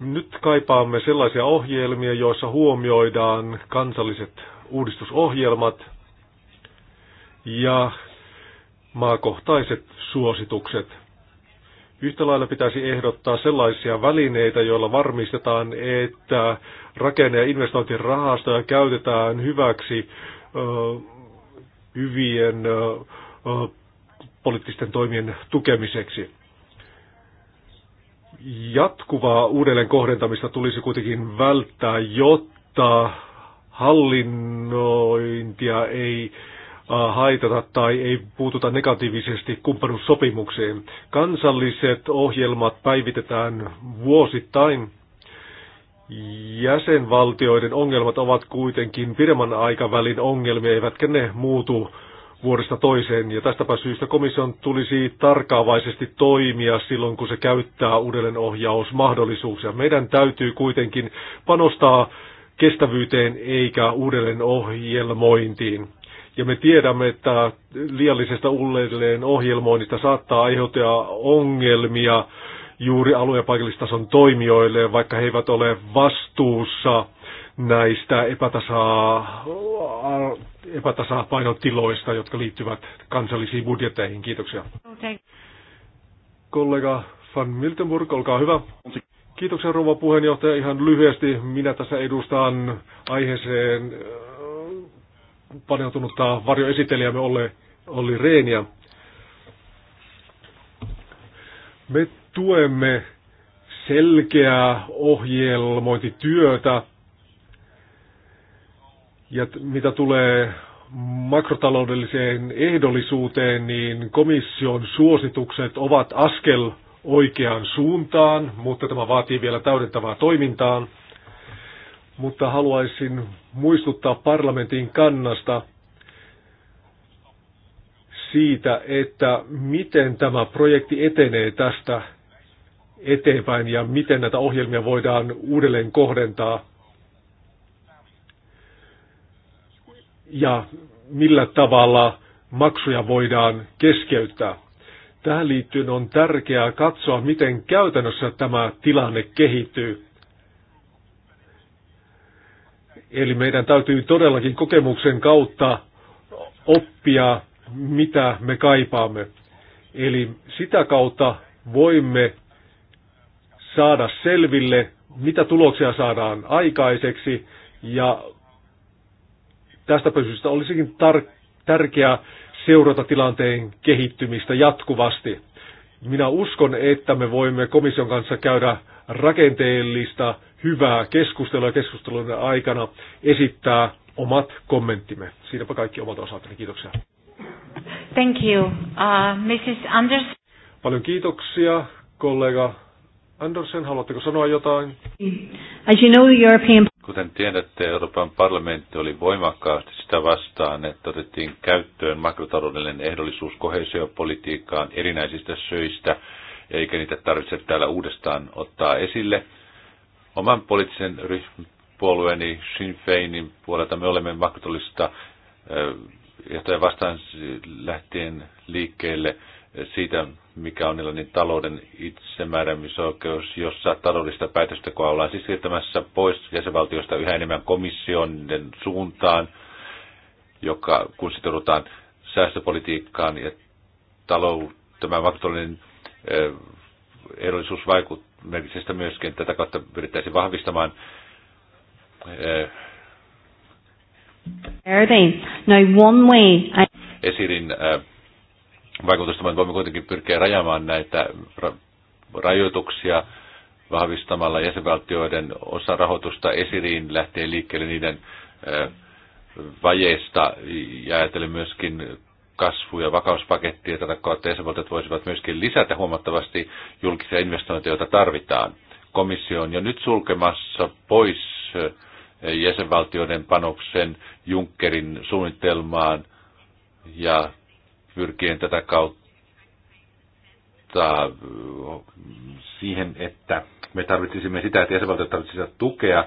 Nyt kaipaamme sellaisia ohjelmia, joissa huomioidaan kansalliset uudistusohjelmat ja maakohtaiset suositukset – Yhtä lailla pitäisi ehdottaa sellaisia välineitä, joilla varmistetaan, että rakenne- ja investointirahastoja käytetään hyväksi hyvien poliittisten toimien tukemiseksi. Jatkuvaa uudelleen kohdentamista tulisi kuitenkin välttää, jotta hallinnointia ei ö, haitata tai ei puututa negatiivisesti kumppanuussopimukseen. Kansalliset ohjelmat päivitetään vuosittain. Jäsenvaltioiden ongelmat ovat kuitenkin pidemmän aikavälin ongelmia, eivätkä ne muutu vuodesta toiseen, ja tästäpä syystä komission tulisi tarkkaavaisesti toimia silloin, kun se käyttää uudelleenohjausmahdollisuuksia. Meidän täytyy kuitenkin panostaa kestävyyteen eikä uudelleenohjelmointiin. Ja me tiedämme, että liiallisesta uudelleen ohjelmoinnista saattaa aiheuttaa ongelmia juuri alue- ja paikallistason toimijoille, vaikka he eivät ole vastuussa näistä epätasa, epätasapainotiloista, jotka liittyvät kansallisiin budjetteihin. Kiitoksia. Okay. Kollega Van Miltenburg, olkaa hyvä. Kiitoksia rouva puheenjohtaja. Ihan lyhyesti minä tässä edustan aiheeseen paneutunutta tämä varjoesitelijämme Olli Reeniä. Me tuemme selkeää ohjelmointityötä ja mitä tulee makrotaloudelliseen ehdollisuuteen, niin komission suositukset ovat askel oikeaan suuntaan, mutta tämä vaatii vielä täydentävää toimintaa mutta haluaisin muistuttaa parlamentin kannasta siitä, että miten tämä projekti etenee tästä eteenpäin ja miten näitä ohjelmia voidaan uudelleen kohdentaa ja millä tavalla maksuja voidaan keskeyttää. Tähän liittyen on tärkeää katsoa, miten käytännössä tämä tilanne kehittyy. Eli meidän täytyy todellakin kokemuksen kautta oppia, mitä me kaipaamme. Eli sitä kautta voimme saada selville, mitä tuloksia saadaan aikaiseksi, ja tästä pysystä olisikin tar- tärkeää seurata tilanteen kehittymistä jatkuvasti. Minä uskon, että me voimme komission kanssa käydä rakenteellista, hyvää keskustelua keskustelun aikana esittää omat kommenttimme. Siinäpä kaikki omalta osaltani. Kiitoksia.
Thank you. Uh, Mrs. Anderson.
Paljon kiitoksia, kollega Andersen. Haluatteko sanoa jotain?
As you know, European...
Kuten tiedätte, Euroopan parlamentti oli voimakkaasti sitä vastaan, että otettiin käyttöön makrotaloudellinen ehdollisuus kohesiopolitiikkaan erinäisistä syistä – eikä niitä tarvitse täällä uudestaan ottaa esille. Oman poliittisen puolueeni Sinn Feinin puolelta me olemme maktollista johtajan vastaan lähtien liikkeelle siitä, mikä on niin talouden itsemääräämisoikeus, jossa taloudellista kun ollaan siis siirtämässä pois jäsenvaltiosta yhä enemmän komission suuntaan, joka, kun sitoudutaan säästöpolitiikkaan ja talou, tämä maksullinen Eh, edullisuusvaikutuksesta myöskin tätä kautta pyrittäisiin vahvistamaan. Eh, no, Esirin eh, vaikutusta, mutta voimme kuitenkin pyrkiä rajaamaan näitä rajoituksia vahvistamalla jäsenvaltioiden osa rahoitusta esiriin lähtee liikkeelle niiden vajeista ja ajatellen myöskin kasvu- ja vakauspaketti ja tätä kautta jäsenvaltiot voisivat myöskin lisätä huomattavasti julkisia investointeja, joita tarvitaan. Komissio on jo nyt sulkemassa pois eh, jäsenvaltioiden panoksen Junckerin suunnitelmaan ja pyrkien tätä kautta eh, siihen, että me tarvitsisimme sitä, että jäsenvaltiot tarvitsisivat tukea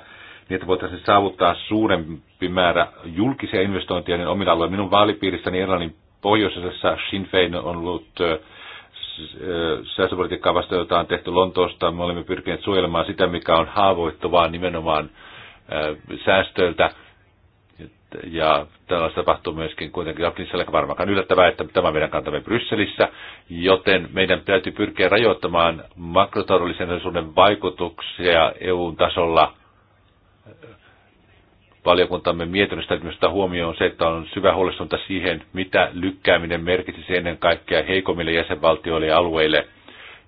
niin että voitaisiin saavuttaa suurempi määrä julkisia investointeja niin omilla alueilla. Minun vaalipiirissäni Irlannin pohjoisessa Sinn Fein on ollut säästöpolitiikkaa vasta, jota on tehty Lontoosta. Me olemme pyrkineet suojelemaan sitä, mikä on haavoittuvaa nimenomaan säästöiltä. Ja tällaista tapahtuu myöskin kuitenkin Dublinissa, eikä varmaankaan yllättävää, että tämä meidän kantamme Brysselissä, joten meidän täytyy pyrkiä rajoittamaan makrotaloudellisen resuuden vaikutuksia EUn tasolla – valiokuntamme mietinnöstä minusta huomioon se, että on syvä huolestunta siihen, mitä lykkääminen merkitsisi ennen kaikkea heikommille jäsenvaltioille ja alueille,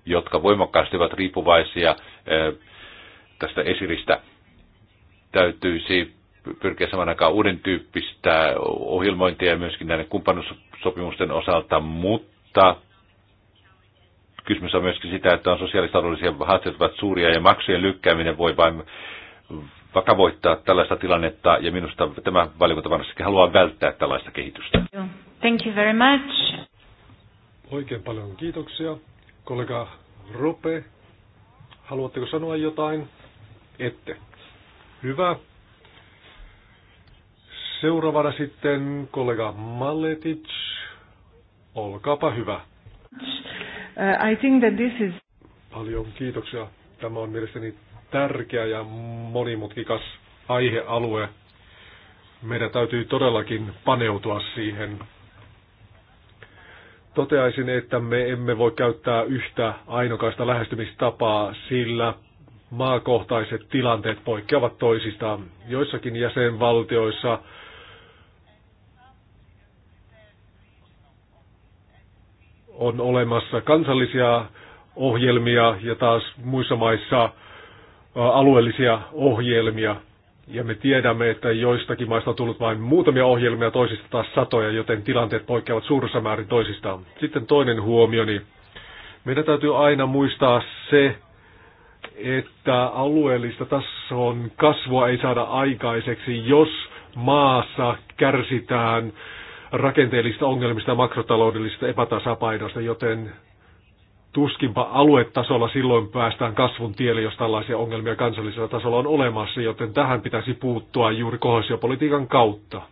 jotka voimakkaasti ovat riippuvaisia tästä esiristä. Täytyisi pyrkiä saman aikaan uuden tyyppistä ohjelmointia myöskin näiden kumppanuussopimusten osalta, mutta kysymys on myöskin sitä, että on sosiaalistaloudellisia haasteet ovat suuria ja maksujen lykkääminen voi vain vakavoittaa tällaista tilannetta, ja minusta tämä valiokunta varmasti haluaa välttää tällaista kehitystä.
Thank you very much. Oikein paljon kiitoksia. Kollega Rope, haluatteko sanoa jotain? Ette. Hyvä. Seuraavana sitten kollega Maletic. Olkaapa hyvä.
Uh, I think that this is...
Paljon kiitoksia. Tämä on mielestäni tärkeä ja monimutkikas aihealue. Meidän täytyy todellakin paneutua siihen. Toteaisin, että me emme voi käyttää yhtä ainokaista lähestymistapaa, sillä maakohtaiset tilanteet poikkeavat toisistaan. Joissakin jäsenvaltioissa on olemassa kansallisia ohjelmia ja taas muissa maissa alueellisia ohjelmia. Ja me tiedämme, että joistakin maista on tullut vain muutamia ohjelmia, toisista taas satoja, joten tilanteet poikkeavat suurissa määrin toisistaan. Sitten toinen huomio Niin meidän täytyy aina muistaa se, että alueellista tason kasvua ei saada aikaiseksi, jos maassa kärsitään rakenteellista ongelmista ja makrotaloudellisista epätasapainosta, joten tuskinpa aluetasolla silloin päästään kasvun tielle, jos tällaisia ongelmia kansallisella tasolla on olemassa, joten tähän pitäisi puuttua juuri kohesiopolitiikan kautta.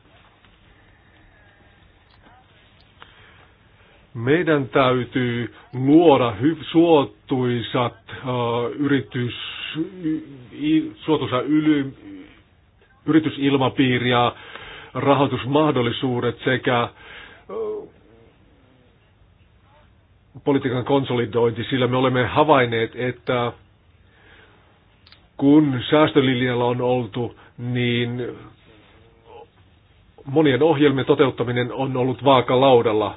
Meidän täytyy luoda hy- suotuisat uh, yritys, y- suotuisa yly, yritysilmapiiri ja rahoitusmahdollisuudet sekä uh, politiikan konsolidointi, sillä me olemme havainneet, että kun säästölinjalla on oltu, niin monien ohjelmien toteuttaminen on ollut vaakalaudalla.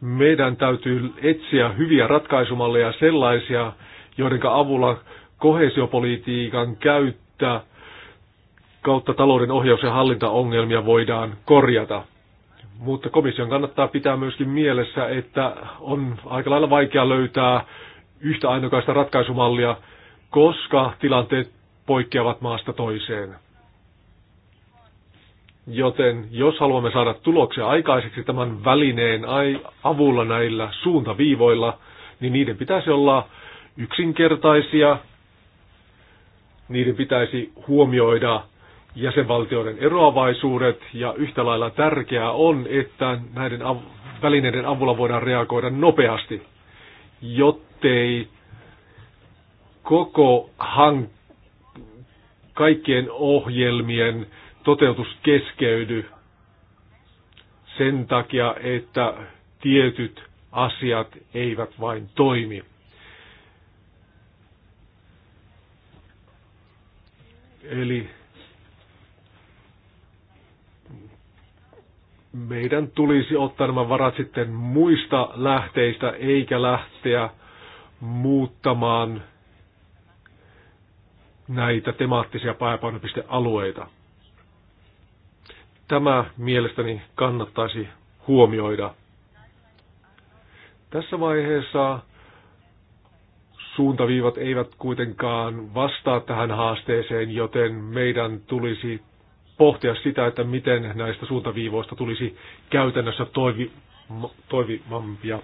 Meidän täytyy etsiä hyviä ratkaisumalleja sellaisia, joiden avulla kohesiopolitiikan käyttö kautta talouden ohjaus- ja hallintaongelmia voidaan korjata. Mutta komission kannattaa pitää myöskin mielessä, että on aika lailla vaikea löytää yhtä ainokaista ratkaisumallia, koska tilanteet poikkeavat maasta toiseen. Joten jos haluamme saada tuloksia aikaiseksi tämän välineen avulla näillä suuntaviivoilla, niin niiden pitäisi olla yksinkertaisia, niiden pitäisi huomioida jäsenvaltioiden eroavaisuudet ja yhtä lailla tärkeää on, että näiden av- välineiden avulla voidaan reagoida nopeasti, jottei koko hank- kaikkien ohjelmien toteutus keskeydy sen takia, että tietyt asiat eivät vain toimi. Eli meidän tulisi ottaa nämä varat sitten muista lähteistä, eikä lähteä muuttamaan näitä temaattisia pääpainopistealueita. Tämä mielestäni kannattaisi huomioida. Tässä vaiheessa suuntaviivat eivät kuitenkaan vastaa tähän haasteeseen, joten meidän tulisi pohtia sitä, että miten näistä suuntaviivoista tulisi käytännössä toivi, toivimampia.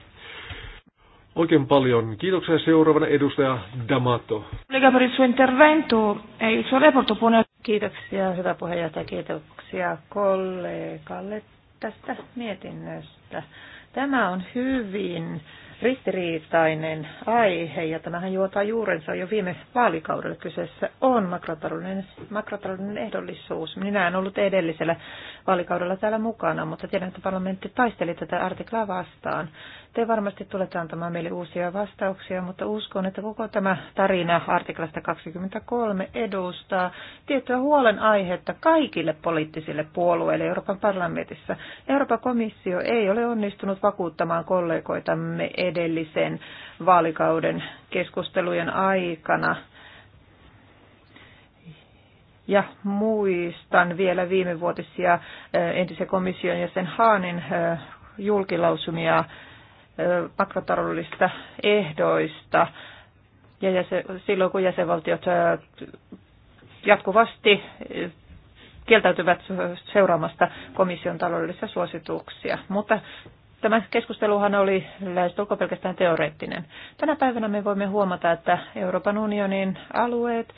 Oikein paljon kiitoksia seuraavana edustaja Damato.
Kiitoksia hyvä puheenjohtaja, kiitoksia kollegalle tästä mietinnöstä. Tämä on hyvin ristiriitainen aihe ja tämähän juotaa juurensa jo viime vaalikaudella. Kyseessä on makrotaloudellinen makrotalouden ehdollisuus. Minä en ollut edellisellä vaalikaudella täällä mukana, mutta tiedän, että parlamentti taisteli tätä artiklaa vastaan. Te varmasti tulette antamaan meille uusia vastauksia, mutta uskon, että koko tämä tarina artiklasta 23 edustaa tiettyä huolenaihetta kaikille poliittisille puolueille Euroopan parlamentissa. Euroopan komissio ei ole onnistunut vakuuttamaan kollegoitamme edellisen vaalikauden keskustelujen aikana ja muistan vielä viime vuotisia eh, entisen komission ja sen Haanin eh, julkilausumia makrotaloudellisista ehdoista. Ja jäsen, silloin kun jäsenvaltiot jatkuvasti kieltäytyvät seuraamasta komission taloudellisia suosituksia. Mutta tämä keskusteluhan oli lähes pelkästään teoreettinen. Tänä päivänä me voimme huomata, että Euroopan unionin alueet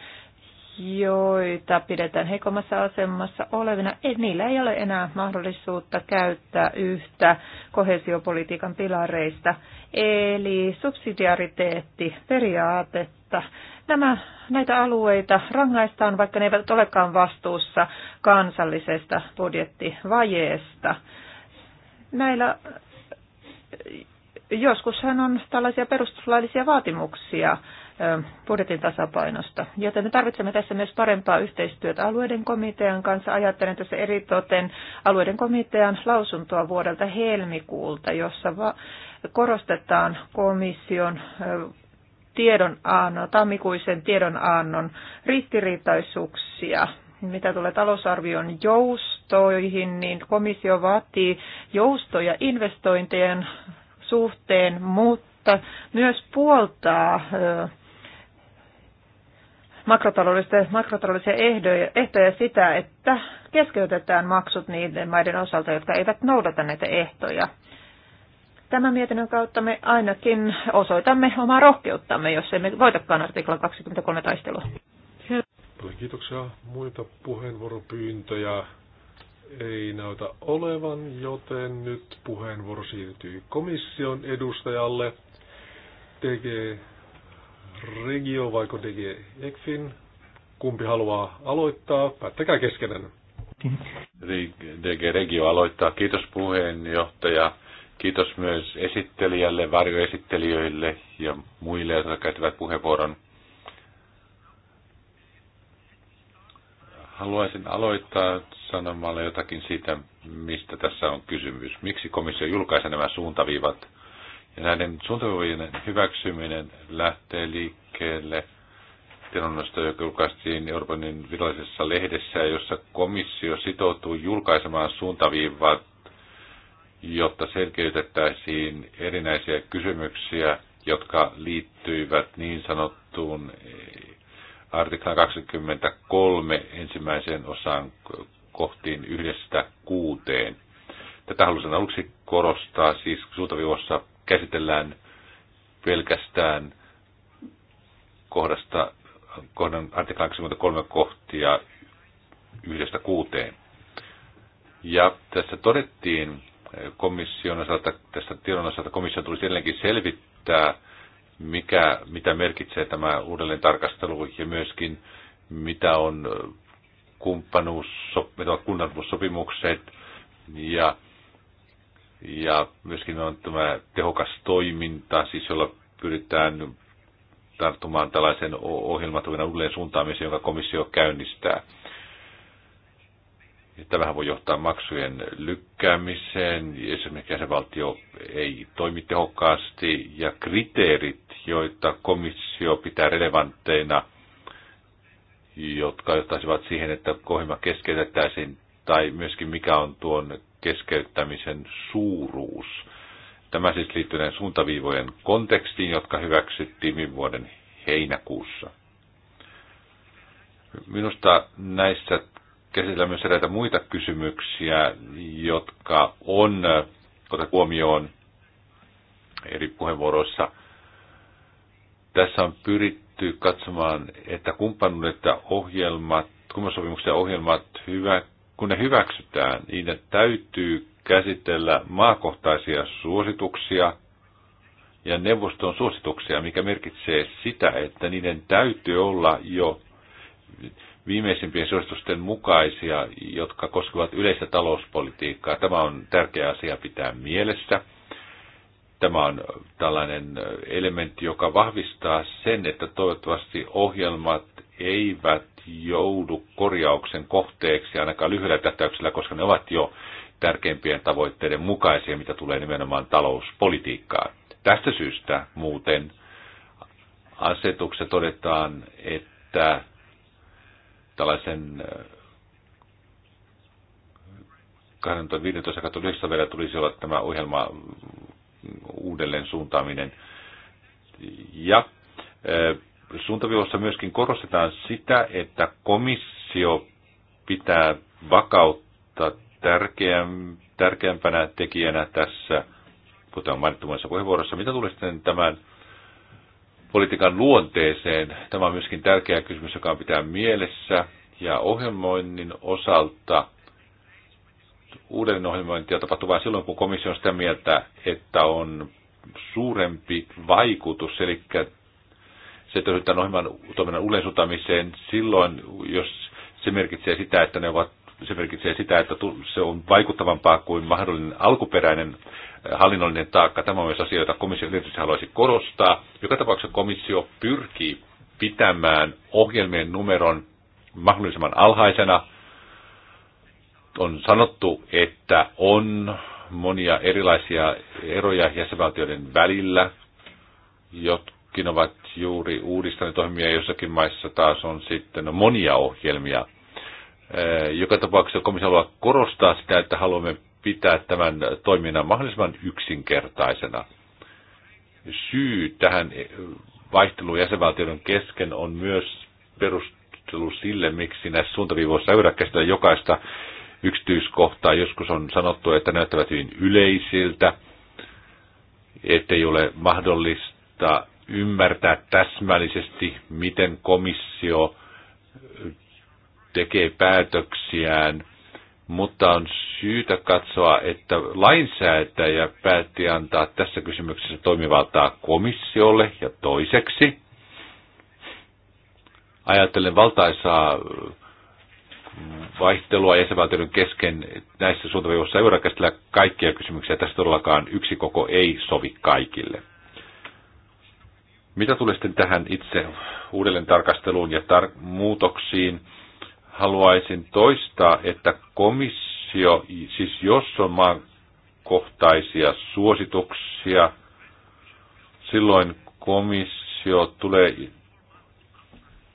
joita pidetään heikommassa asemassa olevina, ei, niillä ei ole enää mahdollisuutta käyttää yhtä kohesiopolitiikan pilareista, eli subsidiariteettiperiaatetta. Nämä, näitä alueita rangaistaan, vaikka ne eivät olekaan vastuussa kansallisesta budjettivajeesta. Näillä joskushan on tällaisia perustuslaillisia vaatimuksia budjetin tasapainosta. Joten me tarvitsemme tässä myös parempaa yhteistyötä alueiden komitean kanssa. Ajattelen tässä eritoten alueiden komitean lausuntoa vuodelta helmikuulta, jossa korostetaan komission tiedonannon, tammikuisen tiedonannon ristiriitaisuuksia mitä tulee talousarvion joustoihin, niin komissio vaatii joustoja investointien suhteen, mutta myös puoltaa makrotaloudellisia, makrotaloudellisia ehdoja, ehtoja sitä, että keskeytetään maksut niiden maiden osalta, jotka eivät noudata näitä ehtoja. Tämän mietinnön kautta me ainakin osoitamme omaa rohkeuttamme, jos emme voitakaan artikla 23 taistelua.
Paljon kiitoksia. Muita puheenvuoropyyntöjä ei näytä olevan, joten nyt puheenvuoro siirtyy komission edustajalle. TG Regio vai DG Ekfin? Kumpi haluaa aloittaa? Päättäkää keskenään.
DG Regio aloittaa. Kiitos puheenjohtaja. Kiitos myös esittelijälle, varjoesittelijöille ja muille, jotka käyttävät puheenvuoron. Haluaisin aloittaa sanomalla jotakin siitä, mistä tässä on kysymys. Miksi komissio julkaisee nämä suuntaviivat ja näiden suuntaviivojen hyväksyminen lähtee liikkeelle tiedonannosta, joka julkaistiin Euroopan virallisessa lehdessä, jossa komissio sitoutuu julkaisemaan suuntaviivat, jotta selkeytettäisiin erinäisiä kysymyksiä, jotka liittyivät niin sanottuun eh, artiklan 23 ensimmäiseen osaan kohtiin yhdestä kuuteen. Tätä halusin aluksi korostaa, siis suuntaviivossa käsitellään pelkästään kohdasta, kohdan artikla 23 kohtia yhdestä kuuteen. Ja tässä todettiin komission osalta, tässä tiedon osalta komission tulisi edelleenkin selvittää, mikä, mitä merkitsee tämä uudelleen tarkastelu ja myöskin mitä on kumppanuussopimukset ja ja myöskin on tämä tehokas toiminta, siis jolla pyritään tarttumaan tällaisen ohjelmatoiminnan uudelleen suuntaamiseen, jonka komissio käynnistää. Tämähän voi johtaa maksujen lykkäämiseen, esimerkiksi jäsenvaltio ei toimi tehokkaasti, ja kriteerit, joita komissio pitää relevantteina, jotka johtaisivat siihen, että ohjelma keskeytettäisiin, tai myöskin mikä on tuon keskeyttämisen suuruus. Tämä siis liittyy näiden suuntaviivojen kontekstiin, jotka hyväksyttiin viime vuoden heinäkuussa. Minusta näissä käsitellään myös eräitä muita kysymyksiä, jotka on otettu huomioon eri puheenvuoroissa. Tässä on pyritty katsomaan, että kumppanuudet ja ohjelmat, kumppanuussopimukset ja ohjelmat hyvä, kun ne hyväksytään, niiden täytyy käsitellä maakohtaisia suosituksia ja neuvoston suosituksia, mikä merkitsee sitä, että niiden täytyy olla jo viimeisimpien suositusten mukaisia, jotka koskevat yleistä talouspolitiikkaa. Tämä on tärkeä asia pitää mielessä. Tämä on tällainen elementti, joka vahvistaa sen, että toivottavasti ohjelmat eivät joudu korjauksen kohteeksi ainakaan lyhyellä tähtäyksellä, koska ne ovat jo tärkeimpien tavoitteiden mukaisia, mitä tulee nimenomaan talouspolitiikkaan. Tästä syystä muuten asetuksessa todetaan, että tällaisen 2015-2019 vielä tulisi olla tämä ohjelma mm, uudelleen suuntaaminen. Ja suuntaviivassa myöskin korostetaan sitä, että komissio pitää vakautta tärkeämpänä tekijänä tässä, kuten on mainittu monessa puheenvuorossa. Mitä tulee sitten tämän politiikan luonteeseen? Tämä on myöskin tärkeä kysymys, joka on pitää mielessä. Ja ohjelmoinnin osalta uudelleen ohjelmointia tapahtuu vain silloin, kun komissio on sitä mieltä, että on suurempi vaikutus, eli se tosiaan ohjelman toiminnan yleisutamiseen silloin, jos se merkitsee sitä, että ne ovat se merkitsee sitä, että se on vaikuttavampaa kuin mahdollinen alkuperäinen äh, hallinnollinen taakka. Tämä on myös asia, jota komissio tietysti haluaisi korostaa. Joka tapauksessa komissio pyrkii pitämään ohjelmien numeron mahdollisimman alhaisena. On sanottu, että on monia erilaisia eroja jäsenvaltioiden välillä, jotka Nytkin ovat juuri uudistaneet ohjelmia, jossakin maissa taas on sitten monia ohjelmia. Joka tapauksessa komissio haluaa korostaa sitä, että haluamme pitää tämän toiminnan mahdollisimman yksinkertaisena. Syy tähän vaihteluun jäsenvaltioiden kesken on myös perustelu sille, miksi näissä suuntaviivoissa ei voida käsitellä jokaista yksityiskohtaa. Joskus on sanottu, että näyttävät hyvin yleisiltä, ettei ole mahdollista ymmärtää täsmällisesti, miten komissio tekee päätöksiään, mutta on syytä katsoa, että lainsäätäjä päätti antaa tässä kysymyksessä toimivaltaa komissiolle ja toiseksi. Ajattelen valtaisaa vaihtelua jäsenvaltioiden kesken näissä suuntaviivoissa ei voida käsitellä kaikkia kysymyksiä. Tässä todellakaan yksi koko ei sovi kaikille. Mitä tulee sitten tähän itse uudelleen tarkasteluun ja tar- muutoksiin, haluaisin toistaa, että komissio, siis jos on maankohtaisia suosituksia, silloin komissio tulee,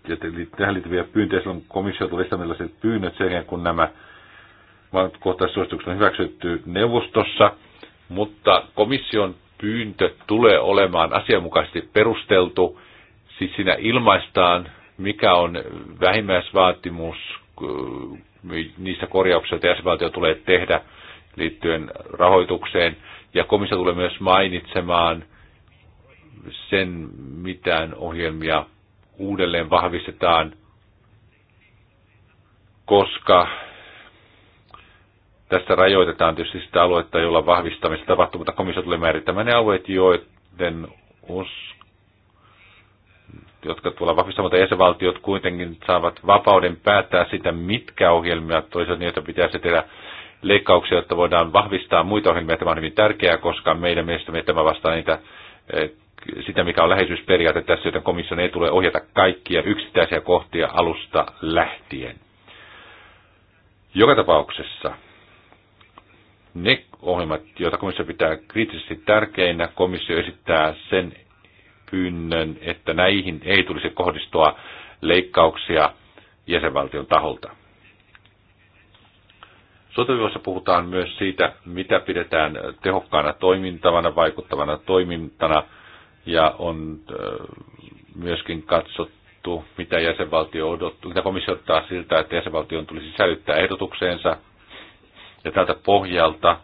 ja tähän liittyviä pyyntöjä, silloin komissio tulee sitä, pyynnöt sen jälkeen, kun nämä maankohtaiset suositukset on hyväksytty neuvostossa, mutta komission pyyntö tulee olemaan asianmukaisesti perusteltu. Siis siinä ilmaistaan, mikä on vähimmäisvaatimus niissä korjauksissa, joita jäsenvaltio tulee tehdä liittyen rahoitukseen. Ja komissio tulee myös mainitsemaan sen, mitään ohjelmia uudelleen vahvistetaan, koska tässä rajoitetaan tietysti sitä aluetta, jolla vahvistamista tapahtuu, mutta komissio tulee määrittämään ne alueet, joiden us, jotka tuolla vahvistamatta jäsenvaltiot kuitenkin saavat vapauden päättää sitä, mitkä ohjelmia toisaalta niitä pitäisi tehdä leikkauksia, jotta voidaan vahvistaa muita ohjelmia. Tämä on hyvin tärkeää, koska meidän mielestämme tämä vastaa niitä, eh, sitä, mikä on läheisyysperiaate tässä, joten komission ei tule ohjata kaikkia yksittäisiä kohtia alusta lähtien. Joka tapauksessa ne ohjelmat, joita komissio pitää kriittisesti tärkeinä, komissio esittää sen pyynnön, että näihin ei tulisi kohdistua leikkauksia jäsenvaltion taholta. Sotivuossa puhutaan myös siitä, mitä pidetään tehokkaana toimintavana, vaikuttavana toimintana, ja on myöskin katsottu, mitä, jäsenvaltio odottu, mitä komissio ottaa siltä, että jäsenvaltion tulisi sisällyttää ehdotukseensa ja tältä pohjalta,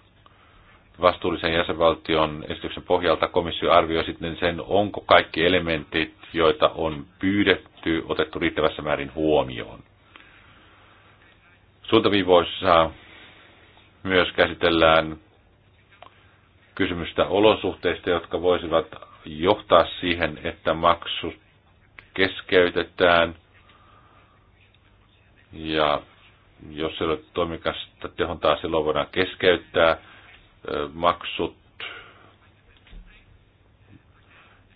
vastuullisen jäsenvaltion esityksen pohjalta komissio arvioi sitten sen, onko kaikki elementit, joita on pyydetty, otettu riittävässä määrin huomioon. Suuntaviivoissa myös käsitellään kysymystä olosuhteista, jotka voisivat johtaa siihen, että maksu keskeytetään. Ja jos se ei ole toimikas johon taas silloin voidaan keskeyttää maksut.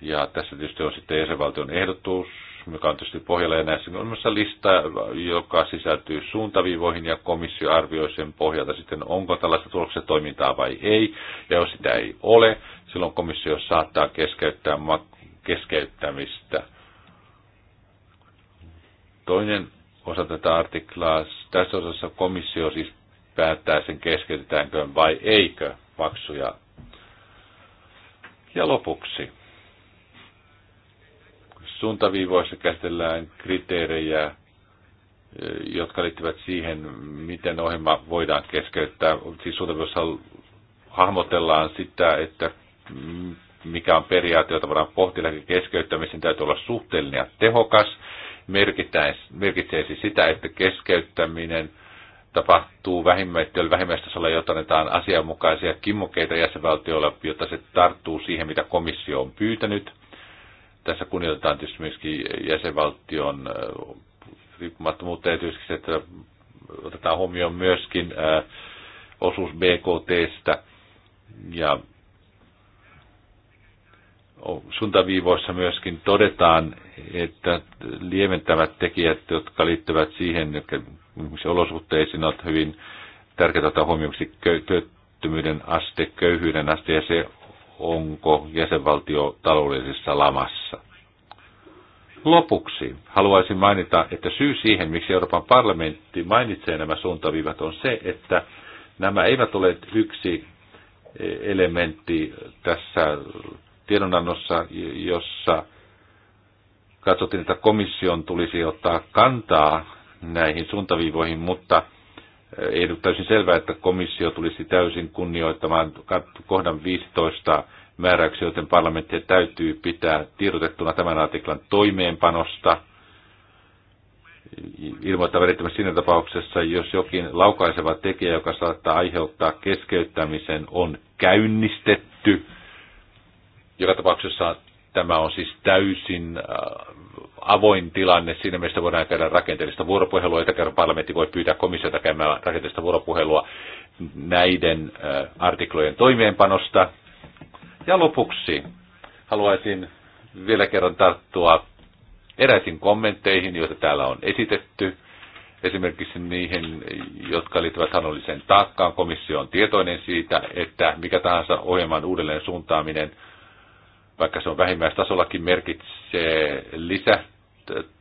Ja tässä tietysti on sitten jäsenvaltion ehdotus, mikä on tietysti pohjalla ja näissä on myös lista, joka sisältyy suuntaviivoihin ja komissio arvioi sen pohjalta sitten, onko tällaista tuloksen toimintaa vai ei. Ja jos sitä ei ole, silloin komissio saattaa keskeyttää keskeyttämistä. Toinen osa tätä artiklaa, tässä osassa komissio siis päättää sen keskeytetäänkö vai eikö maksuja. Ja lopuksi. Suuntaviivoissa käsitellään kriteerejä, jotka liittyvät siihen, miten ohjelma voidaan keskeyttää. Siis suuntaviivoissa hahmotellaan sitä, että mikä on periaate, jota voidaan pohtia keskeyttämisen täytyy olla suhteellinen ja tehokas. Merkitään, merkitsee siis sitä, että keskeyttäminen – tapahtuu vähimmäistöllä, vähimmäistasolla, jotta annetaan asianmukaisia kimmokeita jäsenvaltioilla, jotta se tarttuu siihen, mitä komissio on pyytänyt. Tässä kunnioitetaan tietysti myöskin jäsenvaltion äh, riippumattomuutta ja tietysti, että otetaan huomioon myöskin äh, osuus BKTstä ja suuntaviivoissa myöskin todetaan, että lieventävät tekijät, jotka liittyvät siihen, jotka olosuhteisiin, on hyvin tärkeää ottaa huomioon työttömyyden aste, köyhyyden aste ja se, onko jäsenvaltio taloudellisessa lamassa. Lopuksi haluaisin mainita, että syy siihen, miksi Euroopan parlamentti mainitsee nämä suuntaviivat, on se, että nämä eivät ole yksi elementti tässä tiedonannossa, jossa katsottiin, että komission tulisi ottaa kantaa näihin suuntaviivoihin, mutta eh, ei ole täysin selvää, että komissio tulisi täysin kunnioittamaan kohdan 15 määräyksiä, joten parlamentti täytyy pitää tiedotettuna tämän artiklan toimeenpanosta. Ilmoittaa välittömästi siinä tapauksessa, jos jokin laukaiseva tekijä, joka saattaa aiheuttaa keskeyttämisen, on käynnistetty. Joka tapauksessa tämä on siis täysin äh, avoin tilanne. Siinä mielessä voidaan käydä rakenteellista vuoropuhelua, eikä kerran parlamentti voi pyytää komissiota käymään rakenteellista vuoropuhelua näiden äh, artiklojen toimeenpanosta. Ja lopuksi haluaisin vielä kerran tarttua eräisiin kommentteihin, joita täällä on esitetty. Esimerkiksi niihin, jotka liittyvät sanolliseen taakkaan. Komissio on tietoinen siitä, että mikä tahansa ohjelman uudelleen suuntaaminen, vaikka se on vähimmäistasollakin, merkitsee lisä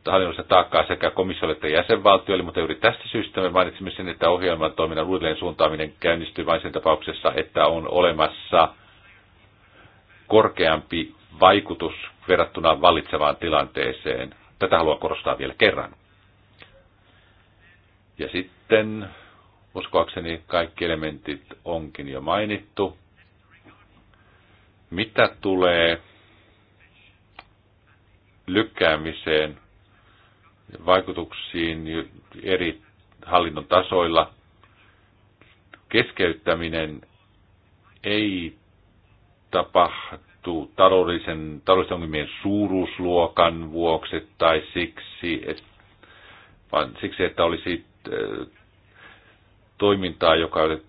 hallinnollista taakkaa sekä komissiolle että jäsenvaltioille, mutta juuri tästä syystä me mainitsimme sen, että ohjelman toiminnan uudelleen suuntaaminen käynnistyy vain sen tapauksessa, että on olemassa korkeampi vaikutus verrattuna vallitsevaan tilanteeseen. Tätä haluan korostaa vielä kerran. Ja sitten uskoakseni kaikki elementit onkin jo mainittu. Mitä tulee lykkäämiseen, vaikutuksiin eri hallinnon tasoilla. Keskeyttäminen ei tapahtu taloudellisen, taloudellisen ongelmien suuruusluokan vuoksi tai siksi, et, vaan siksi, että olisi äh, toimintaa, joka ei ole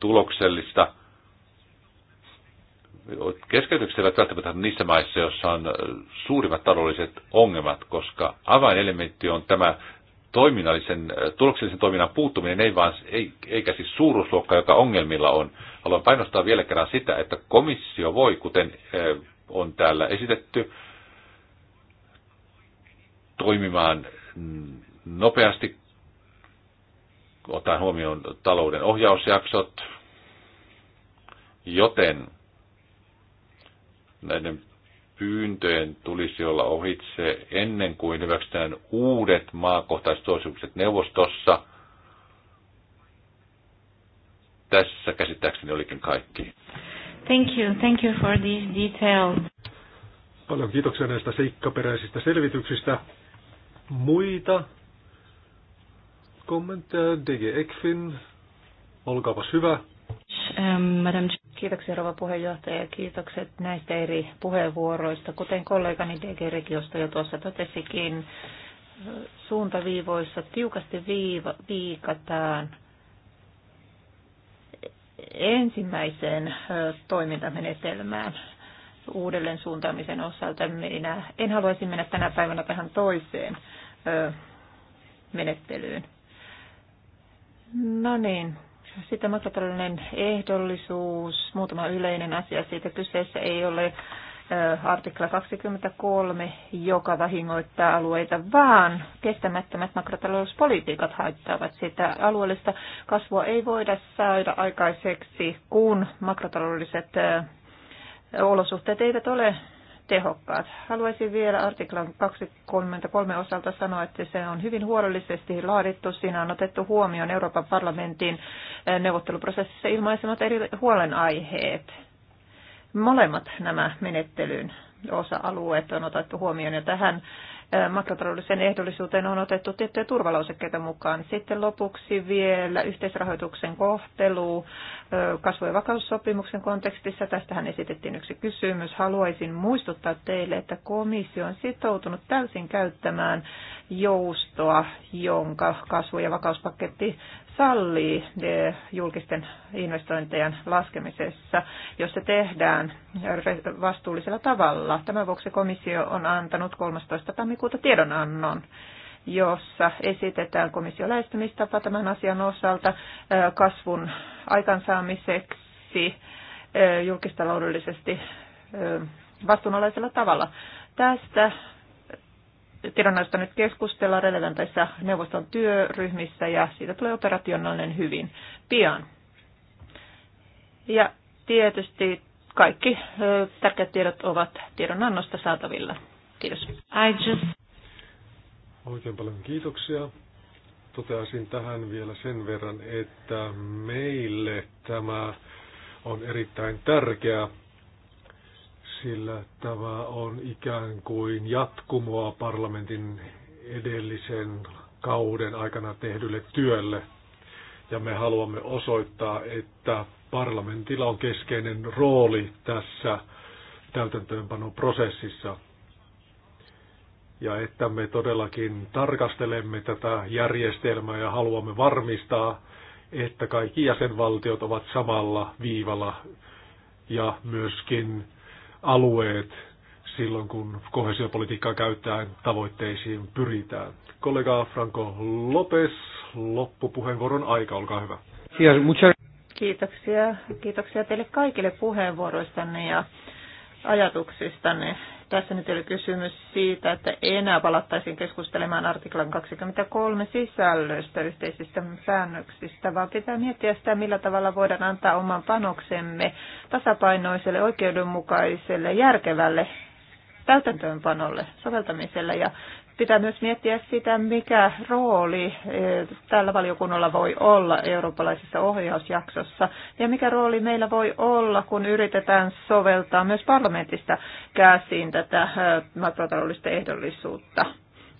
tuloksellista – keskeytykset eivät välttämättä niissä maissa, joissa on äh, suurimmat taloudelliset ongelmat, koska avainelementti on tämä toiminnallisen, äh, tuloksellisen toiminnan puuttuminen, ei vaan, ei, eikä siis suuruusluokka, joka ongelmilla on. Haluan painostaa vielä kerran sitä, että komissio voi, kuten äh, on täällä esitetty, toimimaan mm, nopeasti, ottaen huomioon talouden ohjausjaksot, joten näiden pyyntöjen tulisi olla ohitse ennen kuin hyväksytään uudet maakohtaiset suositukset neuvostossa. Tässä käsittääkseni olikin kaikki.
Thank you. Thank you for these
details. Paljon kiitoksia näistä seikkaperäisistä selvityksistä. Muita kommentteja DG Ekfin. Olkaapas hyvä.
Ähm, Madam. Kiitoksia rouva puheenjohtaja ja kiitokset näistä eri puheenvuoroista. Kuten kollegani DG Regiosta jo tuossa totesikin, äh, suuntaviivoissa tiukasti viiva, viikataan ensimmäiseen äh, toimintamenetelmään uudelleen suuntaamisen osalta. Minä en haluaisi mennä tänä päivänä tähän toiseen äh, menettelyyn. No niin, sitten makrotaloudellinen ehdollisuus, muutama yleinen asia siitä. Kyseessä ei ole artikla 23, joka vahingoittaa alueita, vaan kestämättömät makrotalouspolitiikat haittaavat sitä. Alueellista kasvua ei voida saada aikaiseksi, kun makrotaloudelliset olosuhteet eivät ole tehokkaat. Haluaisin vielä artiklan 23 osalta sanoa, että se on hyvin huolellisesti laadittu. Siinä on otettu huomioon Euroopan parlamentin eh, neuvotteluprosessissa ilmaisemat eri huolenaiheet. Molemmat nämä menettelyn osa-alueet on otettu huomioon ja tähän makrotaloudelliseen ehdollisuuteen on otettu tiettyjä turvalausekkeita mukaan. Sitten lopuksi vielä yhteisrahoituksen kohtelu kasvu- ja vakaussopimuksen kontekstissa. Tästähän esitettiin yksi kysymys. Haluaisin muistuttaa teille, että komissio on sitoutunut täysin käyttämään joustoa, jonka kasvu- ja vakauspaketti sallii eh, julkisten investointejen laskemisessa, jos se tehdään vastuullisella tavalla. Tämän vuoksi komissio on antanut 13. tammikuuta tiedonannon jossa esitetään komission lähestymistapa tämän asian osalta eh, kasvun aikansaamiseksi eh, julkistaloudellisesti vastuunalaisella tavalla. Tästä tiedonannosta nyt keskustellaan relevanteissa neuvoston työryhmissä ja siitä tulee operationaalinen hyvin pian. Ja tietysti kaikki tärkeät tiedot ovat tiedonannosta saatavilla. Kiitos. I just...
Oikein paljon kiitoksia. Toteaisin tähän vielä sen verran, että meille tämä on erittäin tärkeä sillä tämä on ikään kuin jatkumoa parlamentin edellisen kauden aikana tehdylle työlle. Ja me haluamme osoittaa, että parlamentilla on keskeinen rooli tässä täytäntöönpanoprosessissa. Ja että me todellakin tarkastelemme tätä järjestelmää ja haluamme varmistaa, että kaikki jäsenvaltiot ovat samalla viivalla ja myöskin alueet silloin, kun kohesiopolitiikkaa käyttää tavoitteisiin pyritään. Kollega Franco Lopes, loppupuheenvuoron aika, olkaa hyvä.
Kiitoksia, kiitoksia teille kaikille puheenvuoroistanne ja ajatuksistanne. Tässä nyt oli kysymys siitä, että enää palattaisiin keskustelemaan artiklan 23 sisällöstä yhteisistä säännöksistä, vaan pitää miettiä sitä, millä tavalla voidaan antaa oman panoksemme tasapainoiselle, oikeudenmukaiselle, järkevälle täytäntöönpanolle, soveltamiselle. Ja Pitää myös miettiä sitä, mikä rooli eh, tällä valiokunnalla voi olla eurooppalaisessa ohjausjaksossa ja mikä rooli meillä voi olla, kun yritetään soveltaa myös parlamentista käsiin tätä eh, makrotaloudellista ehdollisuutta.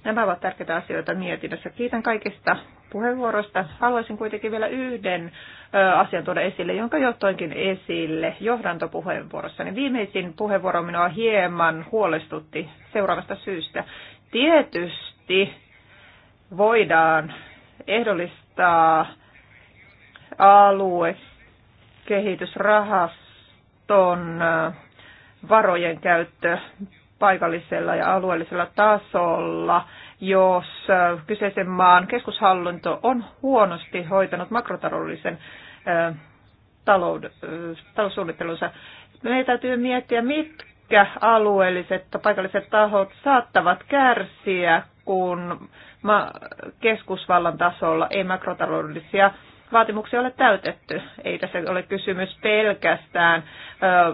Nämä ovat tärkeitä asioita mietinnössä. Kiitän kaikista puheenvuorosta. Haluaisin kuitenkin vielä yhden eh, asian tuoda esille, jonka johtoinkin esille johdantopuheenvuorossa. viimeisin puheenvuoro minua hieman huolestutti seuraavasta syystä. Tietysti voidaan ehdollistaa aluekehitysrahaston äh, varojen käyttö paikallisella ja alueellisella tasolla, jos äh, kyseisen maan keskushallinto on huonosti hoitanut makrotaloudellisen äh, taloussuunnittelunsa. Meidän täytyy miettiä, mitkä Ehkä alueelliset tai paikalliset tahot saattavat kärsiä, kun keskusvallan tasolla ei makrotaloudellisia vaatimuksia ole täytetty. Ei tässä ole kysymys pelkästään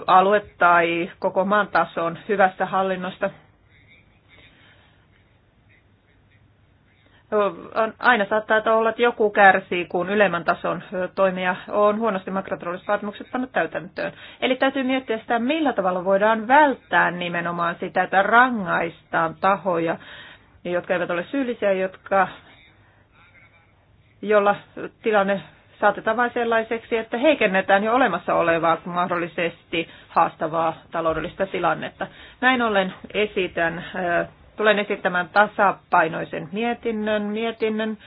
alue- tai koko maan tason hyvästä hallinnosta on, aina saattaa olla, että joku kärsii, kun ylemmän tason toimija on huonosti makrotaloudelliset vaatimukset pannut täytäntöön. Eli täytyy miettiä sitä, millä tavalla voidaan välttää nimenomaan sitä, että rangaistaan tahoja, jotka eivät ole syyllisiä, jotka, jolla tilanne saatetaan vain sellaiseksi, että heikennetään jo olemassa olevaa mahdollisesti haastavaa taloudellista tilannetta. Näin ollen esitän Tulen esittämään tasapainoisen mietinnön, mietinnön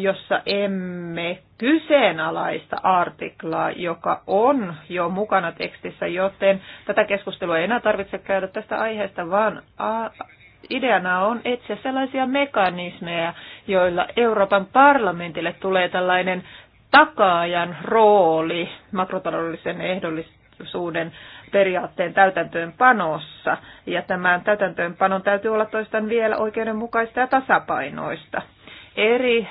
jossa emme kyseenalaista artiklaa, joka on jo mukana tekstissä, joten tätä keskustelua ei enää tarvitse käydä tästä aiheesta, vaan ideana on etsiä sellaisia mekanismeja, joilla Euroopan parlamentille tulee tällainen takaajan rooli makrotaloudellisen ehdollisuuden periaatteen täytäntöönpanossa. Ja tämän täytäntöönpanon täytyy olla toistan vielä oikeudenmukaista ja tasapainoista. Eri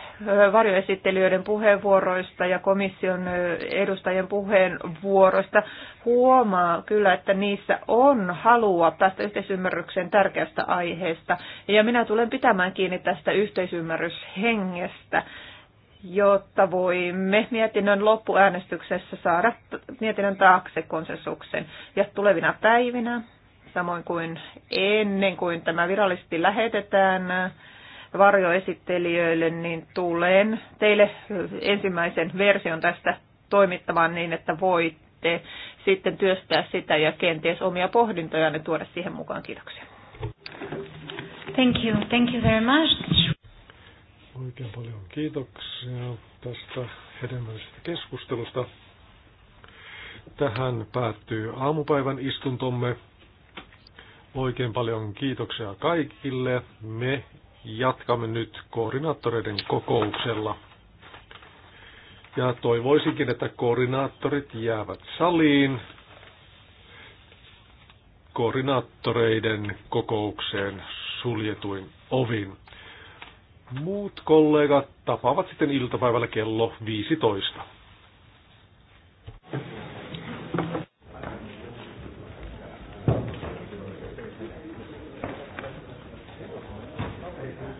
varjoesittelijöiden puheenvuoroista ja komission edustajien puheenvuoroista huomaa kyllä, että niissä on halua päästä yhteisymmärryksen tärkeästä aiheesta. Ja minä tulen pitämään kiinni tästä yhteisymmärryshengestä jotta voimme mietinnön loppuäänestyksessä saada mietinnön taakse konsensuksen. Ja tulevina päivinä, samoin kuin ennen kuin tämä virallisesti lähetetään varjoesittelijöille, niin tulen teille ensimmäisen version tästä toimittamaan niin, että voitte sitten työstää sitä ja kenties omia pohdintojanne tuoda siihen mukaan. Kiitoksia.
Thank you. Thank you very much.
Oikein paljon kiitoksia tästä hedelmällisestä keskustelusta. Tähän päättyy aamupäivän istuntomme. Oikein paljon kiitoksia kaikille. Me jatkamme nyt koordinaattoreiden kokouksella. Ja toivoisinkin, että koordinaattorit jäävät saliin koordinaattoreiden kokoukseen suljetuin ovin. Muut kollegat tapaavat sitten iltapäivällä kello 15.